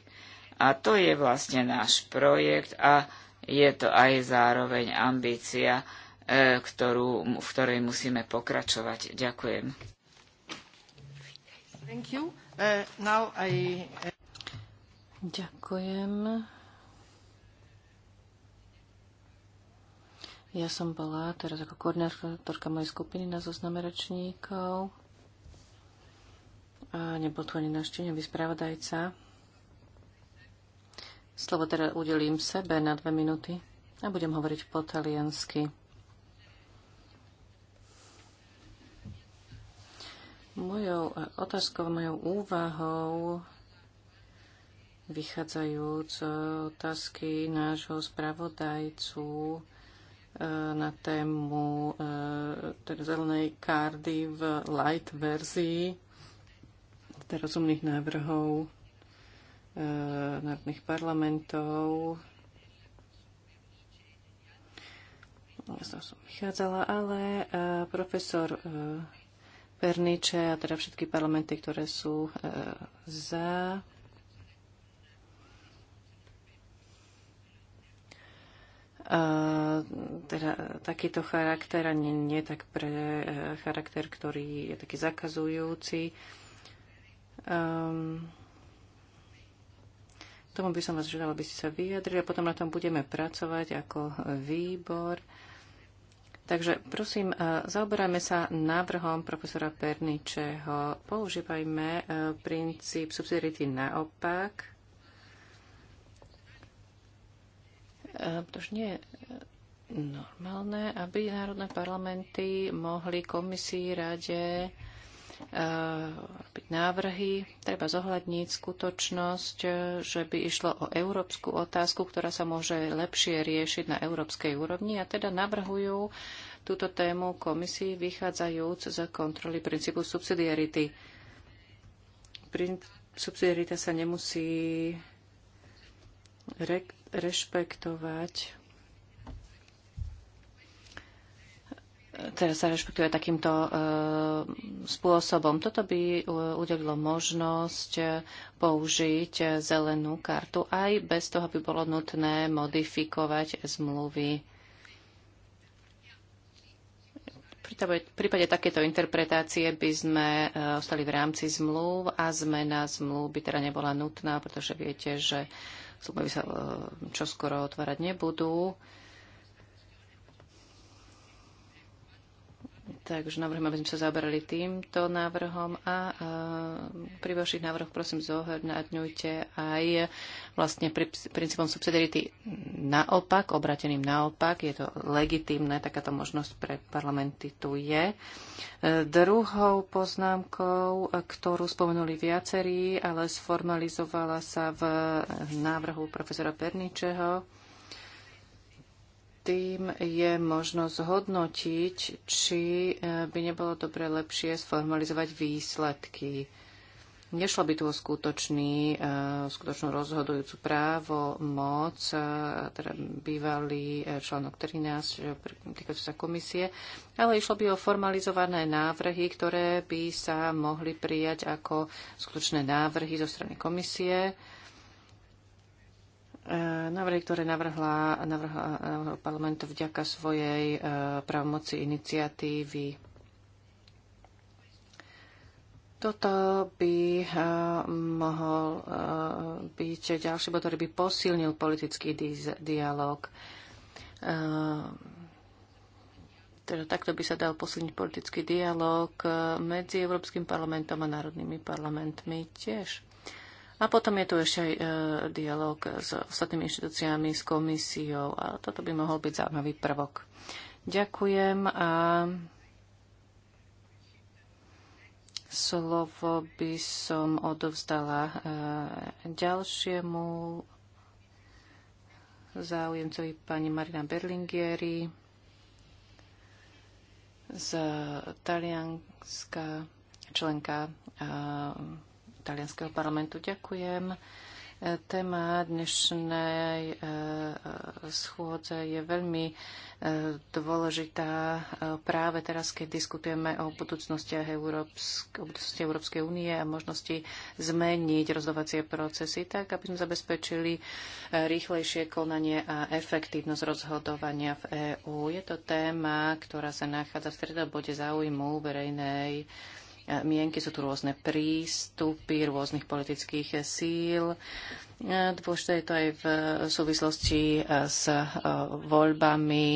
[SPEAKER 1] A to je vlastne náš projekt a je to aj zároveň ambícia, e, ktorú, v ktorej musíme pokračovať. Ďakujem.
[SPEAKER 3] Uh, I... E, Ďakujem. Ja som bola teraz ako koordinátorka mojej skupiny na zozname rečníkov. A nebol tu ani návštevný spravodajca. Slovo teda udelím sebe na dve minúty a budem hovoriť po taliansky. Mojou otázkou, mojou úvahou vychádzajúc otázky nášho spravodajcu e, na tému e, teda zelenej kardy v light verzii teda rozumných návrhov Eh, národných parlamentov. Ja no, som, som vychádzala, ale eh, profesor eh, Perniče a teda všetky parlamenty, ktoré sú za Uh, teda takýto charakter, a nie, nie tak pre uh, charakter, ktorý je taký zakazujúci. Um, Tomu by som vás želala, aby ste sa vyjadrili a potom na tom budeme pracovať ako výbor. Takže prosím, e, zaoberajme sa návrhom profesora Perničeho. Používajme e, princíp subsidiarity naopak. E, to nie je normálne, aby národné parlamenty mohli komisii, rade Eh, robiť návrhy. Treba zohľadniť skutočnosť, eh, že by išlo o európsku otázku, ktorá sa môže lepšie riešiť na európskej úrovni a teda navrhujú túto tému komisii vychádzajúc z kontroly princípu subsidiarity. subsidiarita sa nemusí rešpektovať teraz sa rešpektuje takýmto e, spôsobom. Toto by e, udelilo možnosť e, použiť zelenú kartu aj bez toho, aby bolo nutné modifikovať zmluvy. V prípade takéto interpretácie by sme ostali v rámci zmluv a zmena zmluv by teda nebola nutná, pretože viete, že zmluvy sa čoskoro otvárať nebudú. Takže navrhujem, aby sme sa zaberali týmto návrhom a pri vašich návrhoch prosím zohľadňujte aj vlastne pri, princípom subsidiarity naopak, obrateným naopak. Je to legitímne, takáto možnosť pre parlamenty tu je. E, druhou poznámkou, ktorú spomenuli viacerí, ale sformalizovala sa v návrhu profesora Perničeho, tým je možno zhodnotiť, či e, by nebolo dobre lepšie sformalizovať výsledky. Nešlo by tu o skutočný, e, skutočnú rozhodujúcu právo, moc, e, teda bývalý článok 13, týkajúci sa komisie, ale išlo by o formalizované návrhy, ktoré by sa mohli prijať ako skutočné návrhy zo strany komisie Návrhy, ktoré navrhla, navrhla, navrhla parlament vďaka svojej e, pravomoci iniciatívy. Toto by e, mohol e, byť ďalší bod, ktorý by posilnil politický dialog. Teda takto by sa dal posilniť politický dialog medzi Európskym parlamentom a národnými parlamentmi tiež. A potom je tu ešte aj e, dialog s ostatnými inštitúciami, s komisiou a toto by mohol byť zaujímavý prvok. Ďakujem a slovo by som odovzdala e, ďalšiemu záujemcovi pani Marina Berlingieri z Talianska, členka e, talianského parlamentu. Ďakujem. E, téma dnešnej e, e, schôdze je veľmi dôležitá práve teraz, keď diskutujeme o budúcnostiach Európsk- o budúcnosti Európskej únie a možnosti zmeniť rozhodovacie procesy tak, aby sme zabezpečili rýchlejšie konanie a efektívnosť rozhodovania v EÚ. Je to téma, ktorá sa nachádza v stredobode záujmu verejnej E, mienky, sú tu rôzne prístupy rôznych politických síl. E, dôležité je to aj v súvislosti e, s voľbami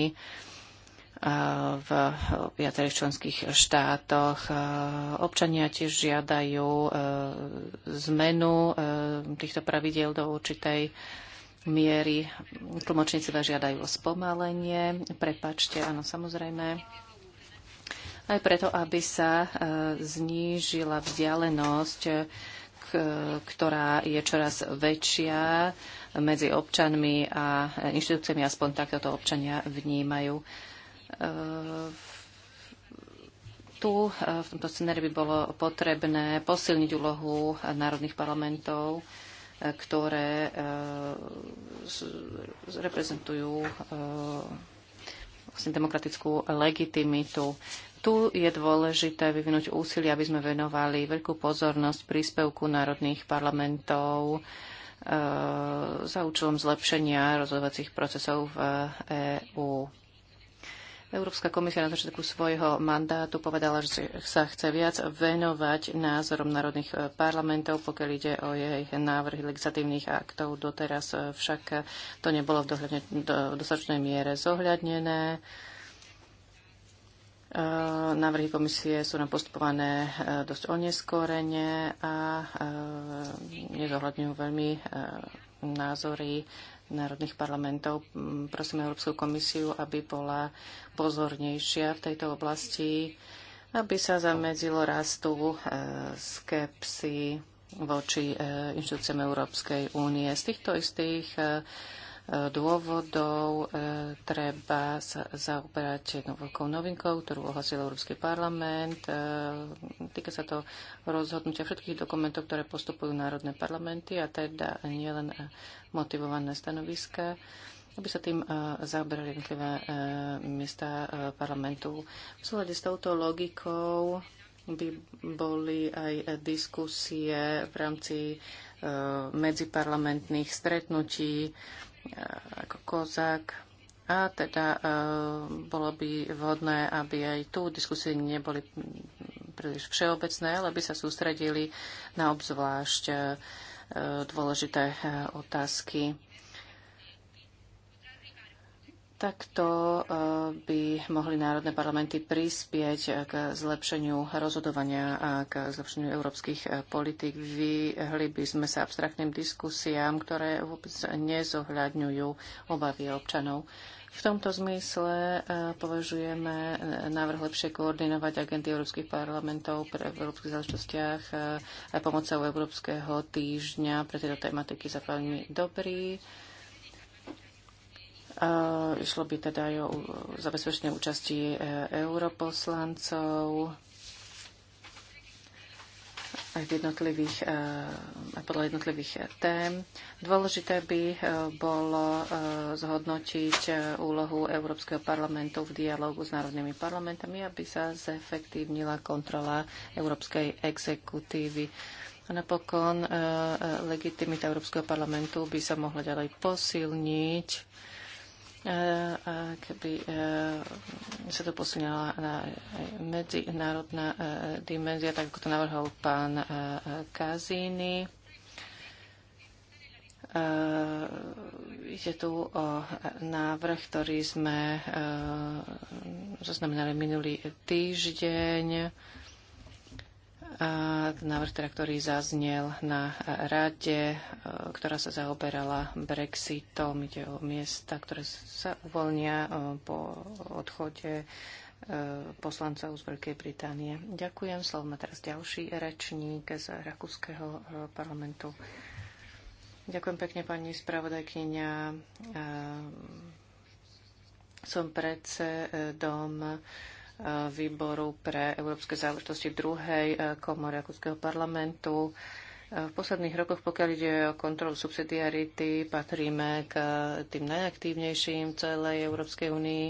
[SPEAKER 3] v viacerých členských štátoch. Občania tiež žiadajú zmenu týchto pravidiel do určitej miery. Tlmočníci žiadajú o spomalenie. Prepačte, áno, samozrejme aj preto, aby sa e, znížila vzdialenosť, e, ktorá je čoraz väčšia medzi občanmi a inštitúciami, aspoň takto to občania vnímajú. E, tu v tomto scenári by bolo potrebné posilniť úlohu národných parlamentov, ktoré reprezentujú vlastne demokratickú legitimitu tu je dôležité vyvinúť úsilie, aby sme venovali veľkú pozornosť príspevku národných parlamentov e, za účelom zlepšenia rozhodovacích procesov v EÚ. Európska komisia na začiatku svojho mandátu povedala, že sa chce viac venovať názorom národných parlamentov, pokiaľ ide o jej návrhy legislatívnych aktov. Doteraz však to nebolo v, v dostatočnej miere zohľadnené. E, návrhy komisie sú nám postupované e, dosť oneskorene a e, nezohľadňujú veľmi názory národných parlamentov. Mm, Prosím Európsku komisiu, aby bola pozornejšia v tejto oblasti, aby sa zamedzilo rastu skepsy voči inštitúciám Európskej únie. Z týchto istých dôvodov e, treba sa zaoberať jednou veľkou novinkou, ktorú ohlasil Európsky parlament. E, týka sa to rozhodnutia všetkých dokumentov, ktoré postupujú národné parlamenty a teda nielen motivované stanoviska aby sa tým e, zaoberali jednotlivé miesta parlamentu. V súhľade s touto logikou by boli aj diskusie v rámci medziparlamentných stretnutí ako kozák. A teda e, bolo by vhodné, aby aj tu diskusie neboli príliš všeobecné, ale by sa sústredili na obzvlášť e, dôležité e, otázky. Takto eh, by mohli národné parlamenty prispieť k zlepšeniu rozhodovania a k zlepšeniu európskych eh, politík. Vyhli by sme sa abstraktným diskusiám, ktoré vôbec nezohľadňujú obavy občanov. V tomto zmysle eh, považujeme návrh lepšie koordinovať agenty európskych parlamentov pre európskych záležitostiach pomocou Európskeho týždňa pre tieto tematiky za veľmi dobrý Išlo by teda aj o zabezpečenie účasti e, europoslancov aj v jednotlivých, e, aj podľa jednotlivých e, tém. Dôležité by bolo zhodnotiť úlohu Európskeho parlamentu v dialogu s národnými parlamentami, aby sa zefektívnila kontrola Európskej exekutívy. A napokon legitimita Európskeho parlamentu by sa mohla ďalej posilniť E, keby e, sa to posunula na medzinárodná e, dimenzia, tak ako to navrhol pán Kazíny. Je tu o návrh, ktorý sme zaznamenali minulý týždeň návrh, teda, ktorý zaznel na rade, e, ktorá sa zaoberala Brexitom. Ide o miesta, ktoré sa uvoľnia e, po odchode e, poslancov z Veľkej Británie. Ďakujem. Slovo má teraz ďalší rečník z Rakúskeho parlamentu. Ďakujem pekne, pani spravodajkyňa. Som predsedom dom výboru pre európske záležitosti druhej eh, komory Rakúskeho parlamentu. Eh, v posledných rokoch, pokiaľ ide o kontrolu subsidiarity, patríme k eh, tým najaktívnejším celej Európskej únii.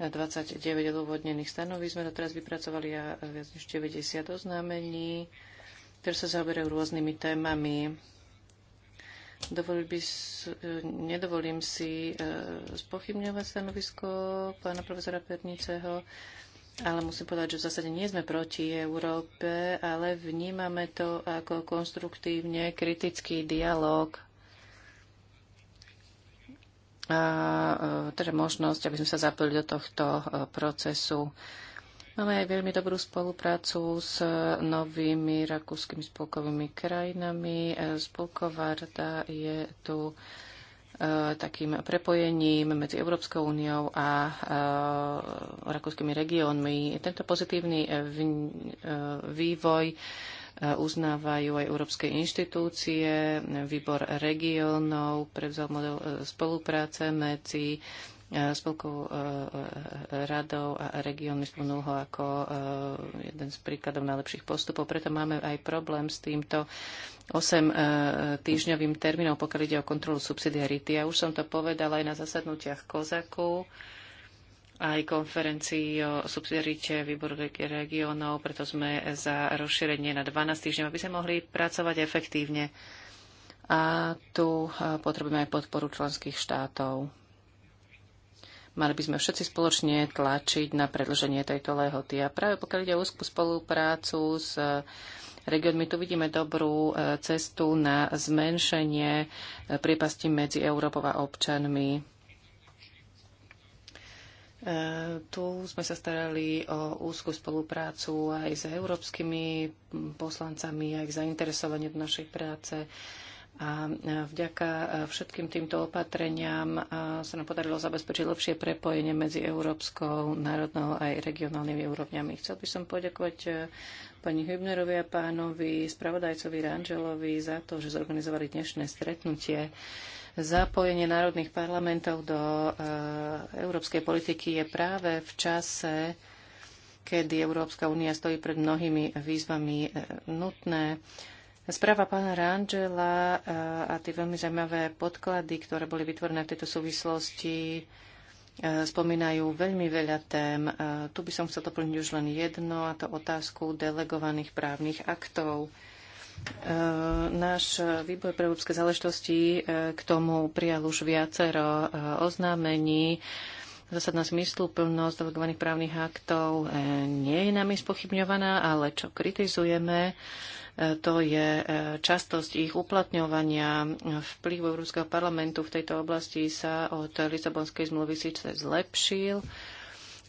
[SPEAKER 3] 29 odôvodnených stanoví sme doteraz vypracovali a viac než 90 oznámení, ktoré sa zaoberajú rôznymi témami. Dovolím, by, nedovolím si spochybňovať stanovisko pána profesora Perniceho ale musím povedať, že v zásade nie sme proti Európe, ale vnímame to ako konstruktívne kritický dialog a e, teda možnosť, aby sme sa zapojili do tohto e, procesu. Máme aj veľmi dobrú spoluprácu s novými rakúskymi spolkovými krajinami. E, spolková rada je tu Eh, takým prepojením medzi Európskou úniou a eh, rakúskymi regiónmi. Tento pozitívny eh, vývoj uznávajú aj európske inštitúcie. Výbor regiónov prevzal model spolupráce medzi E, spolkovou e, e, radou a regiónmi spomenul ho ako jeden z príkladov najlepších postupov. Preto máme aj problém s týmto 8 týždňovým termínom, pokiaľ ide o kontrolu subsidiarity. Ja už som to povedala aj na zasadnutiach Kozaku aj konferencii o subsidiarite výboru regiónov, preto sme za rozšírenie na 12 týždňov, aby sme mohli pracovať efektívne. A tu potrebujeme aj podporu členských štátov Mali by sme všetci spoločne tlačiť na predlženie tejto lehoty. A práve pokiaľ ide o úzkú spoluprácu s e, regiónmi, tu vidíme dobrú e, cestu na zmenšenie e, priepasti medzi Európou a občanmi. Tu sme sa starali o úzkú spoluprácu aj s európskymi poslancami, aj k zainteresovaniu do našej práce. A vďaka všetkým týmto opatreniam sa nám podarilo zabezpečiť lepšie prepojenie medzi európskou, národnou aj regionálnymi úrovňami. Chcel by som poďakovať e, pani Hübnerovi a pánovi spravodajcovi Rangelovi za to, že zorganizovali dnešné stretnutie. Zapojenie národných parlamentov do e, európskej politiky je práve v čase, kedy Európska únia stojí pred mnohými výzvami e, nutné Správa pána Rangela eh, a tie veľmi zaujímavé podklady, ktoré boli vytvorené v tejto súvislosti, eh, spomínajú veľmi veľa tém. Eh, tu by som chcel doplniť už len jedno, a to otázku delegovaných právnych aktov. Náš výbor pre európske záležitosti k tomu prijal už viacero oznámení. zmyslu zmysluplnosť delegovaných právnych aktov nie je nami spochybňovaná, ale čo kritizujeme, to je e, častosť ich uplatňovania. Vplyv Európskeho parlamentu v tejto oblasti sa od Lisabonskej zmluvy síce zlepšil,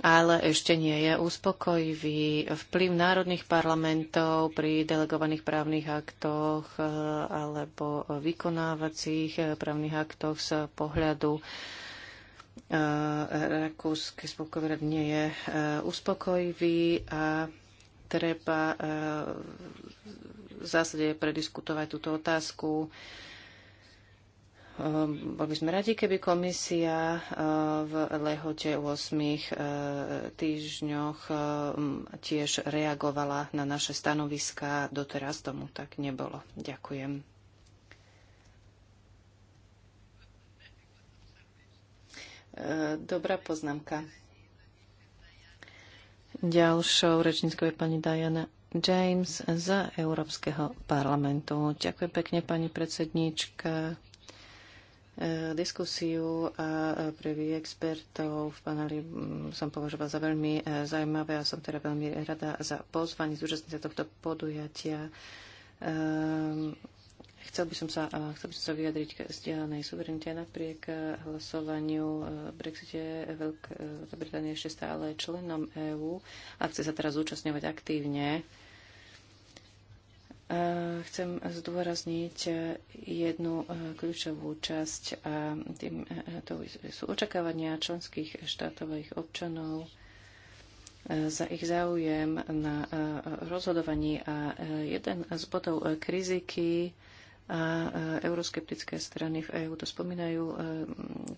[SPEAKER 3] ale ešte nie je uspokojivý. Vplyv národných parlamentov pri delegovaných právnych aktoch e, alebo vykonávacích e, právnych aktoch z pohľadu Rakúskej spolkovej rady nie je uspokojivý a treba eh, v zásade prediskutovať túto otázku. Ehm, boli by sme radi, keby komisia eh, v lehote 8 eh, týždňoch ehm, tiež reagovala na naše stanoviská. Doteraz tomu tak nebolo. Ďakujem. Dobrá poznámka. Ďalšou rečníckou je pani Diana James z Európskeho parlamentu. Ďakujem pekne, pani predsedníčka. E, diskusiu a prvý expertov v paneli mm, som považoval za veľmi e, zaujímavé a som teda veľmi rada za pozvanie zúčastniť sa tohto podujatia. Ehm, Chcel by som sa, chcel by som sa vyjadriť k stiahanej suverenite napriek e, hlasovaniu e, v Brexite. E, Veľká Británia ešte stále členom EÚ a chce sa teraz zúčastňovať aktívne. Chcem zdôrazniť jednu kľúčovú časť a tým, to sú očakávania členských štátov a ich občanov za ich záujem na rozhodovaní a jeden z bodov kriziky a euroskeptické strany v EÚ to spomínajú, e,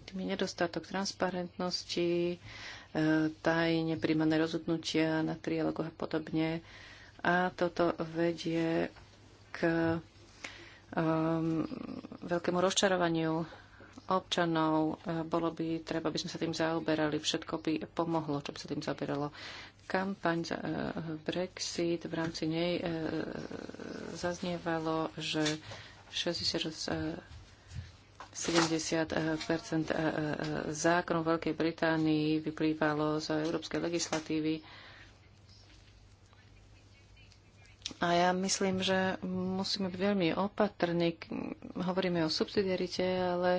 [SPEAKER 3] tým je nedostatok transparentnosti, e, tajne príjmané rozhodnutia na trialogoch a podobne. A toto vedie k um, veľkému rozčarovaniu občanov. Bolo by treba, aby sme sa tým zaoberali. Všetko by pomohlo, čo by sa tým zaoberalo kampaň za e, Brexit, v rámci nej zaznievalo, že 70 eh, eh, eh, zákon v Veľkej Británii vyplývalo z európskej legislatívy. A ja myslím, že musíme byť veľmi opatrní. Hovoríme o subsidiarite, ale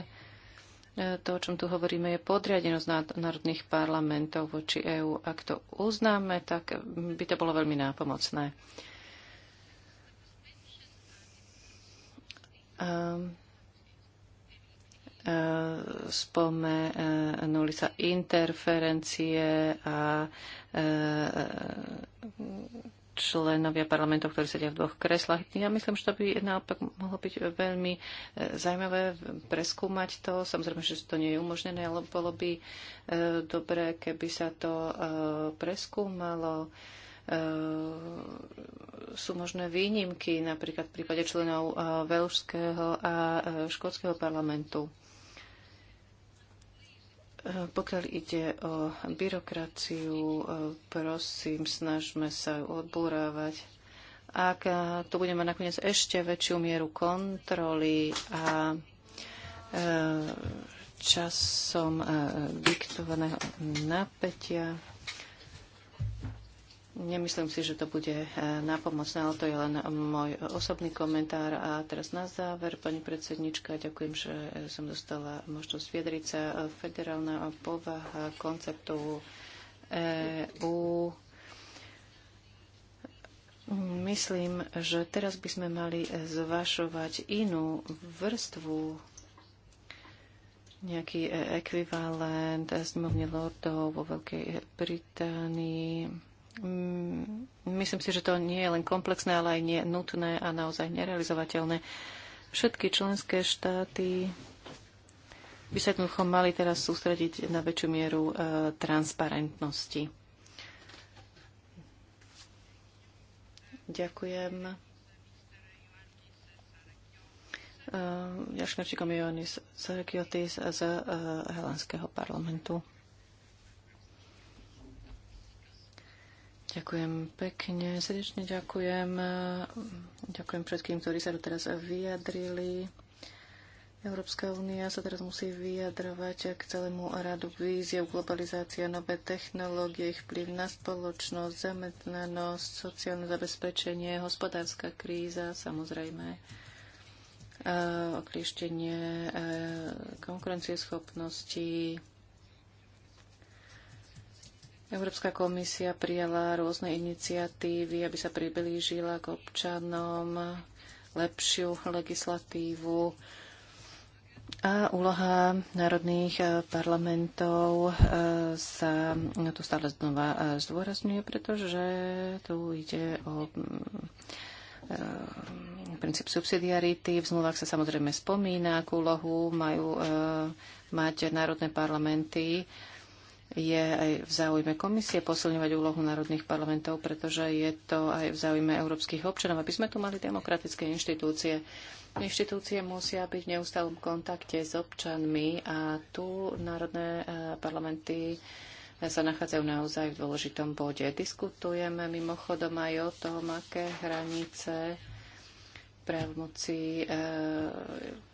[SPEAKER 3] to, o čom tu hovoríme, je podriadenosť národných parlamentov voči EÚ. Ak to uznáme, tak by to bolo veľmi nápomocné. Ehm, ehm, spomenuli sa interferencie a ehm, členovia parlamentov, ktorí sedia v dvoch kreslách. Ja myslím, že to by naopak mohlo byť veľmi eh, zaujímavé preskúmať to. Samozrejme, že to nie je umožnené, ale bolo by eh, dobré, keby sa to eh, preskúmalo. Ehm, sú možné výnimky, napríklad v prípade členov ehm, Velšského a ehm, Škótskeho parlamentu. Pokiaľ ide o byrokraciu, prosím, snažme sa ju odburávať. Ak tu budeme nakoniec ešte väčšiu mieru kontroly a časom diktovaného napätia, Nemyslím si, že to bude e, napomocné, ale to je len môj osobný komentár. A teraz na záver, pani predsednička, ďakujem, že e, som dostala možnosť viedriť sa. E, federálna povaha konceptu EU. Myslím, že teraz by sme mali zvašovať inú vrstvu nejaký ekvivalent snemovne lordov vo Veľkej Británii Mm, myslím si, že to nie je len komplexné, ale aj nie nutné a naozaj nerealizovateľné. Všetky členské štáty by sa jednoducho mali teraz sústrediť na väčšiu mieru e, transparentnosti. Ďakujem. E, ďalším ročníkom je Jonis Sarkiotis z e, Helenského parlamentu. Ďakujem pekne, srdečne ďakujem. Ďakujem všetkým, ktorí sa doteraz vyjadrili. Európska únia sa teraz musí vyjadrovať k celému radu víziev, globalizácia, nové technológie, ich vplyv na spoločnosť, zamestnanosť, sociálne zabezpečenie, hospodárska kríza, samozrejme, e, okrieštenie e, konkurencieschopnosti, schopnosti Európska komisia prijala rôzne iniciatívy, aby sa priblížila k občanom lepšiu legislatívu a úloha národných eh, parlamentov eh, sa tu stále znova eh, zdôrazňuje, pretože tu ide o mm, princíp subsidiarity. V zmluvách sa samozrejme spomína, akú úlohu majú mať národné parlamenty je aj v záujme komisie posilňovať úlohu národných parlamentov, pretože je to aj v záujme európskych občanov, aby sme tu mali demokratické inštitúcie. Inštitúcie musia byť v neustálom kontakte s občanmi a tu národné eh, parlamenty eh, sa nachádzajú naozaj v dôležitom bode. Diskutujeme mimochodom aj o tom, aké hranice právomoci eh,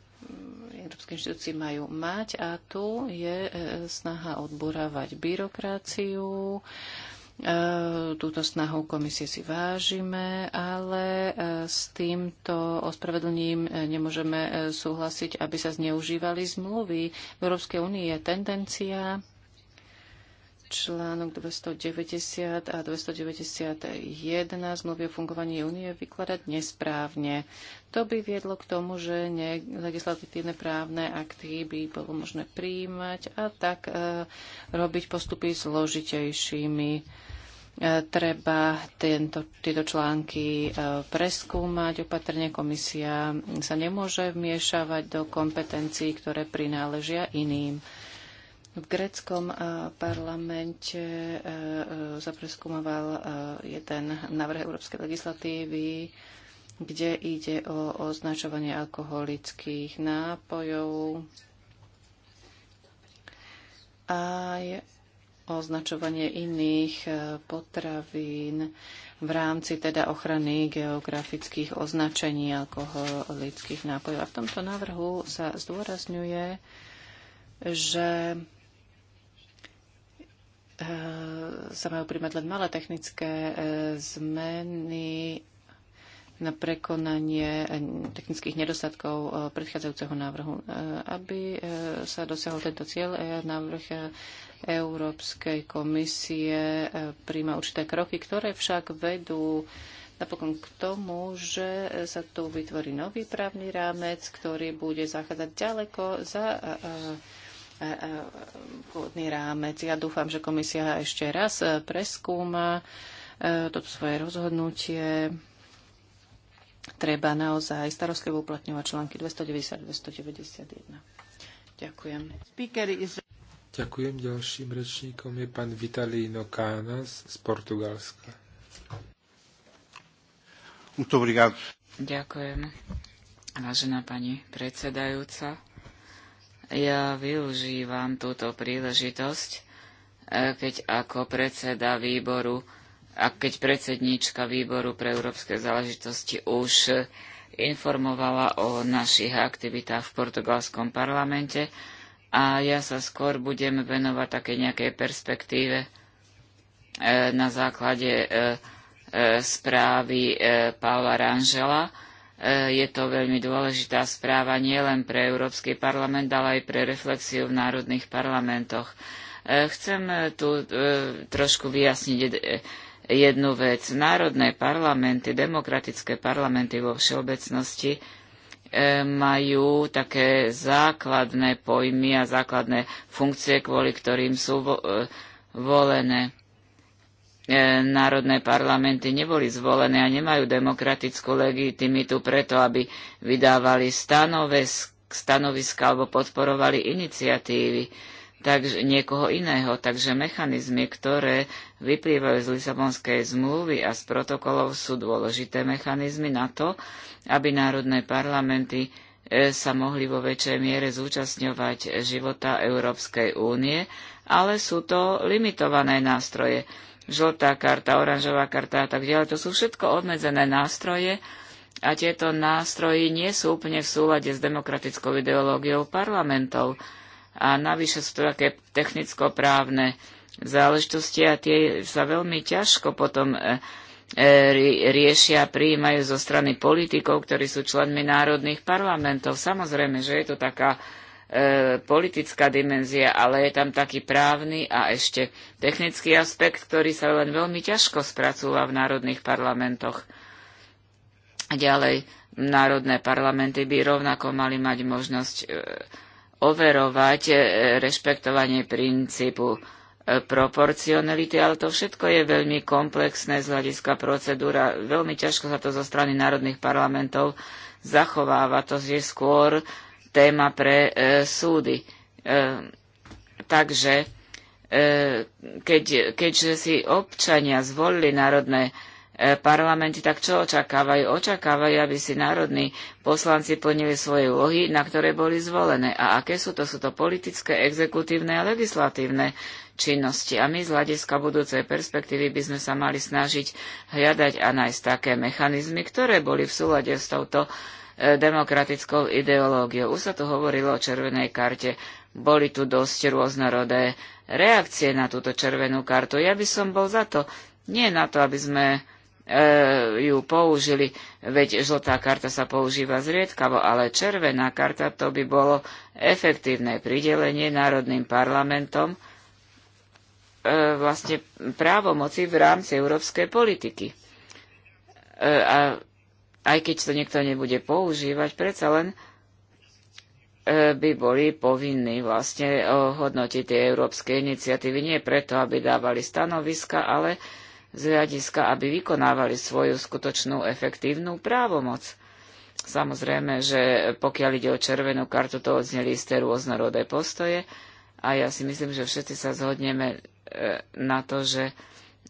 [SPEAKER 3] európske inštitúcie majú mať a tu je e, snaha odburávať byrokraciu. E, túto snahu komisie si vážime, ale e, s týmto ospravedlním nemôžeme súhlasiť, aby sa zneužívali zmluvy. V Európskej únii je tendencia Článok 290 a 291 zmluvy o fungovaní únie vykladať nesprávne. To by viedlo k tomu, že legislatívne právne akty by bolo možné príjmať a tak e, robiť postupy zložitejšími e, treba tento, tieto články e, preskúmať. Opatrne komisia sa nemôže vmiešavať do kompetencií, ktoré prináležia iným. V gréckom eh, parlamente sa eh, eh, preskúmoval jeden návrh európskej legislatívy, kde ide o označovanie alkoholických nápojov aj označovanie iných potravín v rámci teda ochrany geografických označení alkoholických nápojov. A v tomto návrhu sa zdôrazňuje, že sa majú príjmať len malé technické e, zmeny na prekonanie e, technických nedostatkov e, predchádzajúceho návrhu. Aby sa dosiahol tento cieľ, návrh Európskej komisie príjma určité kroky, ktoré však vedú napokon k tomu, že sa tu vytvorí nový právny rámec, ktorý bude zachádzať ďaleko za E, e, pôvodný rámec. Ja dúfam, že komisia ešte raz e, preskúma toto svoje rozhodnutie. Treba naozaj starostlivo uplatňovať články 290-291. Ďakujem.
[SPEAKER 2] Ďakujem. Ďalším rečníkom je pán Vitalino Kánas z Portugalska.
[SPEAKER 1] Ďakujem. Vážená pani predsedajúca, ja využívam túto príležitosť, e, keď ako predseda výboru a keď predsedníčka výboru pre európske záležitosti už informovala o našich aktivitách v portugalskom parlamente a ja sa skôr budem venovať také nejakej perspektíve e, na základe e, správy Paula Rangela, Eh, je to veľmi dôležitá správa nielen pre Európsky parlament, ale aj pre reflexiu v národných parlamentoch. Eh, chcem eh, tu trošku vyjasniť jednu vec. Národné parlamenty, demokratické parlamenty vo všeobecnosti majú také základné pojmy a základné funkcie, kvôli ktorým sú volené. E, národné parlamenty neboli zvolené a nemajú demokratickú legitimitu preto, aby vydávali stanoviska alebo podporovali iniciatívy takže, niekoho iného. Takže mechanizmy, ktoré vyplývajú z Lisabonskej zmluvy a z protokolov, sú dôležité mechanizmy na to, aby národné parlamenty e, sa mohli vo väčšej miere zúčastňovať života Európskej únie, ale sú to limitované nástroje žltá karta, oranžová karta a tak ďalej. To sú všetko obmedzené nástroje a tieto nástroje nie sú úplne v súlade s demokratickou ideológiou parlamentov. A navyše sú to také technicko-právne záležitosti a tie sa veľmi ťažko potom e, e, riešia, prijímajú zo strany politikov, ktorí sú členmi národných parlamentov. Samozrejme, že je to taká E, politická dimenzia, ale je tam taký právny a ešte technický aspekt, ktorý sa len veľmi ťažko spracúva v národných parlamentoch. Ďalej, národné parlamenty by rovnako mali mať možnosť e, overovať e, rešpektovanie princípu proporcionality, ale to všetko je veľmi komplexné z hľadiska procedúra. Veľmi ťažko sa to zo strany národných parlamentov zachováva. To je skôr téma pre e, súdy. E, takže e, keď, keďže si občania zvolili národné e, parlamenty, tak čo očakávajú? Očakávajú, aby si národní poslanci plnili svoje úlohy, na ktoré boli zvolené. A aké sú to? Sú to politické, exekutívne a legislatívne činnosti. A my z hľadiska budúcej perspektívy by sme sa mali snažiť hľadať a nájsť také mechanizmy, ktoré boli v súlade s touto demokratickou ideológiou. Už sa tu hovorilo o červenej karte. Boli tu dosť rôznorodé reakcie na túto červenú kartu. Ja by som bol za to. Nie na to, aby sme e, ju použili, veď žltá karta sa používa zriedkavo, ale červená karta to by bolo efektívne pridelenie národným parlamentom e, vlastne právomoci v rámci európskej politiky. E, a aj keď to niekto nebude používať, predsa len e, by boli povinní vlastne e, hodnotiť tie európske iniciatívy nie preto, aby dávali stanoviska, ale z hľadiska, aby vykonávali svoju skutočnú efektívnu právomoc. Samozrejme, že pokiaľ ide o červenú kartu, to odzneli isté rôznorodé postoje a ja si myslím, že všetci sa zhodneme e, na to, že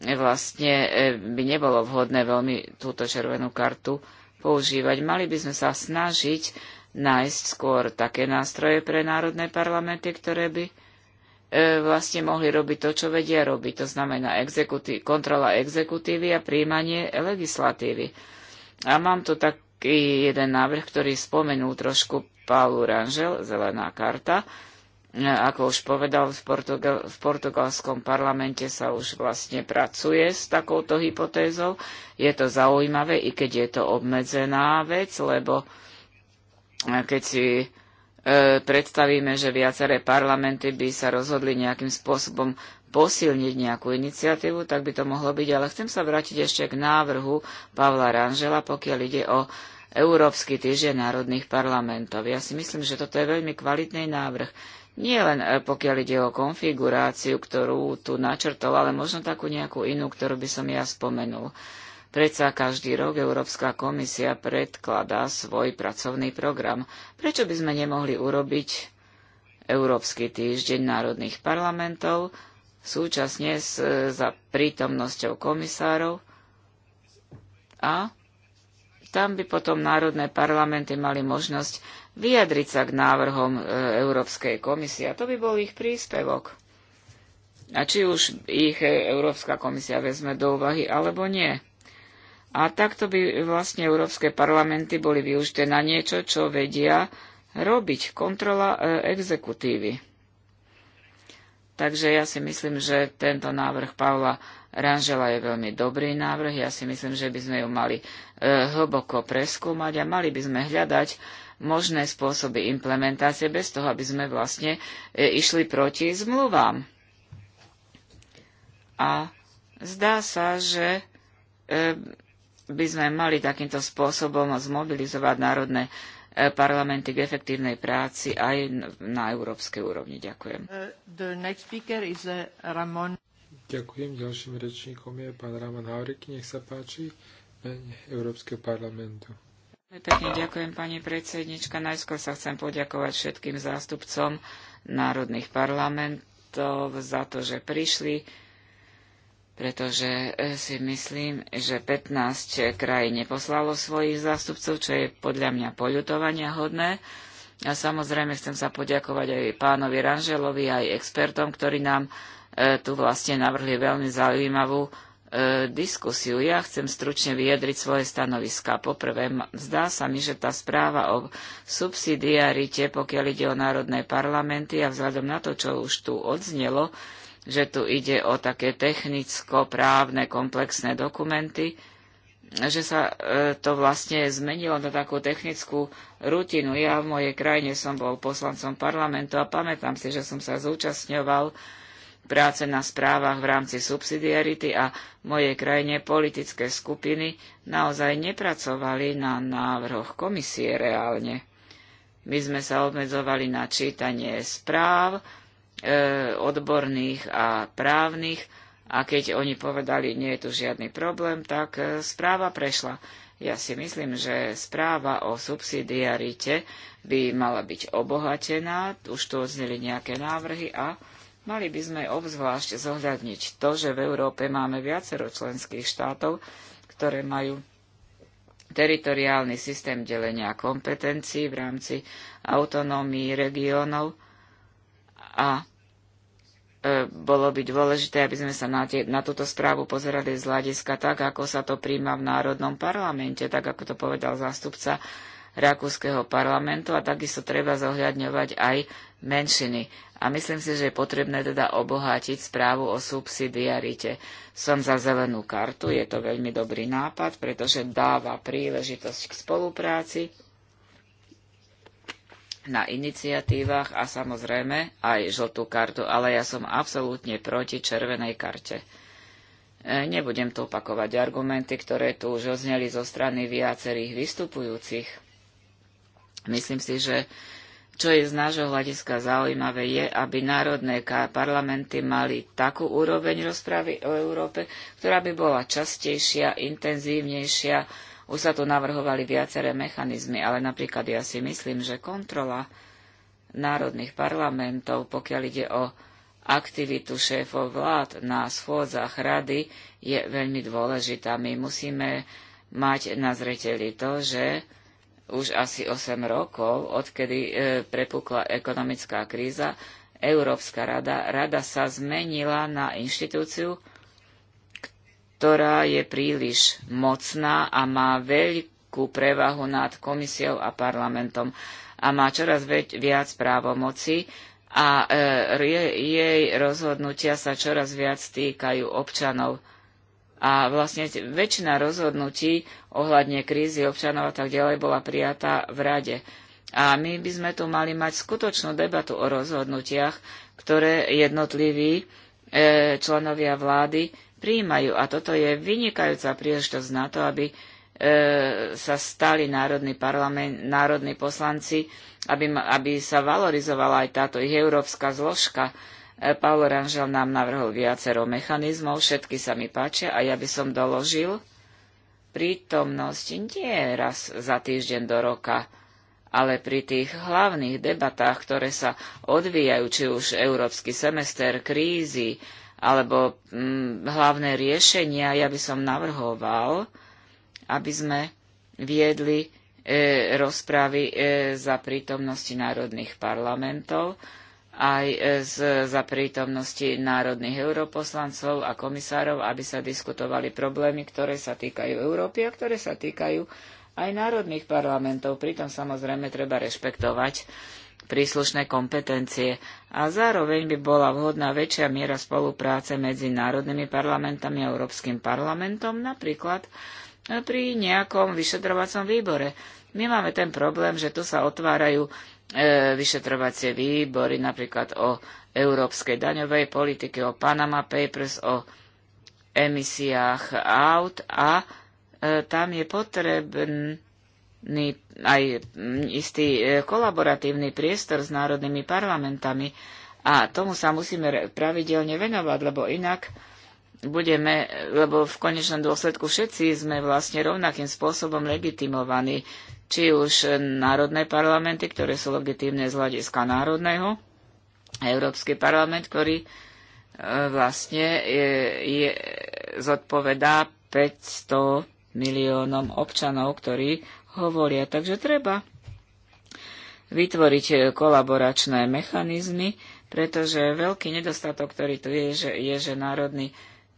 [SPEAKER 1] vlastne by nebolo vhodné veľmi túto červenú kartu používať. Mali by sme sa snažiť nájsť skôr také nástroje pre národné parlamenty, ktoré by e, vlastne mohli robiť to, čo vedia robiť. To znamená exekutí- kontrola exekutívy a príjmanie legislatívy. A mám tu taký jeden návrh, ktorý spomenul trošku Paul Rangel, zelená karta. E, E, ako už povedal, v, Portugal, v portugalskom parlamente sa už vlastne pracuje s takouto hypotézou. Je to zaujímavé, i keď je to obmedzená vec, lebo e, keď si e, predstavíme, že viaceré parlamenty by sa rozhodli nejakým spôsobom posilniť nejakú iniciatívu, tak by to mohlo byť. Ale chcem sa vrátiť ešte k návrhu Pavla Ranžela, pokiaľ ide o Európsky týždeň národných parlamentov. Ja si myslím, že toto je veľmi kvalitný návrh. Nie len e, pokiaľ ide o konfiguráciu, ktorú tu načrtol, ale možno takú nejakú inú, ktorú by som ja spomenul. Predsa každý rok Európska komisia predkladá svoj pracovný program. Prečo by sme nemohli urobiť Európsky týždeň národných parlamentov súčasne s, e, za prítomnosťou komisárov a tam by potom národné parlamenty mali možnosť vyjadriť sa k návrhom e, Európskej komisie. A to by bol ich príspevok. A či už ich e, Európska komisia vezme do úvahy alebo nie. A takto by vlastne európske parlamenty boli využité na niečo, čo vedia robiť kontrola e, exekutívy. Takže ja si myslím, že tento návrh Pavla Ranžela je veľmi dobrý návrh. Ja si myslím, že by sme ju mali hlboko preskúmať a mali by sme hľadať možné spôsoby implementácie bez toho, aby sme vlastne e, išli proti zmluvám. A zdá sa, že e, by sme mali takýmto spôsobom zmobilizovať národné e, parlamenty k efektívnej práci aj na európskej úrovni. Ďakujem.
[SPEAKER 3] Uh, uh,
[SPEAKER 2] Ďakujem. Ďalším rečníkom je pán Raman Haurik. Nech sa páči. Európskeho parlamentu.
[SPEAKER 3] Pekne ďakujem,
[SPEAKER 1] pani predsednička. Najskôr sa chcem poďakovať všetkým zástupcom národných parlamentov za to, že prišli, pretože e, si myslím, že 15 krajín neposlalo svojich zástupcov, čo je podľa mňa poľutovania hodné. A samozrejme chcem sa poďakovať aj pánovi Ranželovi, aj expertom, ktorí nám e, tu vlastne navrhli veľmi zaujímavú E, diskusiu. Ja chcem stručne vyjadriť svoje stanoviská. Poprvé, zdá sa mi, že tá správa o subsidiarite, pokiaľ ide o národné parlamenty a vzhľadom na to, čo už tu odznelo, že tu ide o také technicko-právne komplexné dokumenty, že sa e, to vlastne zmenilo na takú technickú rutinu. Ja v mojej krajine som bol poslancom parlamentu a pamätám si, že som sa zúčastňoval práce na správach v rámci subsidiarity a mojej krajine politické skupiny naozaj nepracovali na návrhoch komisie reálne. My sme sa obmedzovali na čítanie správ e, odborných a právnych a keď oni povedali, nie je tu žiadny problém, tak e, správa prešla. Ja si myslím, že správa o subsidiarite by mala byť obohatená, už tu odzneli nejaké návrhy a Mali by sme obzvlášť zohľadniť to, že v Európe máme viacero členských štátov, ktoré majú teritoriálny systém delenia kompetencií v rámci autonómií regiónov a e, bolo by dôležité, aby sme sa na, tie, na túto správu pozerali z hľadiska tak, ako sa to príjma v Národnom parlamente, tak ako to povedal zástupca Rakúskeho parlamentu a takisto treba zohľadňovať aj menšiny. A myslím si, že je potrebné teda obohatiť správu o subsidiarite. Som za zelenú kartu, je to veľmi dobrý nápad, pretože dáva príležitosť k spolupráci na iniciatívach a samozrejme aj žltú kartu, ale ja som absolútne proti červenej karte. E, nebudem tu opakovať argumenty, ktoré tu už ozneli zo strany viacerých vystupujúcich. Myslím si, že čo je z nášho hľadiska zaujímavé je, aby národné parlamenty mali takú úroveň rozpravy o Európe, ktorá by bola častejšia, intenzívnejšia. Už sa tu navrhovali viaceré mechanizmy, ale napríklad ja si myslím, že kontrola národných parlamentov, pokiaľ ide o aktivitu šéfov vlád na schôdzach rady, je veľmi dôležitá. My musíme mať na zreteli to, že už asi 8 rokov, odkedy e, prepukla ekonomická kríza, Európska rada, rada sa zmenila na inštitúciu, ktorá je príliš mocná a má veľkú prevahu nad komisiou a parlamentom a má čoraz viac právomoci a e, jej rozhodnutia sa čoraz viac týkajú občanov. A vlastne väčšina rozhodnutí ohľadne krízy občanov a tak ďalej bola prijatá v rade. A my by sme tu mali mať skutočnú debatu o rozhodnutiach, ktoré jednotliví e, členovia vlády príjmajú. A toto je vynikajúca príležitosť na to, aby e, sa stali národní, parlament, národní poslanci, aby, aby sa valorizovala aj táto ich európska zložka. E, Paul Rangel nám navrhol viacero mechanizmov, všetky sa mi páčia a ja by som doložil prítomnosť nie raz za týždeň do roka, ale pri tých hlavných debatách, ktoré sa odvíjajú, či už európsky semester krízy alebo hm, hlavné riešenia, ja by som navrhoval, aby sme viedli e, rozpravy e, za prítomnosti národných parlamentov, aj e, z, za prítomnosti národných europoslancov a komisárov, aby sa diskutovali problémy, ktoré sa týkajú Európy a ktoré sa týkajú aj národných parlamentov. Pritom samozrejme treba rešpektovať príslušné kompetencie a zároveň by bola vhodná väčšia miera spolupráce medzi národnými parlamentami a Európskym parlamentom, napríklad e, pri nejakom vyšetrovacom výbore. My máme ten problém, že tu sa otvárajú E, vyšetrovacie výbory, napríklad o európskej daňovej politike, o Panama Papers, o emisiách aut a e, tam je potrebný aj istý e, kolaboratívny priestor s národnými parlamentami a tomu sa musíme pravidelne venovať, lebo inak budeme, lebo v konečnom dôsledku všetci sme vlastne rovnakým spôsobom legitimovaní či už národné parlamenty, ktoré sú legitímne z hľadiska národného, Európsky parlament, ktorý e, vlastne je, je, zodpovedá 500 miliónom občanov, ktorí hovoria. Takže treba vytvoriť kolaboračné mechanizmy, pretože veľký nedostatok, ktorý tu je, že, je, že národný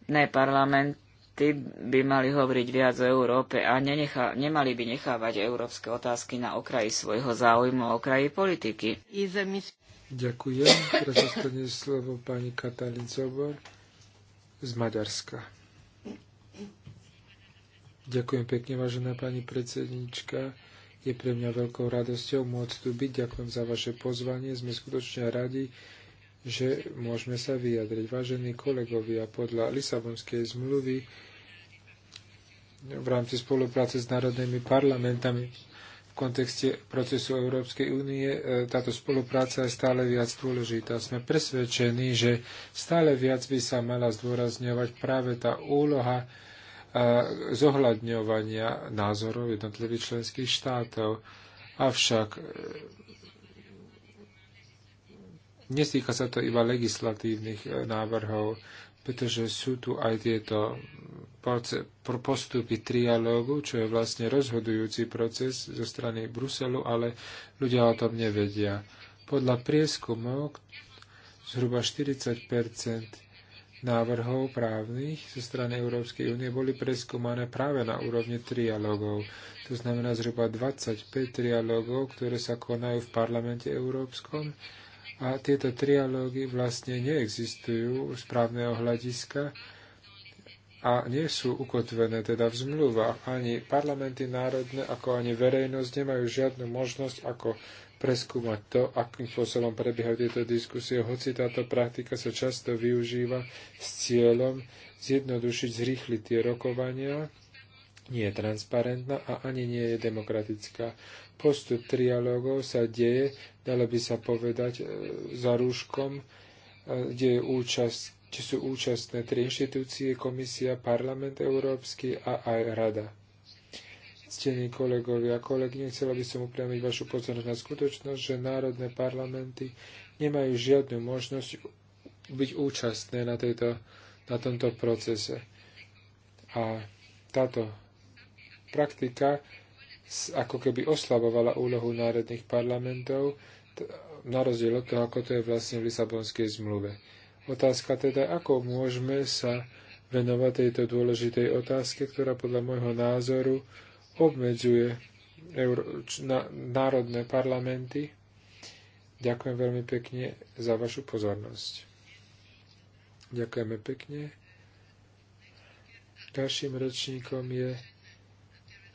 [SPEAKER 1] ne parlament tí by mali hovoriť viac o Európe a nenecha, nemali by nechávať európske otázky na okraji svojho záujmu a okraji politiky.
[SPEAKER 2] Ďakujem. Teraz zostane slovo pani Katalin Zobor z Maďarska. Ďakujem pekne, vážená pani predsednička. Je pre mňa veľkou radosťou môcť tu byť. Ďakujem za vaše pozvanie. Sme skutočne radi, že môžeme sa vyjadriť. Vážení kolegovia, podľa Lisabonskej zmluvy v rámci spolupráce s národnými parlamentami v kontexte procesu Európskej únie e, táto spolupráca je stále viac dôležitá. Sme presvedčení, že stále viac by sa mala zdôrazňovať práve tá úloha e, zohľadňovania názorov jednotlivých členských štátov. Avšak e, Nestýka sa to iba legislatívnych e, návrhov, pretože sú tu aj tieto postupy trialógu, čo je vlastne rozhodujúci proces zo strany Bruselu, ale ľudia o tom nevedia. Podľa prieskumov zhruba 40 návrhov právnych zo strany Európskej únie boli preskúmané práve na úrovni trialógov. To znamená zhruba 25 trialógov, ktoré sa konajú v parlamente európskom a tieto trialógy vlastne neexistujú z právneho hľadiska a nie sú ukotvené teda v zmluvách. Ani parlamenty národné, ako ani verejnosť nemajú žiadnu možnosť, ako preskúmať to, akým spôsobom prebiehajú tieto diskusie, hoci táto praktika sa často využíva s cieľom zjednodušiť, zrýchliť tie rokovania, nie je transparentná a ani nie je demokratická. Postup trialógov sa deje, dalo by sa povedať, e, za rúškom, e, kde, je účast, kde sú účastné tri inštitúcie, komisia, parlament európsky a aj rada. Ctení kolegovia a kolegyne, chcela by som upriamiť vašu pozornosť na skutočnosť, že národné parlamenty nemajú žiadnu možnosť byť účastné na, tejto, na tomto procese. A táto praktika ako keby oslabovala úlohu národných parlamentov, na rozdiel od toho, ako to je vlastne v Lisabonskej zmluve. Otázka teda, ako môžeme sa venovať tejto dôležitej otázke, ktorá podľa môjho názoru obmedzuje Euro- na- národné parlamenty. Ďakujem veľmi pekne za vašu pozornosť. Ďakujeme pekne. Ďalším rečníkom je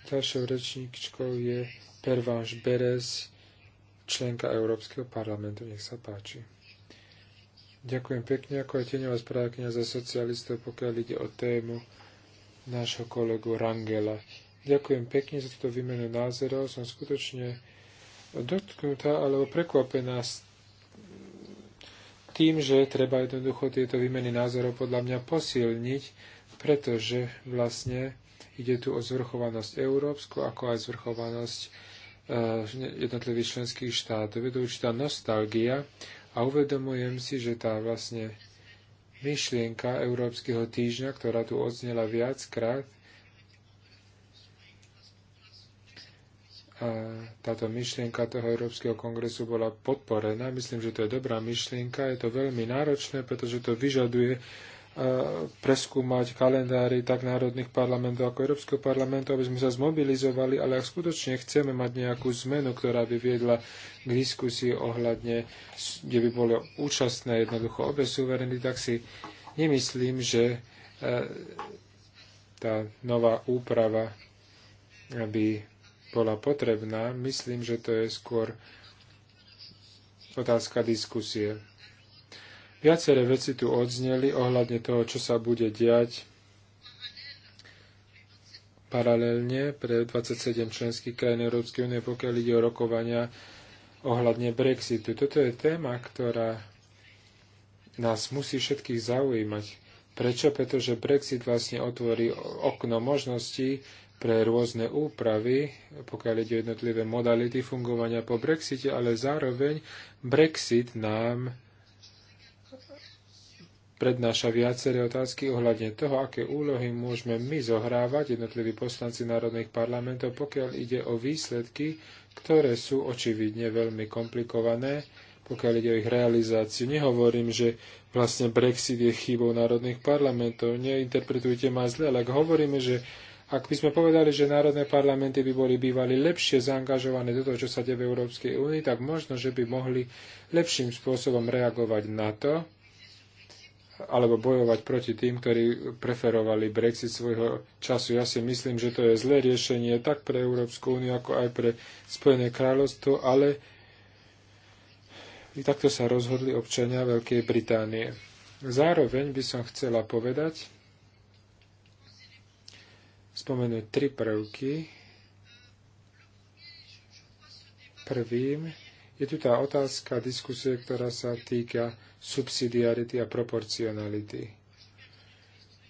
[SPEAKER 2] Ďalšou rečníčkou je Perváš Berez, členka Európskeho parlamentu. Nech sa páči. Ďakujem pekne, ako aj teňová správkňa za socialistov, pokiaľ ide o tému nášho kolegu Rangela. Ďakujem pekne za túto výmenu názorov. Som skutočne dotknutá alebo prekvapená tým, že treba jednoducho tieto výmeny názorov podľa mňa posilniť, pretože vlastne Ide tu o zvrchovanosť európsku, ako aj zvrchovanosť eh, jednotlivých členských štátov. Je to určitá nostalgia a uvedomujem si, že tá vlastne myšlienka Európskeho týždňa, ktorá tu odznela viackrát, a táto myšlienka toho Európskeho kongresu bola podporená. Myslím, že to je dobrá myšlienka. Je to veľmi náročné, pretože to vyžaduje preskúmať kalendári tak národných parlamentov ako Európskeho parlamentu, aby sme sa zmobilizovali, ale ak skutočne chceme mať nejakú zmenu, ktorá by viedla k diskusii ohľadne, kde by bolo účastné jednoducho obe suverenity, tak si nemyslím, že e, tá nová úprava by bola potrebná. Myslím, že to je skôr otázka diskusie. Viaceré veci tu odzneli ohľadne toho, čo sa bude diať paralelne pre 27 členských krajín Európskej únie, pokiaľ ide o rokovania ohľadne Brexitu. Toto je téma, ktorá nás musí všetkých zaujímať. Prečo? Pretože Brexit vlastne otvorí okno možností pre rôzne úpravy, pokiaľ ide o jednotlivé modality fungovania po Brexite, ale zároveň Brexit nám prednáša viaceré otázky ohľadne toho, aké úlohy môžeme my zohrávať, jednotliví poslanci národných parlamentov, pokiaľ ide o výsledky, ktoré sú očividne veľmi komplikované, pokiaľ ide o ich realizáciu. Nehovorím, že vlastne Brexit je chybou národných parlamentov, neinterpretujte ma zle, ale ak hovoríme, že ak by sme povedali, že národné parlamenty by boli bývali lepšie zaangažované do toho, čo sa deje v Európskej únii, tak možno, že by mohli lepším spôsobom reagovať na to, alebo bojovať proti tým, ktorí preferovali Brexit svojho času. Ja si myslím, že to je zlé riešenie tak pre Európsku úniu, ako aj pre Spojené kráľovstvo, ale i takto sa rozhodli občania Veľkej Británie. Zároveň by som chcela povedať, spomenúť tri prvky. Prvým je tu tá otázka diskusie, ktorá sa týka subsidiarity a proporcionality.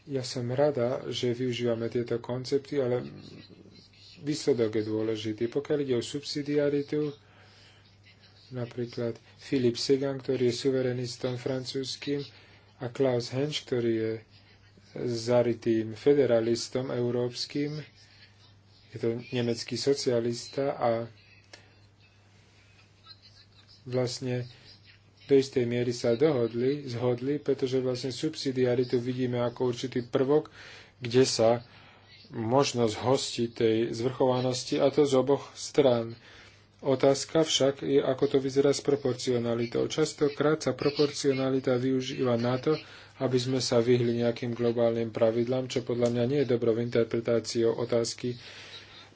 [SPEAKER 2] Ja som rada, že využívame tieto koncepty, ale výsledok je dôležitý. Pokiaľ ide o subsidiaritu, napríklad Filip Segan, ktorý je suverenistom francúzským, a Klaus Hensch, ktorý je zaritým federalistom európskym, je to nemecký socialista a vlastne do istej miery sa dohodli, zhodli, pretože vlastne subsidiaritu vidíme ako určitý prvok, kde sa možnosť hosti tej zvrchovanosti a to z oboch strán. Otázka však je, ako to vyzerá s proporcionalitou. Častokrát sa proporcionalita využíva na to, aby sme sa vyhli nejakým globálnym pravidlám, čo podľa mňa nie je dobrou interpretáciou otázky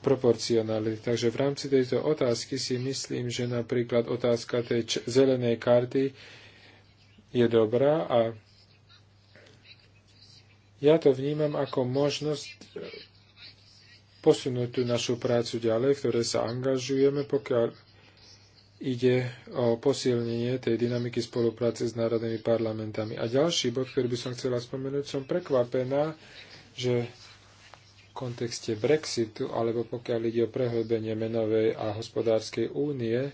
[SPEAKER 2] proporcionality. Takže v rámci tejto otázky si myslím, že napríklad otázka tej zelenej karty je dobrá a ja to vnímam ako možnosť e, posunúť tú našu prácu ďalej, v ktorej sa angažujeme, pokiaľ ide o posilnenie tej dynamiky spolupráce s národnými parlamentami. A ďalší bod, ktorý by som chcela spomenúť, som prekvapená, že kontexte Brexitu, alebo pokiaľ ide o prehlbenie menovej a hospodárskej únie,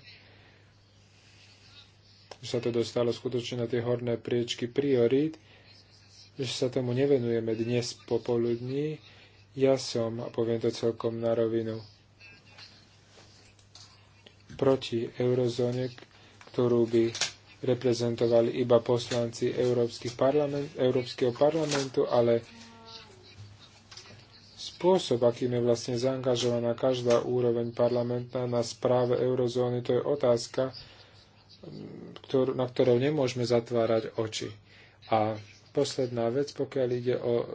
[SPEAKER 2] že sa to dostalo skutočne na tie horné priečky priorít, že sa tomu nevenujeme dnes popoludní. Ja som, a poviem to celkom na rovinu, proti eurozóne, ktorú by reprezentovali iba poslanci Európskeho parlamentu, ale spôsob, akým je vlastne zaangažovaná každá úroveň parlamentná na správe eurozóny, to je otázka, na ktorou nemôžeme zatvárať oči. A posledná vec, pokiaľ ide o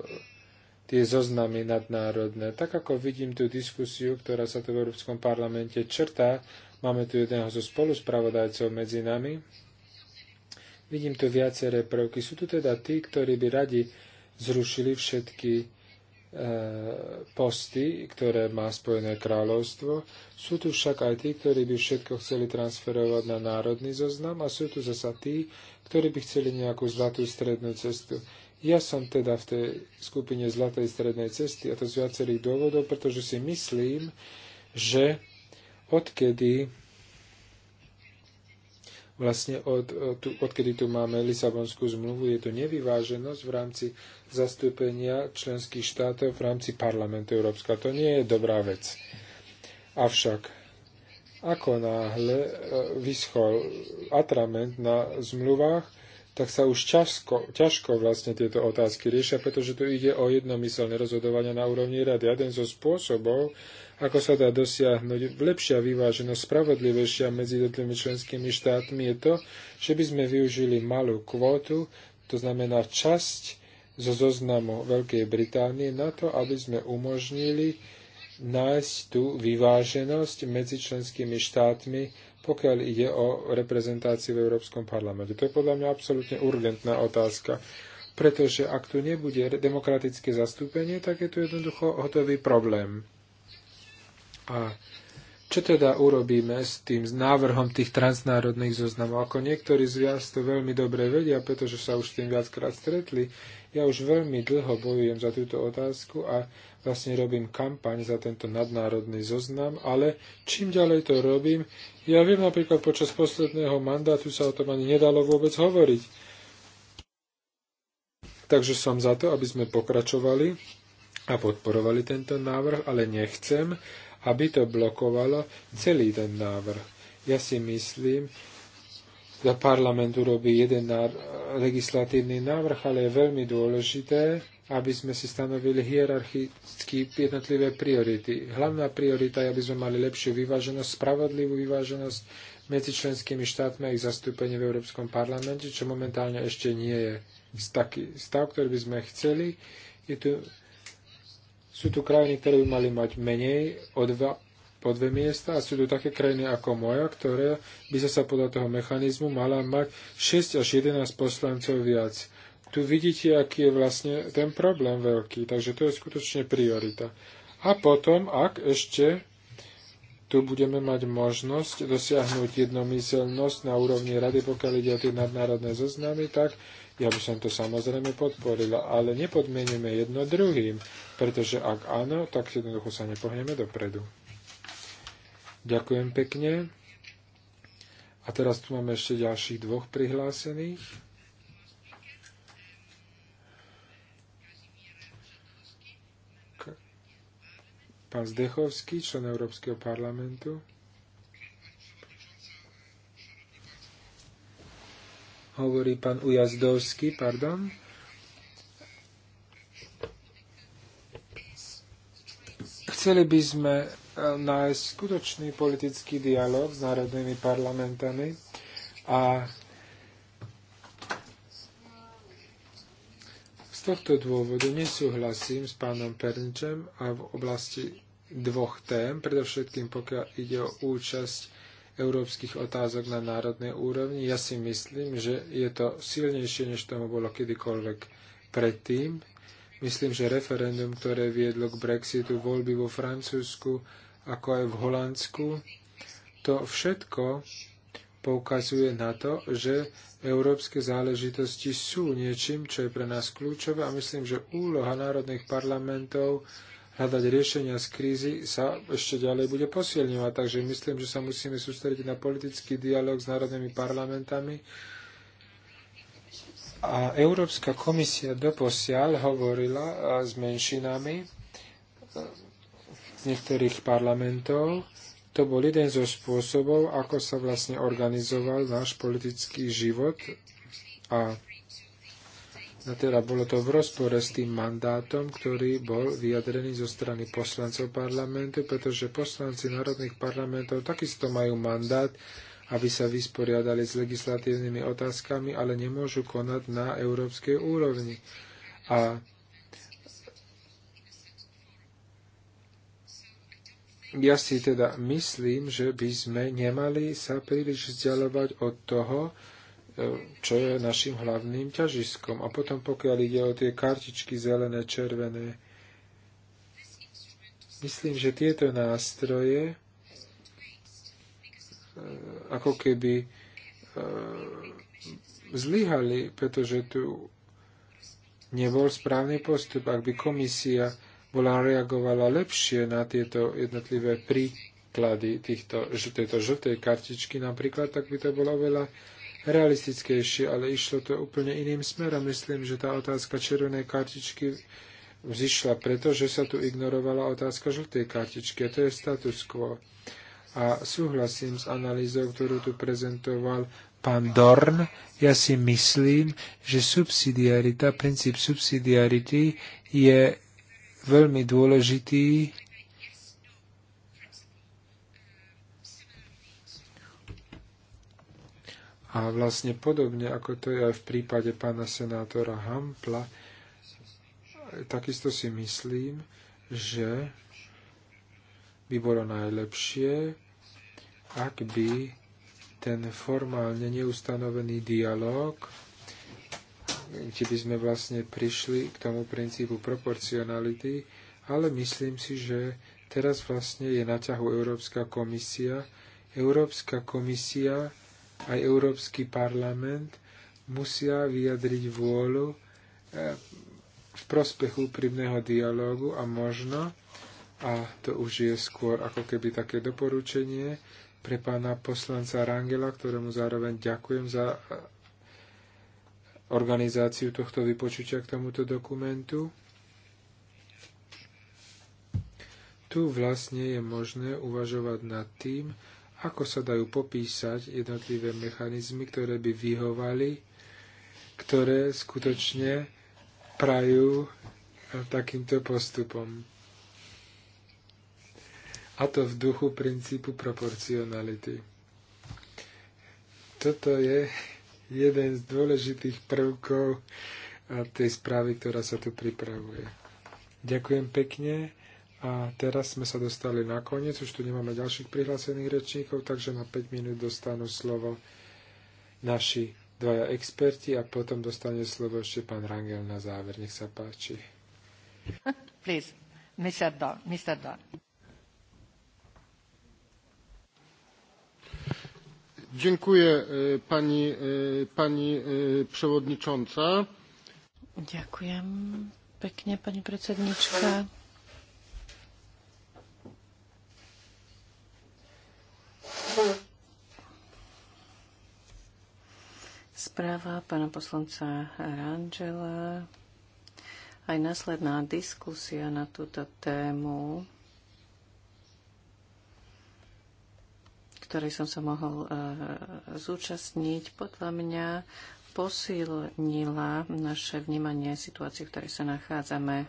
[SPEAKER 2] tie zoznamy nadnárodné. Tak ako vidím tú diskusiu, ktorá sa tu v Európskom parlamente črtá, máme tu jedného zo spoluspravodajcov medzi nami, vidím tu viaceré prvky. Sú tu teda tí, ktorí by radi zrušili všetky E, posty, ktoré má Spojené kráľovstvo. Sú tu však aj tí, ktorí by všetko chceli transferovať na národný zoznam a sú tu zasa tí, ktorí by chceli nejakú zlatú strednú cestu. Ja som teda v tej skupine zlatej strednej cesty a to z viacerých dôvodov, pretože si myslím, že odkedy vlastne od, eh, tu, odkedy tu máme Lisabonskú zmluvu, je tu nevyváženosť v rámci zastúpenia členských štátov v rámci parlamentu Európska. To nie je dobrá vec. Avšak ako náhle eh, vyschol atrament na zmluvách, tak sa už ťažko, ťažko vlastne tieto otázky riešia, pretože tu ide o jednomyselné rozhodovanie na úrovni rady. Jeden zo spôsobov, ako sa dá dosiahnuť lepšia vyváženosť, spravodlivejšia medzi jednotlivými členskými štátmi, je to, že by sme využili malú kvótu, to znamená časť zo zoznamu Veľkej Británie na to, aby sme umožnili nájsť tú vyváženosť medzi členskými štátmi, pokiaľ ide o reprezentáciu v Európskom parlamente. To je podľa mňa absolútne urgentná otázka pretože ak tu nebude demokratické zastúpenie, tak je tu jednoducho hotový problém. A čo teda urobíme s tým s návrhom tých transnárodných zoznamov? Ako niektorí z vás to veľmi dobre vedia, pretože sa už s tým viackrát stretli, ja už veľmi dlho bojujem za túto otázku a vlastne robím kampaň za tento nadnárodný zoznam, ale čím ďalej to robím, ja viem napríklad počas posledného mandátu sa o tom ani nedalo vôbec hovoriť. Takže som za to, aby sme pokračovali a podporovali tento návrh, ale nechcem, aby to blokovalo celý ten návrh. Ja si myslím, že parlament urobí jeden legislatívny návrh, ale je veľmi dôležité, aby sme si stanovili hierarchicky jednotlivé priority. Hlavná priorita je, aby sme mali lepšiu vyváženosť, spravodlivú vyváženosť medzi členskými štátmi a ich zastúpenie v Európskom parlamente, čo momentálne ešte nie je taký stav, ktorý by sme chceli. Je tu sú tu krajiny, ktoré by mali mať menej o dva, po dve miesta a sú tu také krajiny ako moja, ktoré by sa sa podľa toho mechanizmu mala mať 6 až 11 poslancov viac. Tu vidíte, aký je vlastne ten problém veľký, takže to je skutočne priorita. A potom, ak ešte tu budeme mať možnosť dosiahnuť jednomyselnosť na úrovni rady, pokiaľ ide o tie nadnárodné zoznamy, tak ja by som to samozrejme podporila, ale nepodmenujeme jedno druhým, pretože ak áno, tak jednoducho sa nepohneme dopredu. Ďakujem pekne. A teraz tu máme ešte ďalších dvoch prihlásených. Pán Zdechovský, člen Európskeho parlamentu. hovorí pán Ujazdovský, pardon. Chceli by sme eh, nájsť skutočný politický dialog s národnými parlamentami a z tohto dôvodu nesúhlasím s pánom Perničem a v oblasti dvoch tém, predovšetkým pokiaľ ide o účasť európskych otázok na národnej úrovni. Ja si myslím, že je to silnejšie, než tomu bolo kedykoľvek predtým. Myslím, že referendum, ktoré viedlo k Brexitu, voľby vo Francúzsku, ako aj v Holandsku, to všetko poukazuje na to, že európske záležitosti sú niečím, čo je pre nás kľúčové a myslím, že úloha národných parlamentov hľadať riešenia z krízy sa ešte ďalej bude posilňovať. Takže myslím, že sa musíme sústrediť na politický dialog s národnými parlamentami. A Európska komisia doposiaľ hovorila s menšinami z niektorých parlamentov. To bol jeden zo spôsobov, ako sa vlastne organizoval náš politický život a a teda bolo to v rozpore s tým mandátom, ktorý bol vyjadrený zo strany poslancov parlamentu, pretože poslanci národných parlamentov takisto majú mandát, aby sa vysporiadali s legislatívnymi otázkami, ale nemôžu konať na európskej úrovni. A ja si teda myslím, že by sme nemali sa príliš vzdialovať od toho, čo je našim hlavným ťažiskom. A potom pokiaľ ide o tie kartičky zelené, červené, myslím, že tieto nástroje e, ako keby e, zlyhali, pretože tu nebol správny postup. Ak by komisia bola reagovala lepšie na tieto jednotlivé príklady týchto, tejto žltej kartičky napríklad, tak by to bolo oveľa realistickejšie, ale išlo to úplne iným smerom. Myslím, že tá otázka červenej kartičky vzýšla preto, že sa tu ignorovala otázka žltej kartičky. A to je status quo. A súhlasím s analýzou, ktorú tu prezentoval pán Dorn. Ja si myslím, že subsidiarita, princíp subsidiarity je veľmi dôležitý A vlastne podobne, ako to je aj v prípade pána senátora Hampla, takisto si myslím, že by bolo najlepšie, ak by ten formálne neustanovený dialog, kde by sme vlastne prišli k tomu princípu proporcionality, ale myslím si, že teraz vlastne je na ťahu Európska komisia. Európska komisia aj Európsky parlament musia vyjadriť vôľu eh, v prospech úprimného dialógu a možno, a to už je skôr ako keby také doporučenie pre pána poslanca Rangela, ktorému zároveň ďakujem za eh, organizáciu tohto vypočutia k tomuto dokumentu. Tu vlastne je možné uvažovať nad tým, ako sa dajú popísať jednotlivé mechanizmy, ktoré by vyhovali, ktoré skutočne prajú e, takýmto postupom. A to v duchu princípu proporcionality. Toto je jeden z dôležitých prvkov e, tej správy, ktorá sa tu pripravuje. Ďakujem pekne. A teraz sme sa dostali na koniec, už tu nemáme ďalších prihlásených rečníkov, takže na 5 minút dostanú slovo naši dvaja experti a potom dostane slovo ešte pán Rangel na záver. Nech sa páči.
[SPEAKER 3] [LAUGHS] Please, Mr. Don, Mr. Don.
[SPEAKER 2] Dziękuję e, pani, e, pani e, przewodnicząca.
[SPEAKER 3] Dziękuję pięknie pani predsednička. Správa pána poslanca Rangela. Aj následná diskusia na túto tému, ktorej som sa mohol uh, zúčastniť, podľa mňa posilnila naše vnímanie situácie, v ktorej sa nachádzame.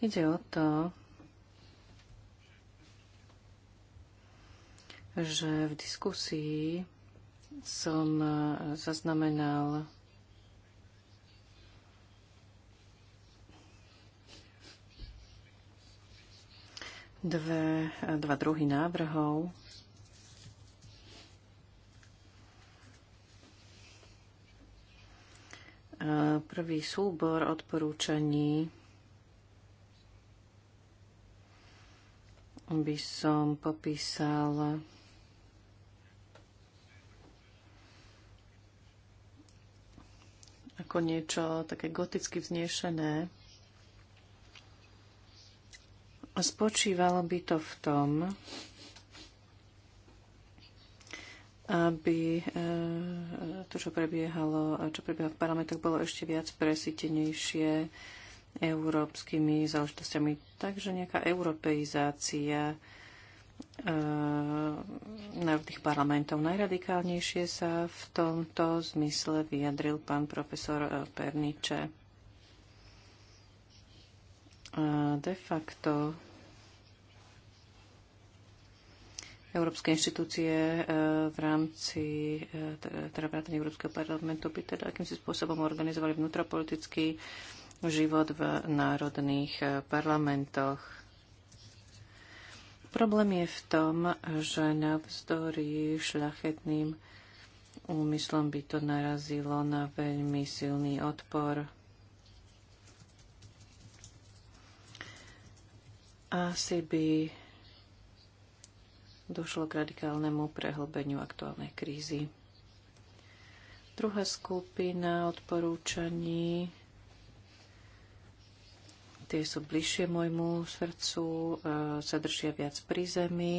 [SPEAKER 3] Ide o to, že v diskusii som e, zaznamenal dve, dva druhy návrhov. E, prvý súbor odporúčaní by som popísal ako niečo také goticky vznešené. Spočívalo by to v tom, aby e, to, čo prebiehalo, čo prebieha v parlamentoch, bolo ešte viac presítenejšie európskymi záležitostiami. Takže nejaká europeizácia Ehm, národných parlamentov. Najradikálnejšie sa v tomto zmysle vyjadril pán profesor eh, Perniče. Ehm, de facto Európske inštitúcie eh, v rámci eh, teda vrátania Európskeho parlamentu by teda akýmsi spôsobom organizovali vnútropolitický život v národných parlamentoch. Problém je v tom, že navzdory šľachetným úmyslom by to narazilo na veľmi silný odpor. Asi by došlo k radikálnemu prehlbeniu aktuálnej krízy. Druhá skupina odporúčaní tie sú bližšie môjmu srdcu, e, sa držia viac pri zemi.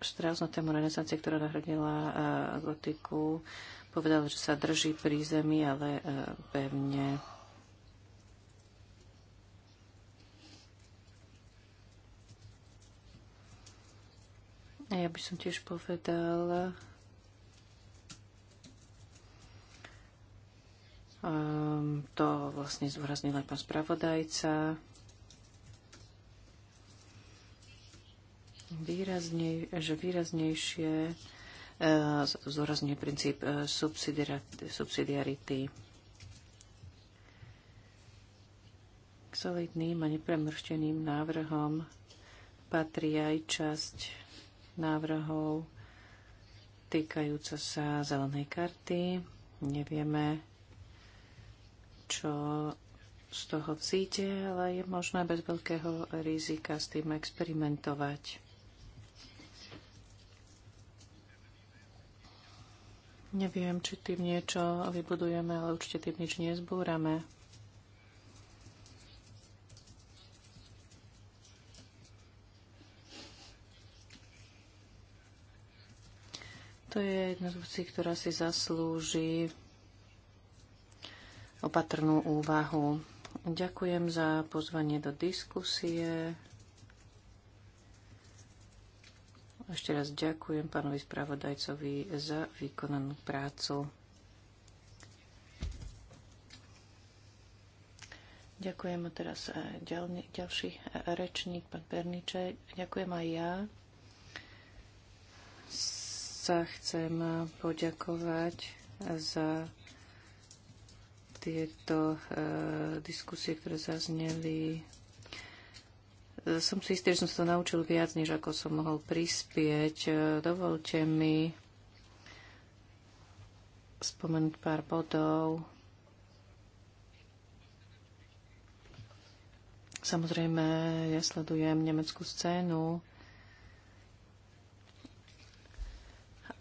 [SPEAKER 3] Strauss e, tému renesancie, ktorá nahradila e, gotiku, povedal, že sa drží pri zemi, ale pevne. Ja by som tiež povedal, Um, to vlastne zúraznil aj pán spravodajca. Výraznej, že výraznejšie uh, eh, zdôrazňuje princíp uh, subsidiarity. K solidným a nepremršteným návrhom patrí aj časť návrhov týkajúca sa zelenej karty. Nevieme, čo z toho cíti, ale je možné bez veľkého rizika s tým experimentovať. Neviem, či tým niečo vybudujeme, ale určite tým nič nezbúrame. To je jedna z vecí, ktorá si zaslúži opatrnú úvahu. Ďakujem za pozvanie do diskusie. Ešte raz ďakujem pánovi spravodajcovi za vykonanú prácu. Ďakujem a teraz e, ďalni, ďalší e, rečník, pán Perniče. Ďakujem aj ja. Sa chcem poďakovať za tieto eh, diskusie, ktoré zazneli. Eh, som si istý, že som sa to naučil viac, než ako som mohol prispieť. Eh, dovolte mi spomenúť pár bodov. Samozrejme, ja sledujem nemeckú scénu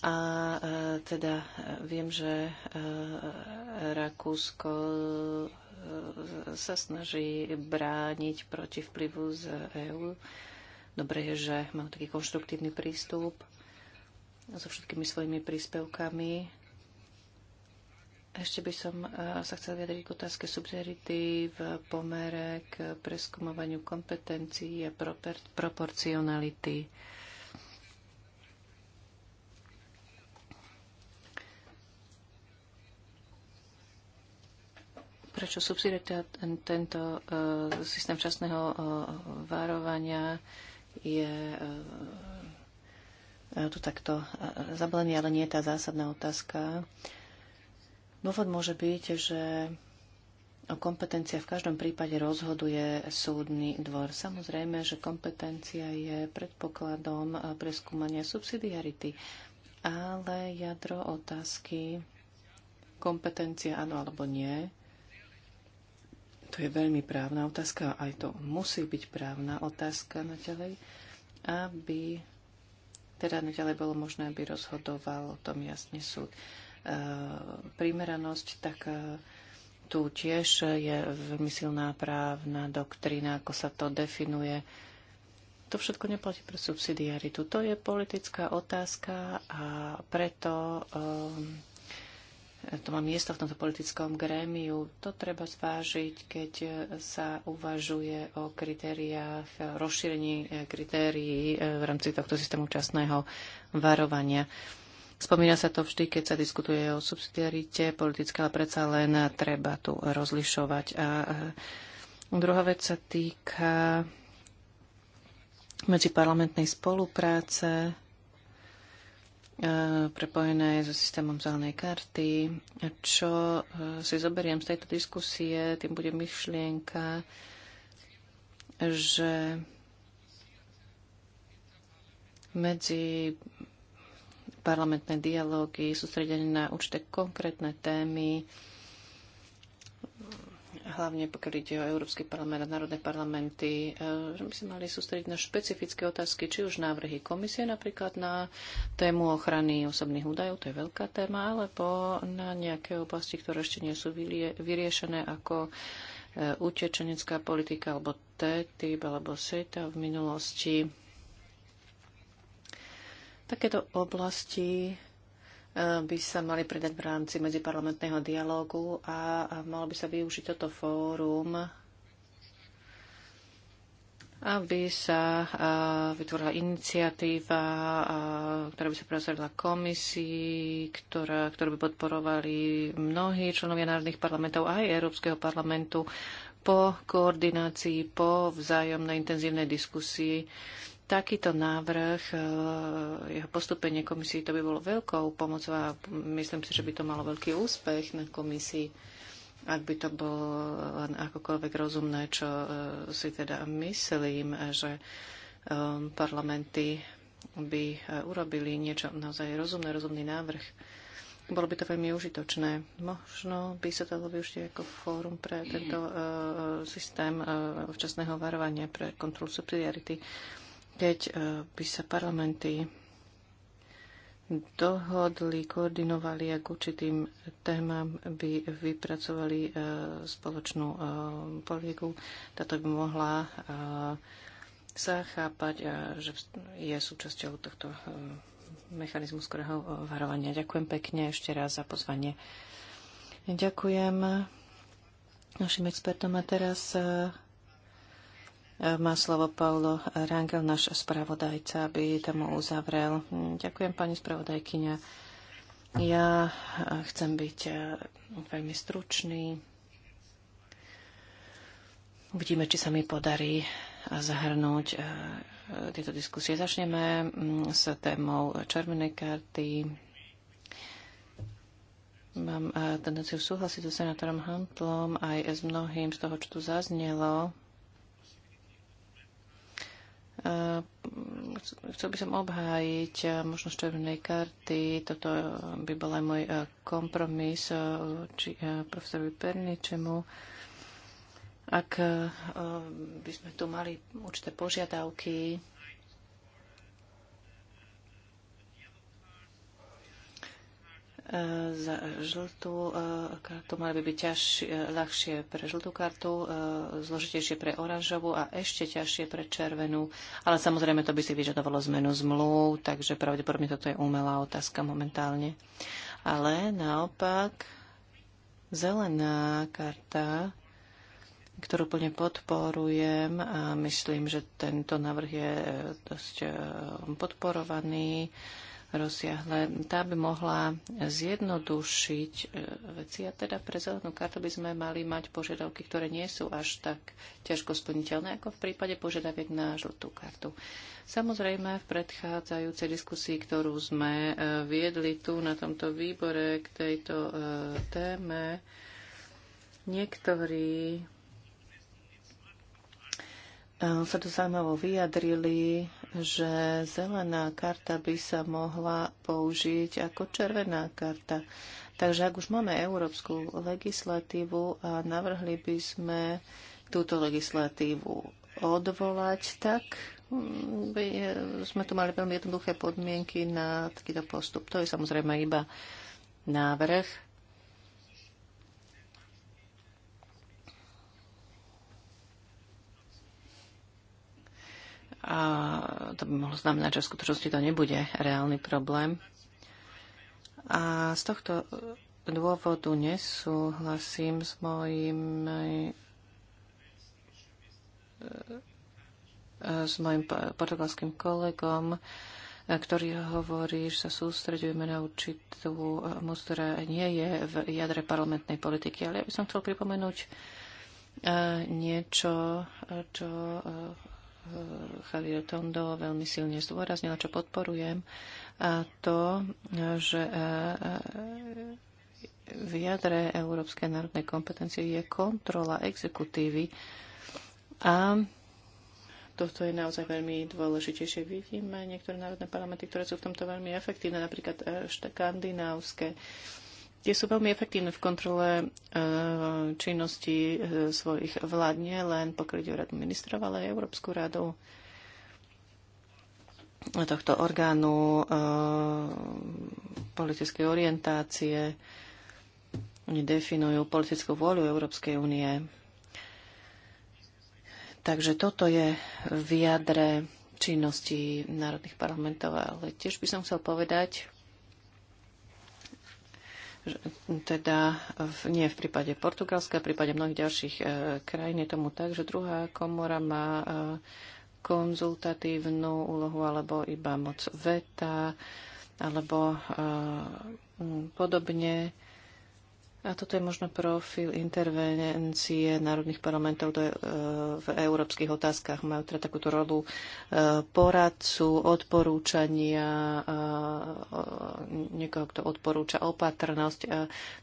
[SPEAKER 3] A e, teda e, viem, že e, Rakúsko sa snaží brániť proti vplyvu z EÚ. Dobre je, že majú taký konštruktívny prístup so všetkými svojimi príspevkami. Ešte by som sa chcela vyjadriť k otázke subsidiarity v pomere k preskumovaniu kompetencií a proporcionality prečo subsidiarita tento e, systém včasného e, varovania je e, tu takto zablený, ale nie je tá zásadná otázka. Dôvod môže byť, že o kompetencia v každom prípade rozhoduje súdny dvor. Samozrejme, že kompetencia je predpokladom preskúmania subsidiarity, ale jadro otázky kompetencia áno alebo nie to je veľmi právna otázka, aj to musí byť právna otázka naďalej, aby teda naďalej bolo možné, aby rozhodoval o tom jasne súd. E, primeranosť, tak e, tu tiež je veľmi silná právna doktrína, ako sa to definuje. To všetko neplatí pre subsidiaritu. To je politická otázka a preto e, to má miesto v tomto politickom grémiu. To treba zvážiť, keď sa uvažuje o kritériách, rozšírení eh, kritérií eh, v rámci tohto systému časného varovania. Spomína sa to vždy, keď sa diskutuje o subsidiarite politické, ale predsa len treba tu rozlišovať. A eh, druhá vec sa týka medziparlamentnej spolupráce E, prepojené so systémom zelenej karty. Čo e, si zoberiem z tejto diskusie, tým bude myšlienka, že medzi parlamentné dialógy sústredené na určité konkrétne témy, hlavne pokiaľ ide o Európsky parlament a národné parlamenty, e, že by sme mali sústrediť na špecifické otázky, či už návrhy komisie napríklad na tému ochrany osobných údajov, to je veľká téma, alebo na nejaké oblasti, ktoré ešte nie sú vyriešené, ako e, utečenecká politika, alebo TTIP, alebo SETA v minulosti. Takéto oblasti by sa mali predať v rámci medziparlamentného dialógu a, a malo by sa využiť toto fórum, aby sa a, vytvorila iniciatíva, a, ktorá by sa predstavila komisii, ktorá, ktorú by podporovali mnohí členovia národných parlamentov aj Európskeho parlamentu po koordinácii, po vzájomnej intenzívnej diskusii takýto návrh, e, jeho postupenie komisii, to by bolo veľkou pomocou a myslím si, že by to malo veľký úspech na komisii, ak by to bolo len akokoľvek rozumné, čo e, si teda myslím, že e, parlamenty by urobili niečo naozaj rozumné, rozumný návrh. Bolo by to veľmi užitočné. Možno by sa to dalo využiť ako fórum pre tento systém včasného varovania pre kontrolu subsidiarity. Uh, keď e, by sa parlamenty dohodli, koordinovali a k určitým témam by vypracovali e, spoločnú e, politiku. Táto by mohla sa chápať, že je súčasťou tohto mechanizmu skorého varovania. Ďakujem pekne ešte raz za pozvanie. Ďakujem našim expertom a teraz má slovo Paulo Rangel, náš spravodajca, aby tomu uzavrel. Ďakujem, pani spravodajkyňa. Ja chcem byť eh, veľmi stručný. Uvidíme, či sa mi podarí eh, zahrnúť eh, tieto diskusie. Začneme mm, s témou červenej karty. Mám tendenciu súhlasiť so senátorom Hantlom aj s mnohým z toho, čo tu zaznelo Chcel by som obhájiť eh, možnosť červenej karty. Toto by bol aj môj eh, kompromis eh, či profesorovi Perničemu. Ak by sme tu mali určité požiadavky, E, za žltú e, kartu, mali by byť ťažšie, e, ľahšie pre žltú kartu, zložitejšie pre oranžovú a ešte ťažšie pre červenú. Ale samozrejme to by si vyžadovalo zmenu zmluv, takže pravdepodobne toto je umelá otázka momentálne. Ale naopak zelená karta, ktorú plne podporujem a myslím, že tento návrh je dosť podporovaný rozsiahle, tá by mohla zjednodušiť e, veci. A teda pre zelenú kartu by sme mali mať požiadavky, ktoré nie sú až tak ťažko splniteľné, ako v prípade požiadaviek na žltú kartu. Samozrejme, v predchádzajúcej diskusii, ktorú sme e, viedli tu na tomto výbore k tejto e, téme, niektorí sa tu zaujímavo vyjadrili že zelená karta by sa mohla použiť ako červená karta. Takže ak už máme európsku legislatívu a navrhli by sme túto legislatívu odvolať, tak mm, by e, sme tu mali veľmi jednoduché podmienky na takýto postup. To je samozrejme iba návrh A to by mohlo znamenať, že v skutočnosti to nebude reálny problém. A z tohto dôvodu nesúhlasím s mojim s mojim portugalským kolegom, ktorý hovorí, že sa sústredujeme na určitú moc, ktorá nie je v jadre parlamentnej politiky. Ale ja by som chcel pripomenúť eh, niečo, čo eh, Eh, Javier Tondo veľmi silne zdôraznila, čo podporujem, a to, že eh, eh, v jadre európskej národnej kompetencie je kontrola exekutívy a toto je naozaj veľmi dôležitejšie. Vidíme niektoré národné parlamenty, ktoré sú v tomto veľmi efektívne, napríklad škandinávské. Uh, Tie sú veľmi efektívne v kontrole e, činnosti e, svojich vlád, nie len pokryť radu ministrov, ale aj Európsku radu tohto orgánu e, politickej orientácie. Oni definujú politickú vôľu Európskej únie. Takže toto je v jadre činnosti národných parlamentov, ale tiež by som chcel povedať, teda v, nie v prípade Portugalska, v prípade mnohých ďalších e, krajín je tomu tak, že druhá komora má e, konzultatívnu úlohu alebo iba moc veta alebo e, podobne. A toto je možno profil intervencie národných parlamentov do, e, v európskych otázkach. Majú teda takúto rolu e, poradcu, odporúčania, e, niekoho, kto odporúča opatrnosť,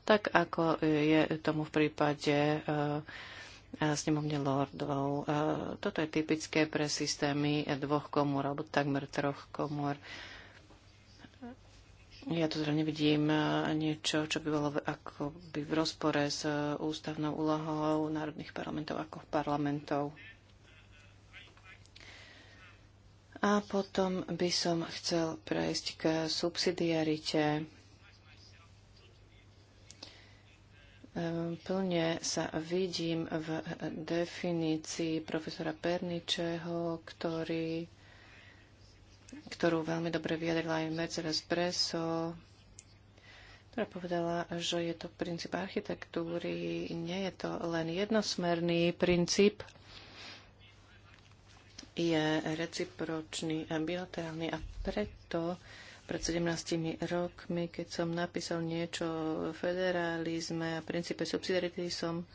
[SPEAKER 3] tak ako je tomu v prípade snemovne lordov. Toto je typické pre systémy dvoch komôr alebo takmer troch komôr. Ja tu teda nevidím e, niečo, čo by bolo ako by v rozpore s e, ústavnou úlohou národných parlamentov ako parlamentov. A potom by som chcel prejsť k subsidiarite. E, plne sa vidím v definícii profesora Perničeho, ktorý ktorú veľmi dobre vyjadrila aj Mercedes Preso, ktorá povedala, že je to princíp architektúry, nie je to len jednosmerný princíp, je recipročný a bilaterálny a preto pred 17 rokmi, keď som napísal niečo o federalizme a princípe subsidiarity, som e,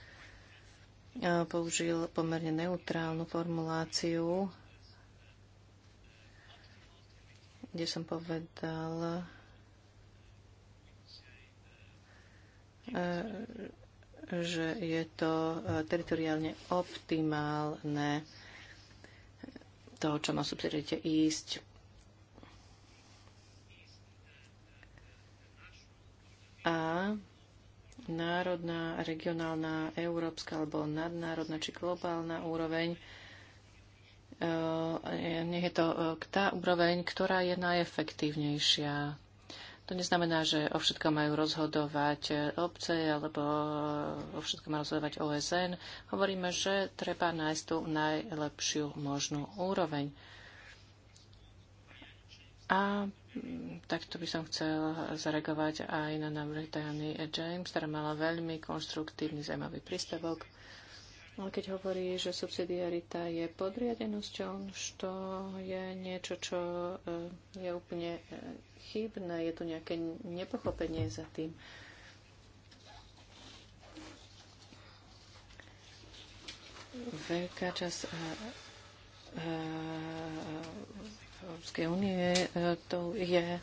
[SPEAKER 3] použil pomerne neutrálnu formuláciu, kde som povedal, e, že je to e, teritoriálne optimálne to, čo má subsidiarite ísť. A národná, regionálna, európska alebo nadnárodná či globálna úroveň Eh, nech je to eh, tá úroveň, ktorá je najefektívnejšia. To neznamená, že o všetkom majú rozhodovať eh, obce alebo o všetkom má rozhodovať OSN. Hovoríme, že treba nájsť tú najlepšiu možnú úroveň. A mm, takto by som chcel zareagovať aj na návrh Diany James, ktorá mala veľmi konštruktívny zaujímavý príspevok ale keď hovorí, že subsidiarita je podriadenosťou, to je niečo, čo e, je úplne e, chybné. Je tu nejaké nepochopenie za tým. Veľká časť e, Európskej únie to je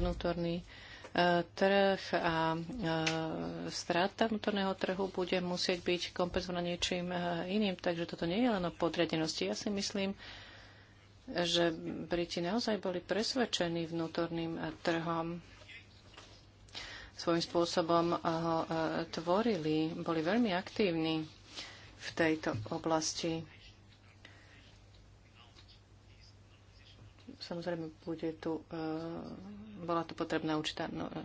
[SPEAKER 3] vnútorný trh a e, strata vnútorného trhu bude musieť byť kompenzovaná niečím e, iným. Takže toto nie je len o podriadenosti. Ja si myslím, že Briti naozaj boli presvedčení vnútorným e, trhom svojím spôsobom ho tvorili, boli veľmi aktívni v tejto oblasti. Samozrejme, bude tu, e, bola tu potrebná určitá no, e,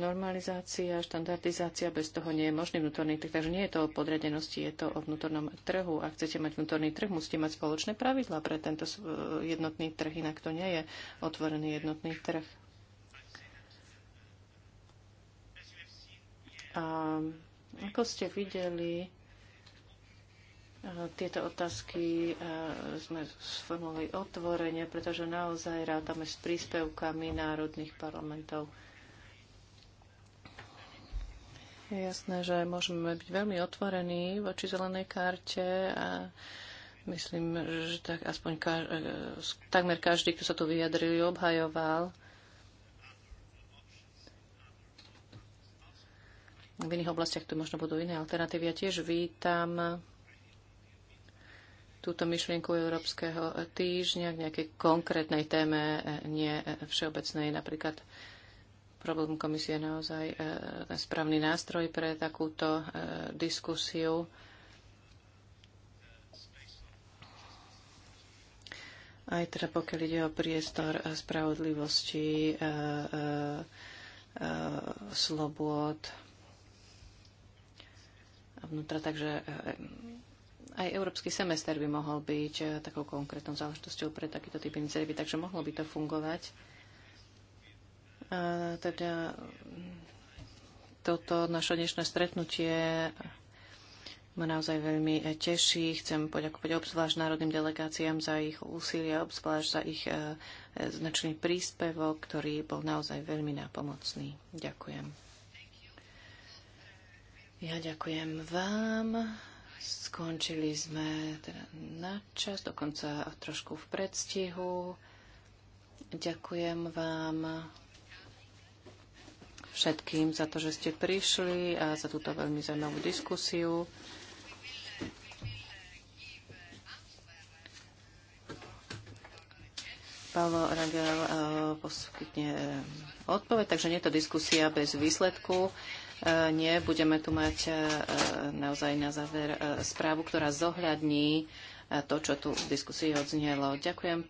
[SPEAKER 3] normalizácia, štandardizácia, bez toho nie je možný vnútorný trh. Takže nie je to o podredenosti, je to o vnútornom trhu. Ak chcete mať vnútorný trh, musíte mať spoločné pravidlá pre tento e, jednotný trh, inak to nie je otvorený jednotný trh. A ako ste videli, tieto otázky e, sme sformulovali otvorene, pretože naozaj rátame s príspevkami národných parlamentov. Je jasné, že môžeme byť veľmi otvorení voči zelenej karte a myslím, že tak aspoň kaž- e, takmer každý, kto sa tu vyjadril, obhajoval v iných oblastiach tu možno budú iné alternatívy. Ja tiež vítam túto myšlienku Európskeho týždňa k nejakej konkrétnej téme, e, nie e, všeobecnej. Napríklad problém komisie je naozaj e, správny nástroj pre takúto diskusiu. Aj teda pokiaľ ide o priestor spravodlivosti, slobôd a vnútra. Takže aj európsky semester by mohol byť eh, takou konkrétnou záležitosťou pre takýto typ iniciatívy, takže mohlo by to fungovať. A eh, teda toto naše dnešné stretnutie ma naozaj veľmi eh, teší. Chcem poďakovať obzvlášť národným delegáciám za ich úsilie, obzvlášť za ich značný príspevok, ktorý bol naozaj veľmi nápomocný. Ďakujem. Ja ďakujem vám. Skončili sme teda na čas, dokonca trošku v predstihu. Ďakujem vám všetkým za to, že ste prišli a za túto veľmi zaujímavú diskusiu. Pavlo Rangel eh, poskytne eh, odpoveď, takže nie je to diskusia bez výsledku. E, nie, budeme tu mať e, naozaj na záver e, správu, ktorá zohľadní to, čo tu v diskusii odznelo. Ďakujem